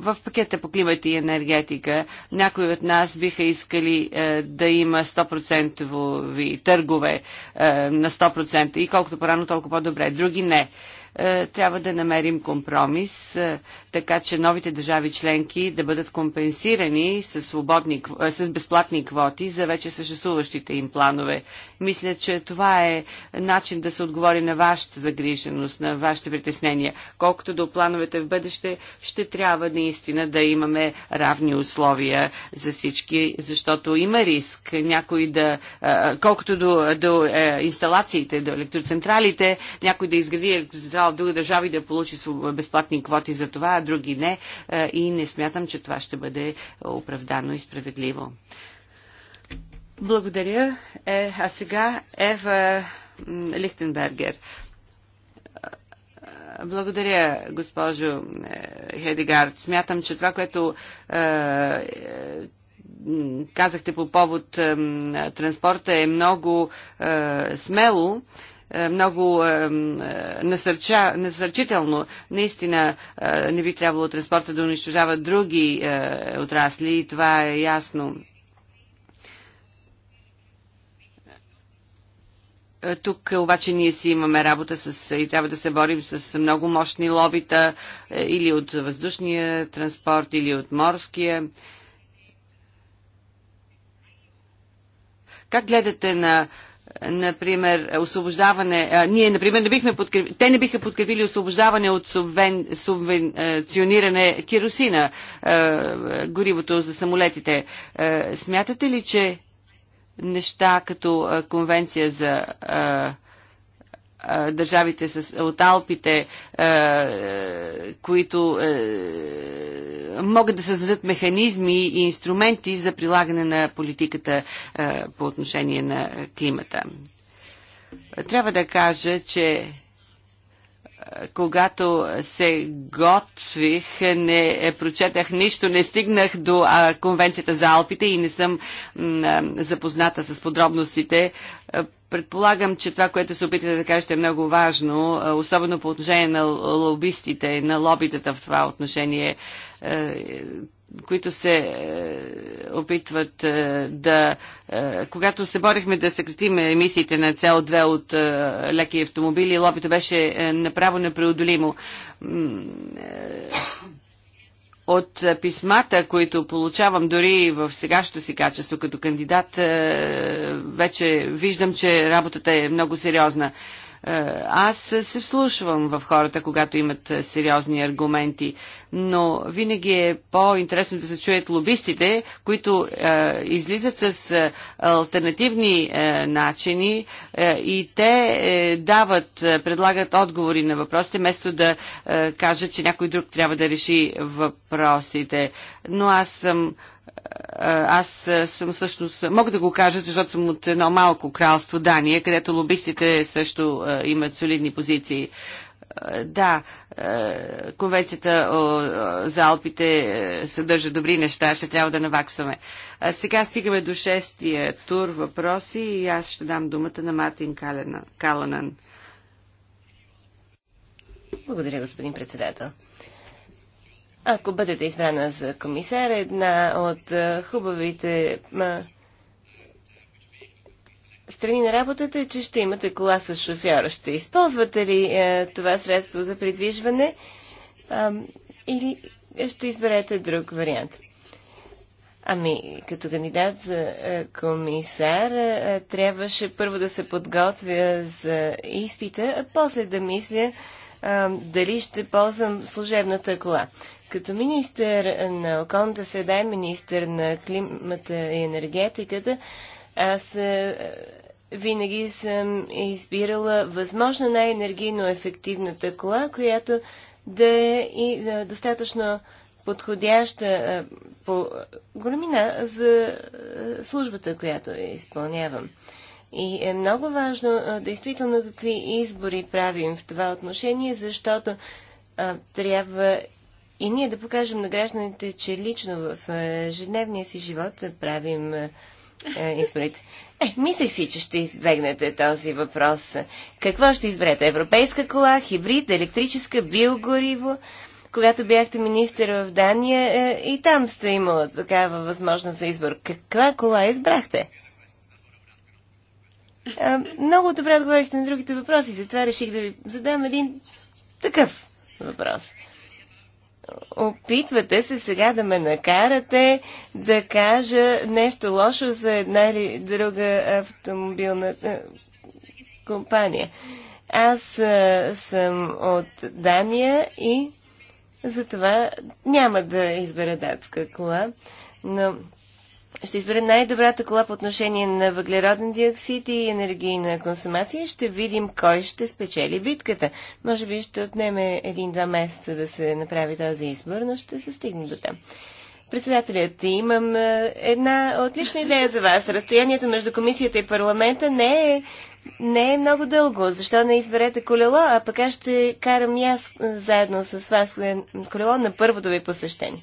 в пакета по климата и енергетика някои от нас биха искали а, е, да има 100% търгове а, е, на 100% и колкото по-рано, толкова по-добре. Други не. А, е, трябва да намерим компромис, е, така че новите държави членки да бъдат компенсирани с, свободни, е, с безплатни квоти за вече съществуващите им планове. Мисля, че това е начин да се отговори на вашата загриженост, на вашите притеснения. Колкото до плановете в бъдеще, ще трябва наистина да имаме равни условия за всички, защото има риск някой да, колкото до, до инсталациите, до електроцентралите, някой да изгради електроцентралите, потенциал други държави да получи безплатни квоти за това, а други не. Е, и не смятам, че това ще бъде оправдано и справедливо. Благодаря. Е, а сега Ева Лихтенбергер. Е, благодаря, госпожо е, Хедегард. Смятам, че това, което е, казахте по повод е, транспорта е много смело е, много е, е, насърча, насърчително. Наистина не би трябвало транспорта да унищожава други отрасли и това е ясно. Тук обаче ние си имаме работа с, и трябва да се борим с много мощни лобита или от въздушния транспорт, или от морския. Как гледате на например, освобождаване, а, ние, например, не бихме подкрепили, те не биха подкрепили освобождаване от субвен, субвенциониране керосина, а, горивото за самолетите. А, смятате ли, че неща като а, конвенция за а, държавите с, от Алпите, е, които е, могат да създадат механизми и инструменти за прилагане на политиката е, по отношение на климата. Трябва да кажа, че когато се готвих, не прочетах нищо, не стигнах до а, Конвенцията за Алпите и не съм м, запозната с подробностите. Предполагам, че това, което се опитвате да кажете е много важно, особено по отношение на лобистите, на лобитата в това отношение, е, които се е, опитват е, да... Когато се борихме да съкратим емисиите на цел 2 от леки автомобили, лобито беше направо непреодолимо от писмата, които получавам дори в сегашното си качество като кандидат, е, вече виждам, че работата е много сериозна. Е, аз се вслушвам в хората, когато имат е, сериозни аргументи, но винаги е по-интересно да се чуят лобистите, които е, излизат с е, альтернативни е, начини е, и те е, дават, е, предлагат отговори на въпросите, вместо да е, кажат, че някой друг трябва да реши въпросите. Но аз съм е, аз съм всъщност, мога да го кажа, защото съм от едно малко кралство Дания, където лобистите също имат солидни позиции. Да, конвенцията за Алпите е, съдържа добри неща, ще трябва да наваксаме. сега стигаме до шестия тур въпроси и аз ще дам думата на Мартин Каланан. Благодаря, господин председател. Ако бъдете избрана за комисар, една от хубавите ма, страни на работата е, че ще имате кола с шофьора. Ще използвате ли е, това средство за придвижване а, или ще изберете друг вариант? Ами, като кандидат за комисар, трябваше първо да се подготвя за изпита, а после да мисля а, дали ще ползвам служебната кола. Като министър на околната среда и министър на климата и енергетиката, аз е, винаги съм избирала възможно най-енергийно ефективната кола, която да е и е, достатъчно подходяща е, по големина за службата, която изпълнявам. И е много важно действително какви избори правим в това отношение, защото трябва и ние да покажем на гражданите, че лично в е, ежедневния си живот правим е, е, изборите. Е, мислех си, че ще избегнете този въпрос. Какво ще изберете? Европейска кола, хибрид, електрическа, биогориво? Когато бяхте министър в Дания, е, и там сте имала такава възможност за избор. Каква кола избрахте? А, много добре отговорихте на другите въпроси, затова реших да ви задам един такъв въпрос опитвате се сега да ме накарате да кажа нещо лошо за една или друга автомобилна е, компания. Аз е, съм от Дания и затова няма да избера датска кола, но ще избере най-добрата кола по отношение на въглероден диоксид и енергийна консумация. Ще видим кой ще спечели битката. Може би ще отнеме един-два месеца да се направи този избор, но ще се стигне до там. Председателят, имам е, една отлична идея за вас. Разстоянието между комисията и парламента не е, не е много дълго. Защо не изберете колело, а пък аз ще карам и аз е, заедно с вас е, колело на първото ви посещение.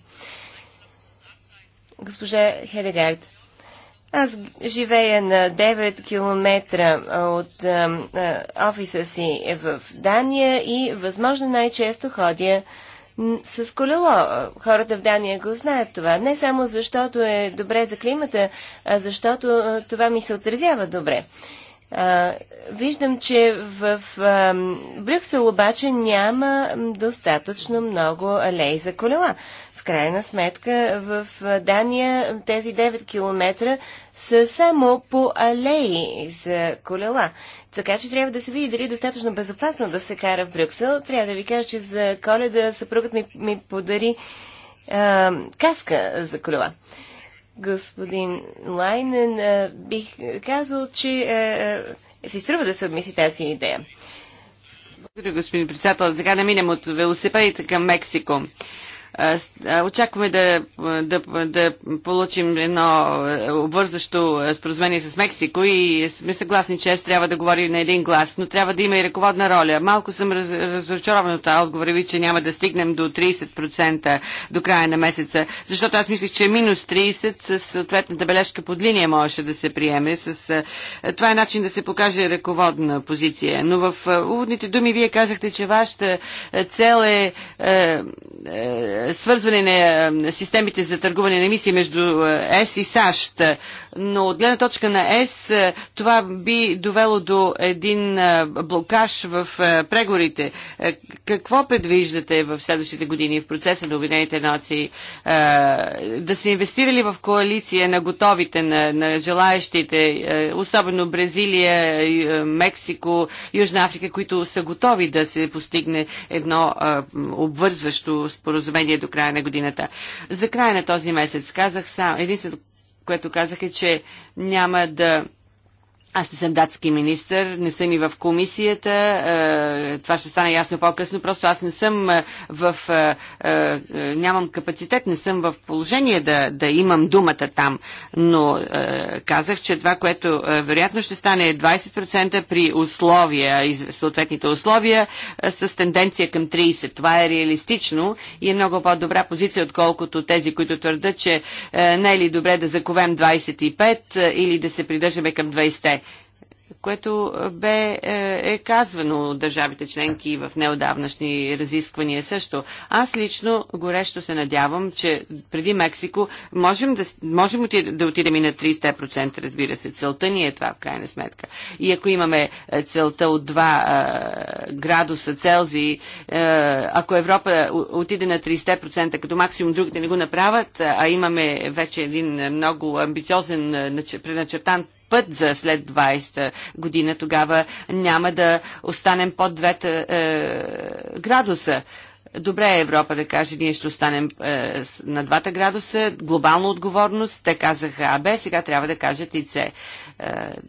Госпожа Хедегард, аз живея на 9 км от а, офиса си в Дания и възможно най-често ходя с колело. Хората в Дания го знаят това. Не само защото е добре за климата, а защото това ми се отразява добре. А, виждам, че в а, Брюксел обаче няма достатъчно много алеи за колела крайна сметка в Дания тези 9 км са само по алеи за колела. Така че трябва да се види дали е достатъчно безопасно да се кара в Брюксел. Трябва да ви кажа, че за коледа съпругът ми, ми подари а, каска за колела. Господин Лайнен, а, бих казал, че а, си струва да се обмисли тази идея. Благодаря, господин председател. Сега да минем от велосипедите към Мексико. Очакваме да, да, да получим едно е, обвързващо е, споразумение с Мексико и сме съгласни, че ЕС трябва да говори на един глас, но трябва да има и ръководна роля. Малко съм раз, разочарован от отговора ви, че няма да стигнем до 30% до края на месеца, защото аз мислих, че е минус 30 с съответната бележка под линия можеше да се приеме. С, това е начин да се покаже ръководна позиция. Но в уводните думи вие казахте, че вашата цел е, е, е свързване на системите за търгуване на емисии между ЕС и САЩ. Но от гледна точка на ЕС е, това би довело до един е, блокаж в е, преговорите. Какво предвиждате в следващите години в процеса на Обединените нации? Да се инвестира ли в коалиция на готовите, на, на желаящите, особено Бразилия, Мексико, Южна Африка, които са готови да се постигне едно обвързващо споразумение стратегия до края на годината. За края на този месец казах само, единственото, което казах е, че няма да аз не съм датски министр, не съм и в комисията, това ще стане ясно по-късно, просто аз не съм в... нямам капацитет, не съм в положение да, да имам думата там, но казах, че това, което вероятно ще стане е 20% при условия, съответните условия, с тенденция към 30%. Това е реалистично и е много по-добра позиция, отколкото тези, които твърдат, че не е ли добре да заковем 25% или да се придържаме към 20% което е, бе е, е казвано от държавите членки в неодавнашни разисквания също. Аз лично горещо се надявам, че преди Мексико можем да, можем да отидем и на 30%, разбира се. Целта ни е това, в крайна сметка. И ако имаме е, целта от 2 градуса Целзий, ако Европа отиде на 30%, като максимум другите не го направят, а имаме вече един много амбициозен, преначертан път за след 20-та година. Тогава няма да останем под 2 е, градуса. Добре е Европа да каже, ние ще останем е, на 2 градуса. Глобална отговорност, те казаха АБ, сега трябва да кажат и С. Е,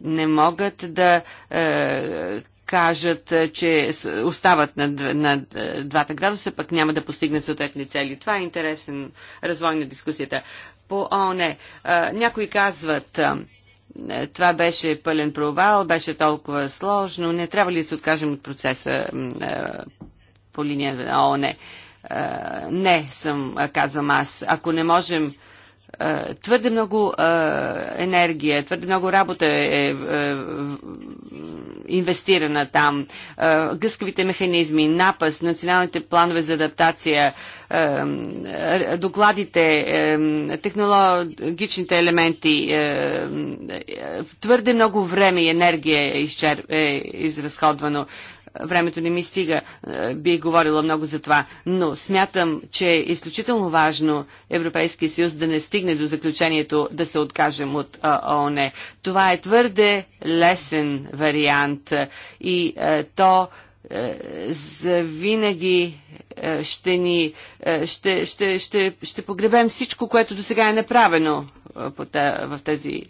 не могат да е, кажат, е, че остават на, на е, двата градуса, пък няма да постигнат съответни цели. Това е интересен развой на дискусията. По ОНЕ. Е, някои казват, това беше пълен провал, беше толкова сложно. Не трябва ли да се откажем от процеса по линия на ООН? Не, съм, казвам аз. Ако не можем твърде много енергия, твърде много работа е, е инвестирана там. Е, гъскавите механизми, напас, националните планове за адаптация, е, докладите, е, технологичните елементи. Твърде много време и енергия е изразходвано времето не ми стига, е, би говорила много за това, но смятам, че е изключително важно Европейския съюз да не стигне до заключението да се откажем от ООН. Това е твърде лесен вариант и е, то е, завинаги ще ни ще, ще, ще, ще погребем всичко, което до сега е направено в тези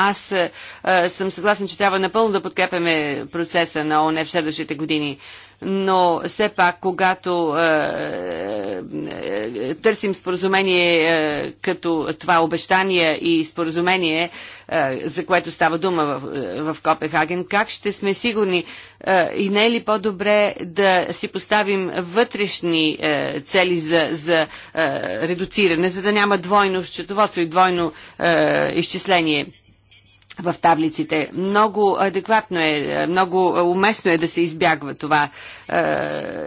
аз а, е, е, съм съгласен, че трябва напълно да подкрепяме процеса на ОНЕ в следващите години но все пак, когато е, е, търсим споразумение е, като това обещание и споразумение, е, за което става дума в, в Копенхаген, как ще сме сигурни е, и не е ли по-добре да си поставим вътрешни е, цели за, за е, редуциране, за да няма двойно счетоводство и двойно е, изчисление? в таблиците. Много адекватно е, много уместно е да се избягва това. Е,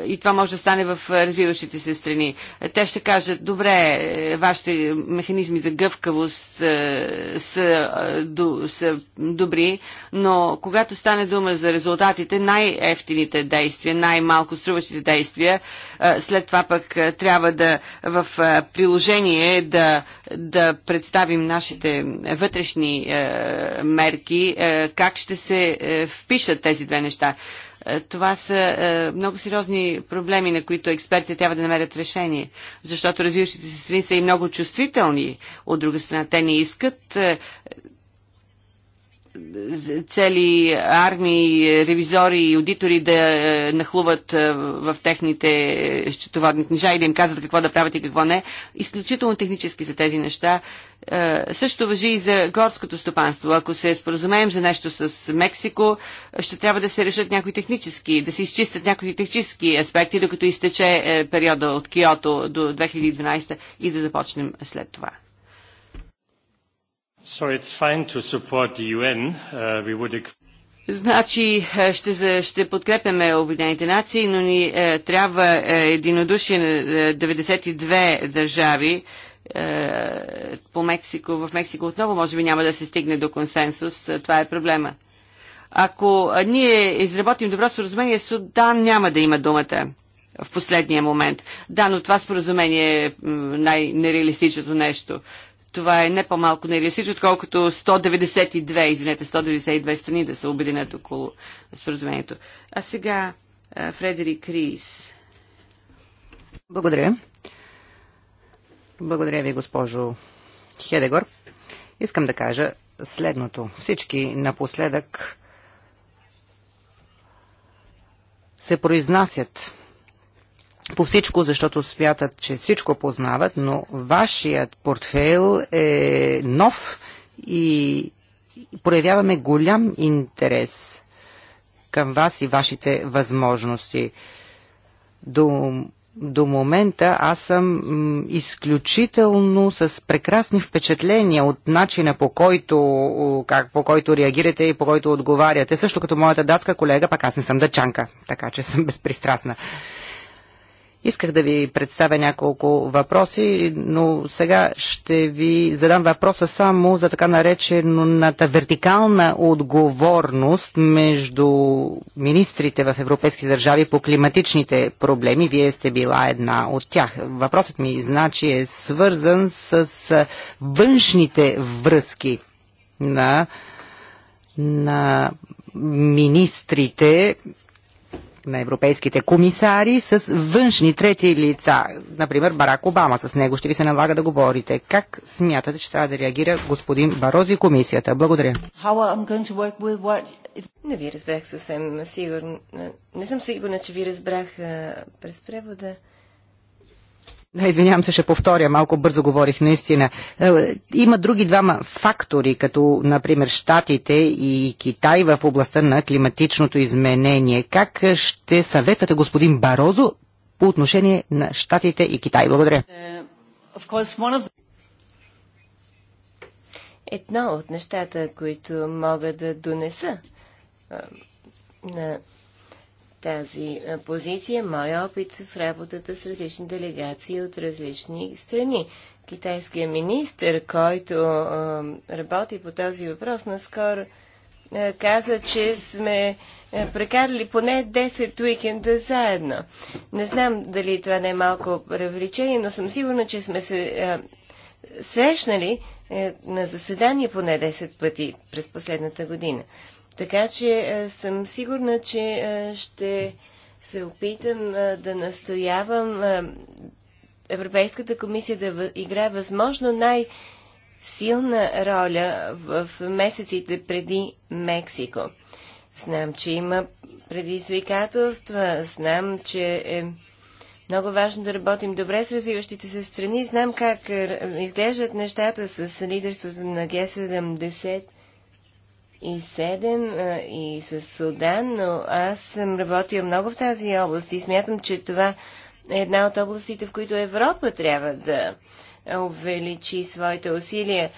и това може да стане в развиващите се страни. Те ще кажат, добре, е, вашите механизми за гъвкавост е, са, са добри, но когато стане дума за резултатите, най-ефтините действия, най-малко струващите действия, след това пък трябва да в приложение да, да представим нашите вътрешни мерки, е, как ще се е, впишат тези две неща. Е, това са много сериозни проблеми, на които експертите трябва да намерят решение, защото развиващите се страни са и много чувствителни. От друга страна, те не искат цели армии, ревизори и аудитори да е, нахлуват е, в техните счетоводни книжа и да им казват какво да правят и какво не. Изключително технически са тези неща. Е, също въжи и за горското стопанство. Ако се споразумеем за нещо с Мексико, ще трябва да се решат някои технически, да се изчистят някои технически аспекти, докато изтече периода от Киото до 2012 и да започнем след това it's fine to support the UN. Uh, we would... Значи е, ще, ще подкрепяме Обединените нации, но ни е, трябва е, единодушие на 92 е, държави е, по Мексико. В Мексико отново може би няма да се стигне до консенсус. Това е проблема. Ако ние изработим добро споразумение, Судан няма да има думата в последния момент. Да, но това споразумение е най-нереалистичното нещо това е не по-малко нереалистично, отколкото 192, извинете, 192 страни да се обединят около споразумението. А сега Фредерик Рис. Благодаря. Благодаря ви, госпожо Хедегор. Искам да кажа следното. Всички напоследък се произнасят по всичко, защото смятат, че всичко познават, но вашият портфейл е нов и проявяваме голям интерес към вас и вашите възможности. До, до момента аз съм изключително с прекрасни впечатления от начина по който, как, по който реагирате и по който отговаряте. Също като моята датска колега, пак аз не съм дъчанка, така че съм безпристрастна. Исках да ви представя няколко въпроси, но сега ще ви задам въпроса само за така наречената вертикална отговорност между министрите в европейски държави по климатичните проблеми. Вие сте била една от тях. Въпросът ми значи е свързан с външните връзки на, на министрите на европейските комисари с външни трети лица, например Барак Обама, с него ще ви се налага да говорите. Как смятате, че трябва да реагира господин Барози и комисията? Благодаря. Не ви разбрах съвсем сигурно. Не съм сигурна, че ви разбрах през превода. Извинявам се, ще повторя, малко бързо говорих наистина. Е, има други двама фактори, като например Штатите и Китай в областта на климатичното изменение. Как ще съветвате господин Барозо по отношение на Штатите и Китай? Благодаря. Е, Едно от нещата, които мога да донеса е, на тази позиция, моя опит в работата с различни делегации от различни страни. Китайският министр, който работи по този въпрос, наскоро каза, че сме прекарали поне 10 уикенда заедно. Не знам дали това не е малко привлечение, но съм сигурна, че сме се срещнали е, на заседание поне 10 пъти през последната година. Така че е, съм сигурна, че е, ще се опитам е, да настоявам Европейската комисия да играе възможно най- силна роля в месеците преди Мексико. Знам, че има предизвикателства, знам, че е много важно да работим добре с развиващите се страни, знам как изглеждат нещата с лидерството на Г-70 и Седем и с Судан, но аз съм работила много в тази област и смятам, че това е една от областите, в които Европа трябва да увеличи своите усилия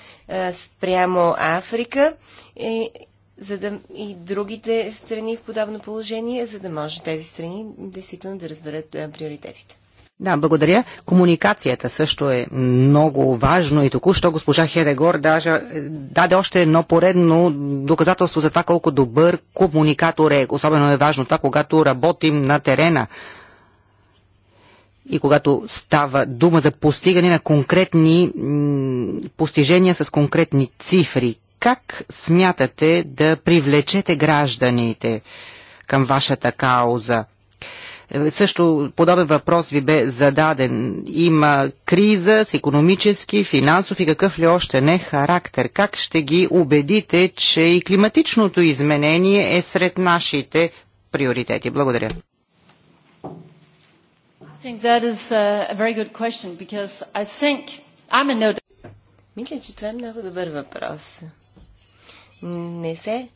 спрямо Африка и, за да, и другите страни в подобно положение, за да може тези страни действително да разберат приоритетите. Да, благодаря. Комуникацията също е много важно и току-що госпожа Хедегор даже е, даде още едно поредно доказателство за това колко добър комуникатор е. Особено е важно това, когато работим на терена и когато става дума за постигане на конкретни постижения с конкретни цифри. Как смятате да привлечете гражданите към вашата кауза? Също подобен въпрос ви бе зададен. Има криза с економически, финансов и какъв ли още не характер. Как ще ги убедите, че и климатичното изменение е сред нашите приоритети? Благодаря. Мисля, че това е много добър въпрос. Не се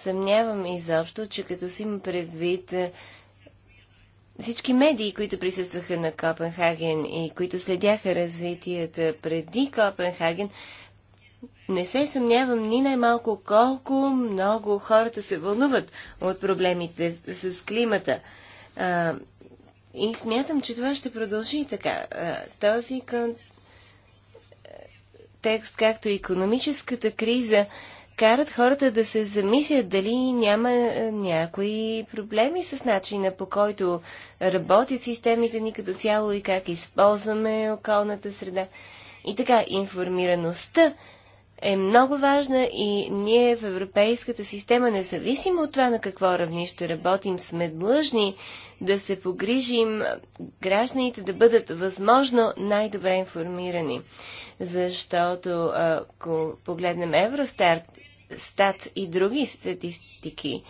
съмнявам изобщо, че като си има предвид всички медии, които присъстваха на Копенхаген и които следяха развитията преди Копенхаген, не се съмнявам ни най-малко колко много хората се вълнуват от проблемите с климата. А, и смятам, че това ще продължи така. А, този кон... текст, както и економическата криза, карат хората да се замислят дали няма е, някои проблеми с начина по който работят системите ни като цяло и как използваме околната среда. И така, информираността е много важна и ние в европейската система, независимо от това на какво равнище работим, сме длъжни да се погрижим гражданите да бъдат възможно най-добре информирани. Защото ако погледнем Евростарт стат и други статистики,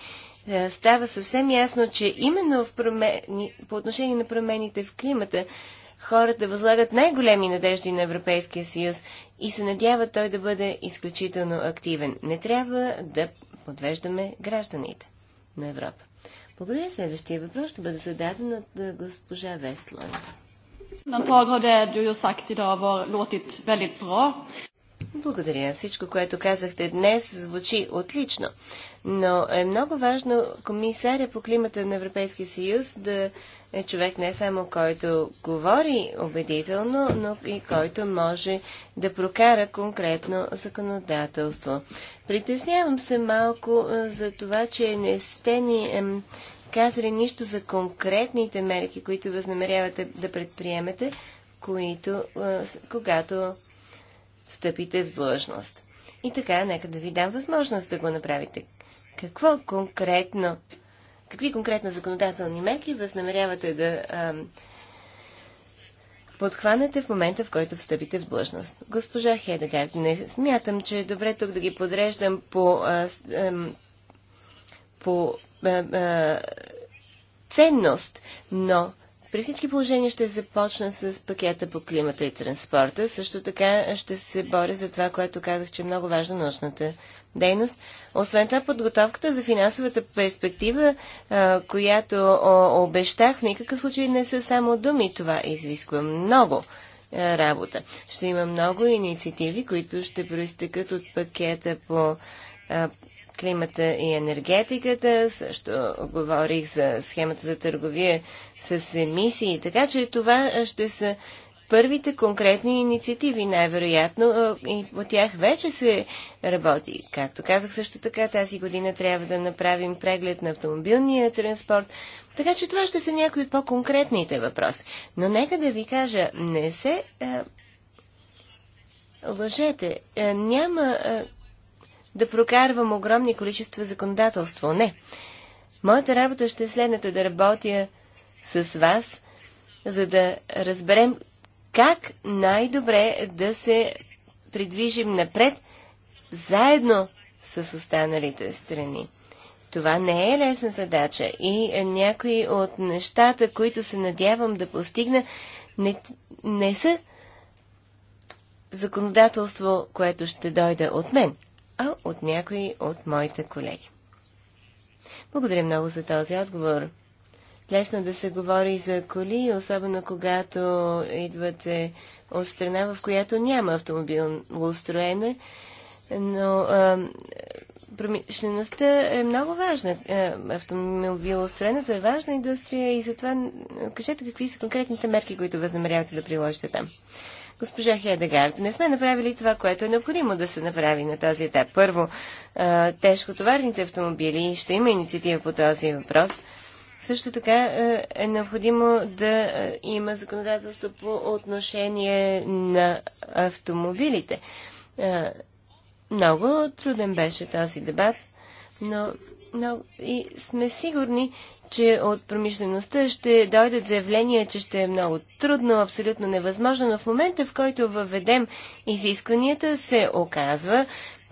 е, става съвсем ясно, че именно в промени, по отношение на промените в климата, хората възлагат най-големи надежди на Европейския съюз и се надяват той да бъде изключително активен. Не трябва да подвеждаме гражданите на Европа. Благодаря. Следващия въпрос ще бъде зададен от е, госпожа Вестланд. Undantag har det du har sagt idag var, låtit väldigt bra. Благодаря. Всичко, което казахте днес, звучи отлично. Но е много важно комисаря по климата на Европейския съюз да е човек не само който говори убедително, но и който може да прокара конкретно законодателство. Притеснявам се малко за това, че не сте ни казали нищо за конкретните мерки, които възнамерявате да предприемете, които, когато встъпите в длъжност. И така, нека да ви дам възможност да го направите. Какво конкретно, какви конкретно законодателни мерки възнамерявате да ам, подхванете в момента, в който встъпите в длъжност? Госпожа Хедегард, не смятам, че е добре тук да ги подреждам по, а, ам, по а, а, ценност, но при всички положения ще започна с пакета по климата и транспорта. Също така ще се боря за това, което казах, че е много важна научната дейност. Освен това, подготовката за финансовата перспектива, която обещах, в никакъв случай не са само думи. Това изисква много работа. Ще има много инициативи, които ще проистекат от пакета по климата и енергетиката, също говорих за схемата за търговия с емисии, така че това ще са първите конкретни инициативи, най-вероятно, и по тях вече се работи. Както казах също така, тази година трябва да направим преглед на автомобилния транспорт, така че това ще са някои от по-конкретните въпроси. Но нека да ви кажа, не се а, лъжете, а, е, няма а, да прокарвам огромни количества законодателство. Не. Моята работа ще е следната да работя с вас, за да разберем как най-добре да се придвижим напред заедно с останалите страни. Това не е лесна задача и някои от нещата, които се надявам да постигна, не, не са законодателство, което ще дойде от мен а от някои от моите колеги. Благодаря много за този отговор. Лесно да се говори за коли, особено когато идвате от страна, в която няма автомобилостроене, но а, промишлеността е много важна. Автомобилостроенето е важна индустрия и затова кажете какви са конкретните мерки, които възнамерявате да приложите там госпожа Хедегард. Не сме направили това, което е необходимо да се направи на този етап. Първо, тежкотоварните автомобили, ще има инициатива по този въпрос. Също така е необходимо да има законодателство по отношение на автомобилите. Много труден беше този дебат, но, но и сме сигурни, че от промишлеността ще дойдат заявления, че ще е много трудно, абсолютно невъзможно, но в момента, в който въведем изискванията, се оказва,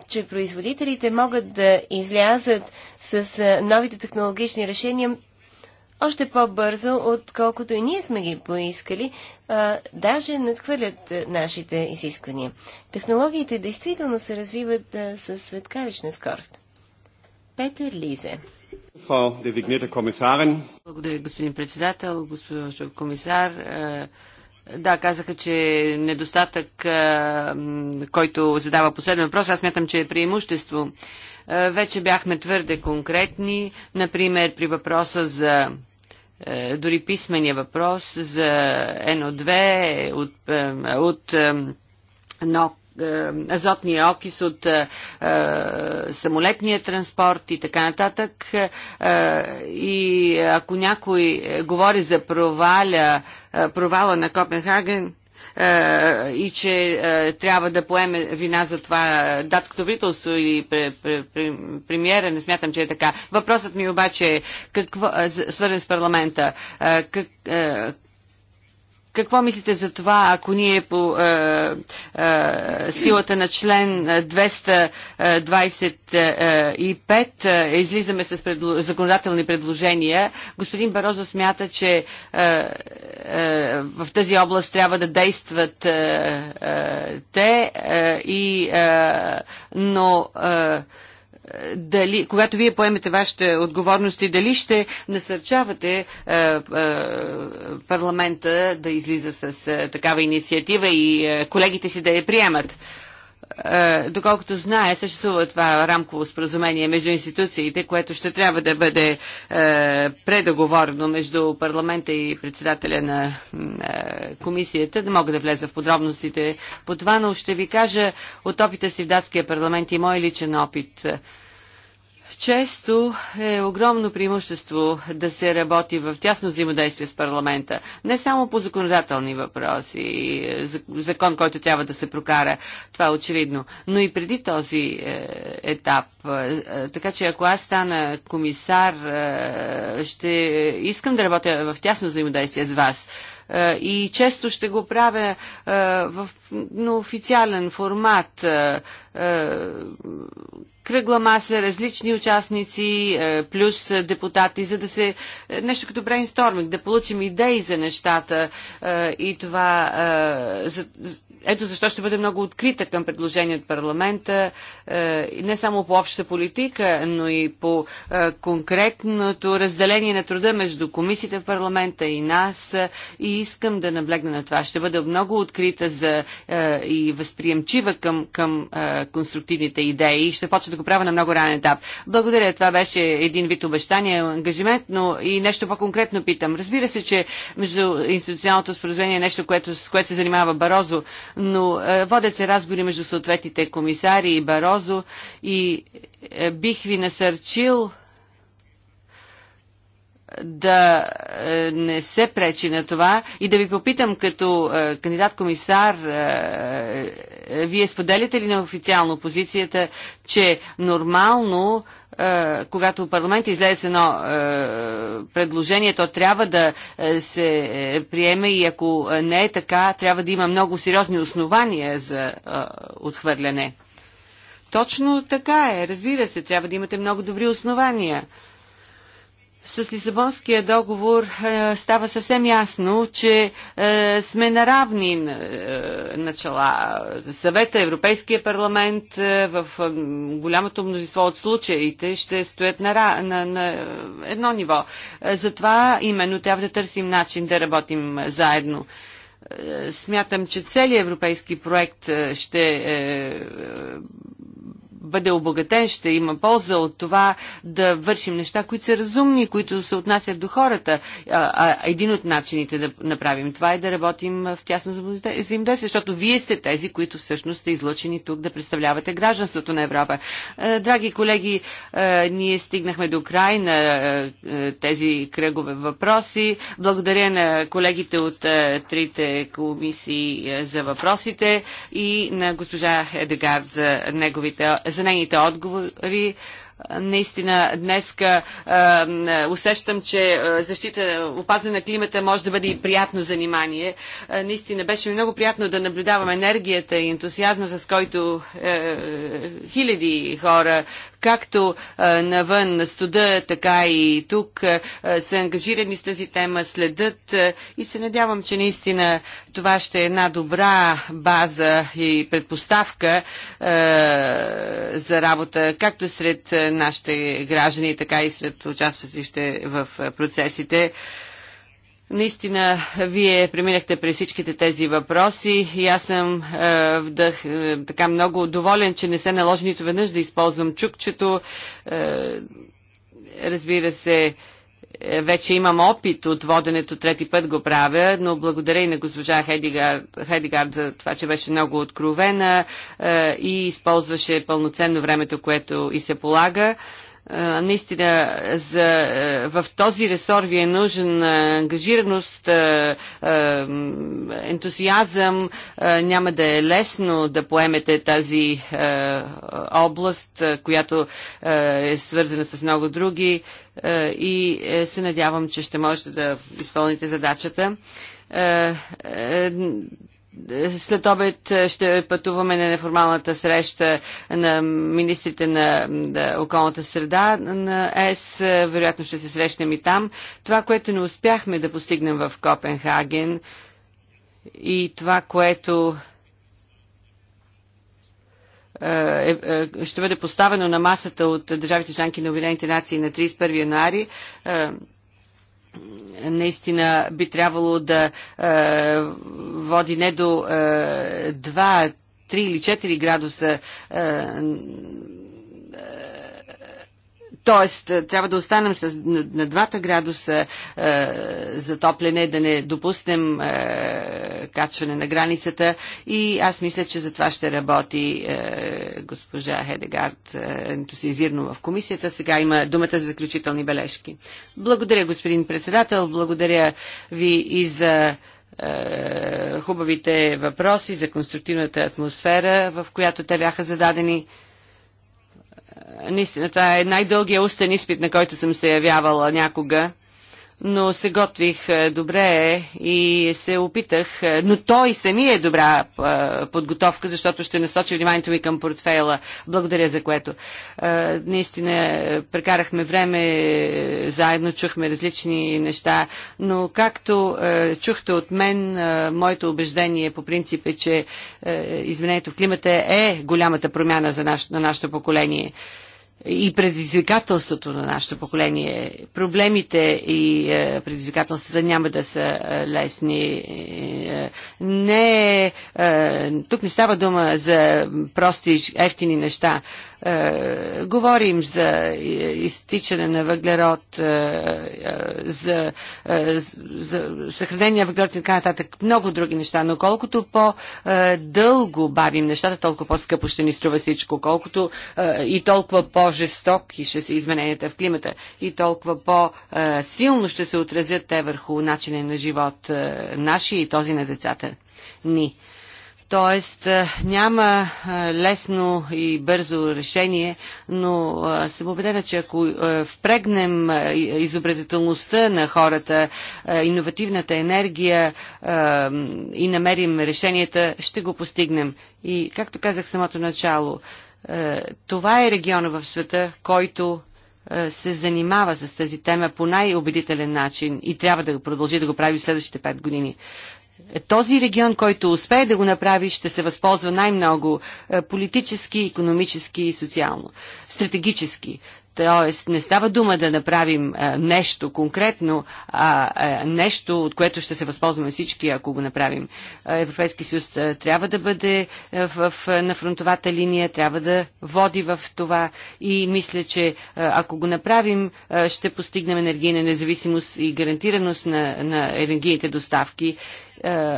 че производителите могат да излязат с новите технологични решения още по-бързо, отколкото и ние сме ги поискали, а, даже надхвърлят нашите изисквания. Технологиите действително се развиват а, с светкавична скорост. Петър Лизе благодаря, господин председател, господин комисар. Е, да, казаха, че недостатък, е, който задава последен въпрос, аз мятам, че е преимущество. Е, вече бяхме твърде конкретни, например при въпроса за дори писмения въпрос за НО2 от, от НОК е, азотния окис от е, е, самолетния транспорт и така нататък. И ако някой говори за проваля, провала на Копенхаген, и че трябва да поеме вина за това датското правителство или премиера, не смятам, че е така. Въпросът ми обаче е какво, свързан с парламента. Как, какво мислите за това, ако ние по е, е, силата на член 225 е, излизаме с предл... законодателни предложения? Господин Барозо смята, че е, е, в тази област трябва да действат е, е, те, е, и, е, но. Е, дали, когато вие поемете вашите отговорности, дали ще насърчавате е, е, парламента да излиза с е, такава инициатива и е, колегите си да я приемат? Е, доколкото знае, съществува това рамково споразумение между институциите, което ще трябва да бъде е, предоговорено между парламента и председателя на е, комисията. Не мога да влеза в подробностите по това, но ще ви кажа от опита си в датския парламент и мой личен опит – често е огромно преимущество да се работи в тясно взаимодействие с парламента. Не само по законодателни въпроси, е, закон, който трябва да се прокара, това е очевидно, но и преди този е, етап. Е, така че ако аз стана комисар, ще искам да работя в тясно взаимодействие с вас е, и често ще го правя е, в официален формат. Е, кръгла маса, различни участници, плюс депутати, за да се... Нещо като брейнсторминг, да получим идеи за нещата и това... Ето защо ще бъде много открита към предложение от парламента, не само по обща политика, но и по конкретното разделение на труда между комисията в парламента и нас и искам да наблегна на това. Ще бъда много открита за, е, и възприемчива към, към е, конструктивните идеи и ще почна да го правя на много ранен етап. Благодаря, това беше един вид обещание, ангажимент, но и нещо по-конкретно питам. Разбира се, че между институционалното споразумение е нещо, което, с което се занимава Барозо, но е, водят се разговори между съответните комисари и Барозо и е, бих ви насърчил да е, не се пречи на това и да ви попитам като е, кандидат-комисар, е, вие споделяте ли на официално позицията, че нормално когато парламент излезе с едно предложение, то трябва да се приеме и ако не е така, трябва да има много сериозни основания за отхвърляне. Точно така е, разбира се, трябва да имате много добри основания. С Лисабонския договор е, става съвсем ясно, че е, сме наравни е, начала. Съвета, Европейския парламент е, в е, голямото мнозинство от случаите ще стоят на, на, на едно ниво. Е, затова именно трябва да търсим начин да работим заедно е, смятам, че целият европейски проект е, ще е, бъде обогатен, ще има полза от това да вършим неща, които са разумни, които се отнасят до хората. А, а един от начините да направим това е да работим в тясно взаимодействие, защото вие сте тези, които всъщност сте излъчени тук да представлявате гражданството на Европа. Драги колеги, ние стигнахме до край на тези кръгове въпроси. Благодаря на колегите от трите комисии за въпросите и на госпожа Едегард за неговите за нейните отговори. Наистина днеска е, усещам, че защита, опазване на климата може да бъде и приятно занимание. Е, наистина беше ми много приятно да наблюдавам енергията и ентусиазма, с който е, е, е хиляди хора, както навън на студа, така и тук са ангажирани с тази тема, следят и се надявам, че наистина това ще е една добра база и предпоставка за работа, както сред нашите граждани, така и сред участващите в процесите. Наистина, вие преминахте през всичките тези въпроси и аз съм е, вдъх, е, така много доволен, че не се наложи нито веднъж да използвам чукчето. Е, разбира се, е, вече имам опит от воденето, трети път го правя, но благодаря и на госпожа Хедигард, Хедигард за това, че беше много откровена е, и използваше пълноценно времето, което и се полага. Е, наистина за, в този ресор ви е нужен ангажираност, ентусиазъм. Няма да е лесно да поемете тази област, която е свързана с много други и е, се надявам, че ще можете да изпълните задачата е, след обед е, ще пътуваме на неформалната среща на министрите на, околната среда на ЕС. Е, вероятно ще се срещнем и там. Това, което не успяхме да постигнем в Копенхаген и това, което е, ще бъде поставено на масата от държавите членки на Обединените нации на 31 януари, наистина би трябвало да е, води не до е, 2, 3 или 4 градуса е, Тоест, е, трябва да останем с, на двата градуса е, затопляне, да не допуснем е, качване на границата и аз мисля, че за това ще работи е, госпожа Хедегард е, ентусиазирно в комисията. Сега има думата за заключителни бележки. Благодаря, господин председател, благодаря ви и за е, хубавите въпроси, за конструктивната атмосфера, в която те бяха зададени. Наистина, това е най-дългия устен изпит, на който съм се явявала някога но се готвих е, добре и се опитах, е, но той самия е добра е, подготовка, защото ще насочи вниманието ми към портфейла. Благодаря за което. Наистина прекарахме време, заедно чухме различни неща, но както чухте от мен, моето убеждение по принцип е, че изменението в климата е голямата промяна за наш, на нашето поколение и предизвикателството на нашето поколение. Проблемите и е, предизвикателствата няма да са е, лесни. Е, не, тук не става дума за прости, ефтини неща. Говорим за изтичане на въглерод, за, за съхранение на въглерод и така нататък. Много други неща, но колкото по-дълго бавим нещата, толкова по-скъпо ще ни струва всичко. Колкото и толкова по по-жестоки ще са измененията в климата и толкова по-силно ще се отразят те върху начина на живот е, нашия и този на децата ни. Тоест е, няма е, лесно и бързо решение, но съм убедена, че ако впрегнем изобретателността на хората, иновативната енергия и намерим решенията, ще го постигнем. И както казах самото начало, е, това е региона в света, който е, се занимава с тази тема по най-убедителен начин и трябва да продължи да го прави в следващите 5 години. Е, този регион, който успее да го направи, ще се възползва най-много политически, економически и социално, стратегически. Тоест, не става дума да направим а, нещо конкретно, а, а нещо, от което ще се възползваме всички, ако го направим. А, Европейски съюз а, трябва да бъде в, в, на фронтовата линия, трябва да води в това и мисля, че а, ако го направим, а, ще постигнем енергийна независимост и гарантираност на, на енергийните доставки. Е,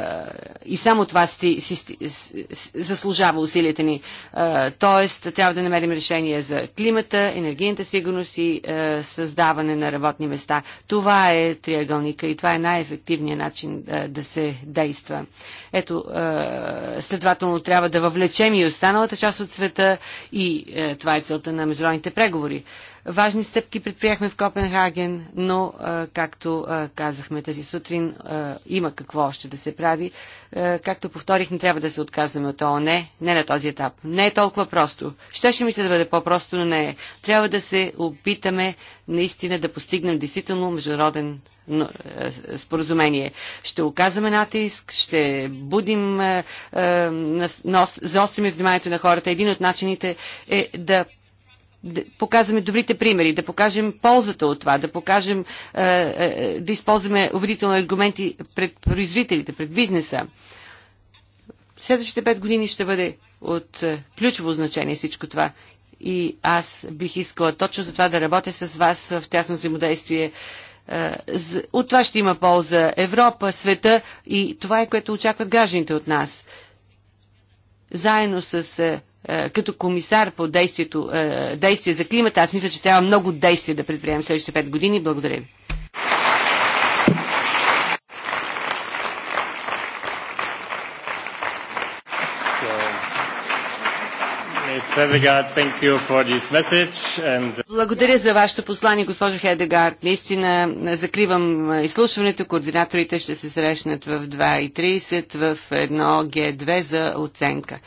и само това си, си, си, заслужава усилията ни. Е, тоест, трябва да намерим решение за климата, енергийната сигурност и е, създаване на работни места. Това е триъгълника и това е най-ефективният начин да се действа. Ето, следователно трябва да въвлечем и останалата част от света и това е целта на международните преговори. Важни стъпки предприехме в Копенхаген, но, както казахме тази сутрин, има какво още да се прави. Както повторих, не трябва да се отказваме от ООН. Не, не на този етап. Не е толкова просто. Щеше ми се да бъде по-просто, но не е. Трябва да се опитаме наистина да постигнем действително международен споразумение. Ще оказваме натиск, ще будим, е, заострим вниманието на хората. Един от начините е да да показваме добрите примери, да покажем ползата от това, да покажем, е, е, е, да използваме убедителни аргументи пред производителите, пред бизнеса. Следващите пет години ще бъде от ключово значение всичко това. И аз бих искала точно за това да работя с вас в тясно взаимодействие. От това ще има полза Европа, света и това е което очакват гражданите от нас. Заедно с е, като комисар по действието, е, действие за климата, аз мисля, че трябва много действия да предприемем следващите 5 години. Благодаря ви. Uh, Благодаря за вашето послание, госпожо Хедегард. Наистина закривам е, изслушването. Координаторите ще се срещнат в 2.30 в 1 г 2 за оценка.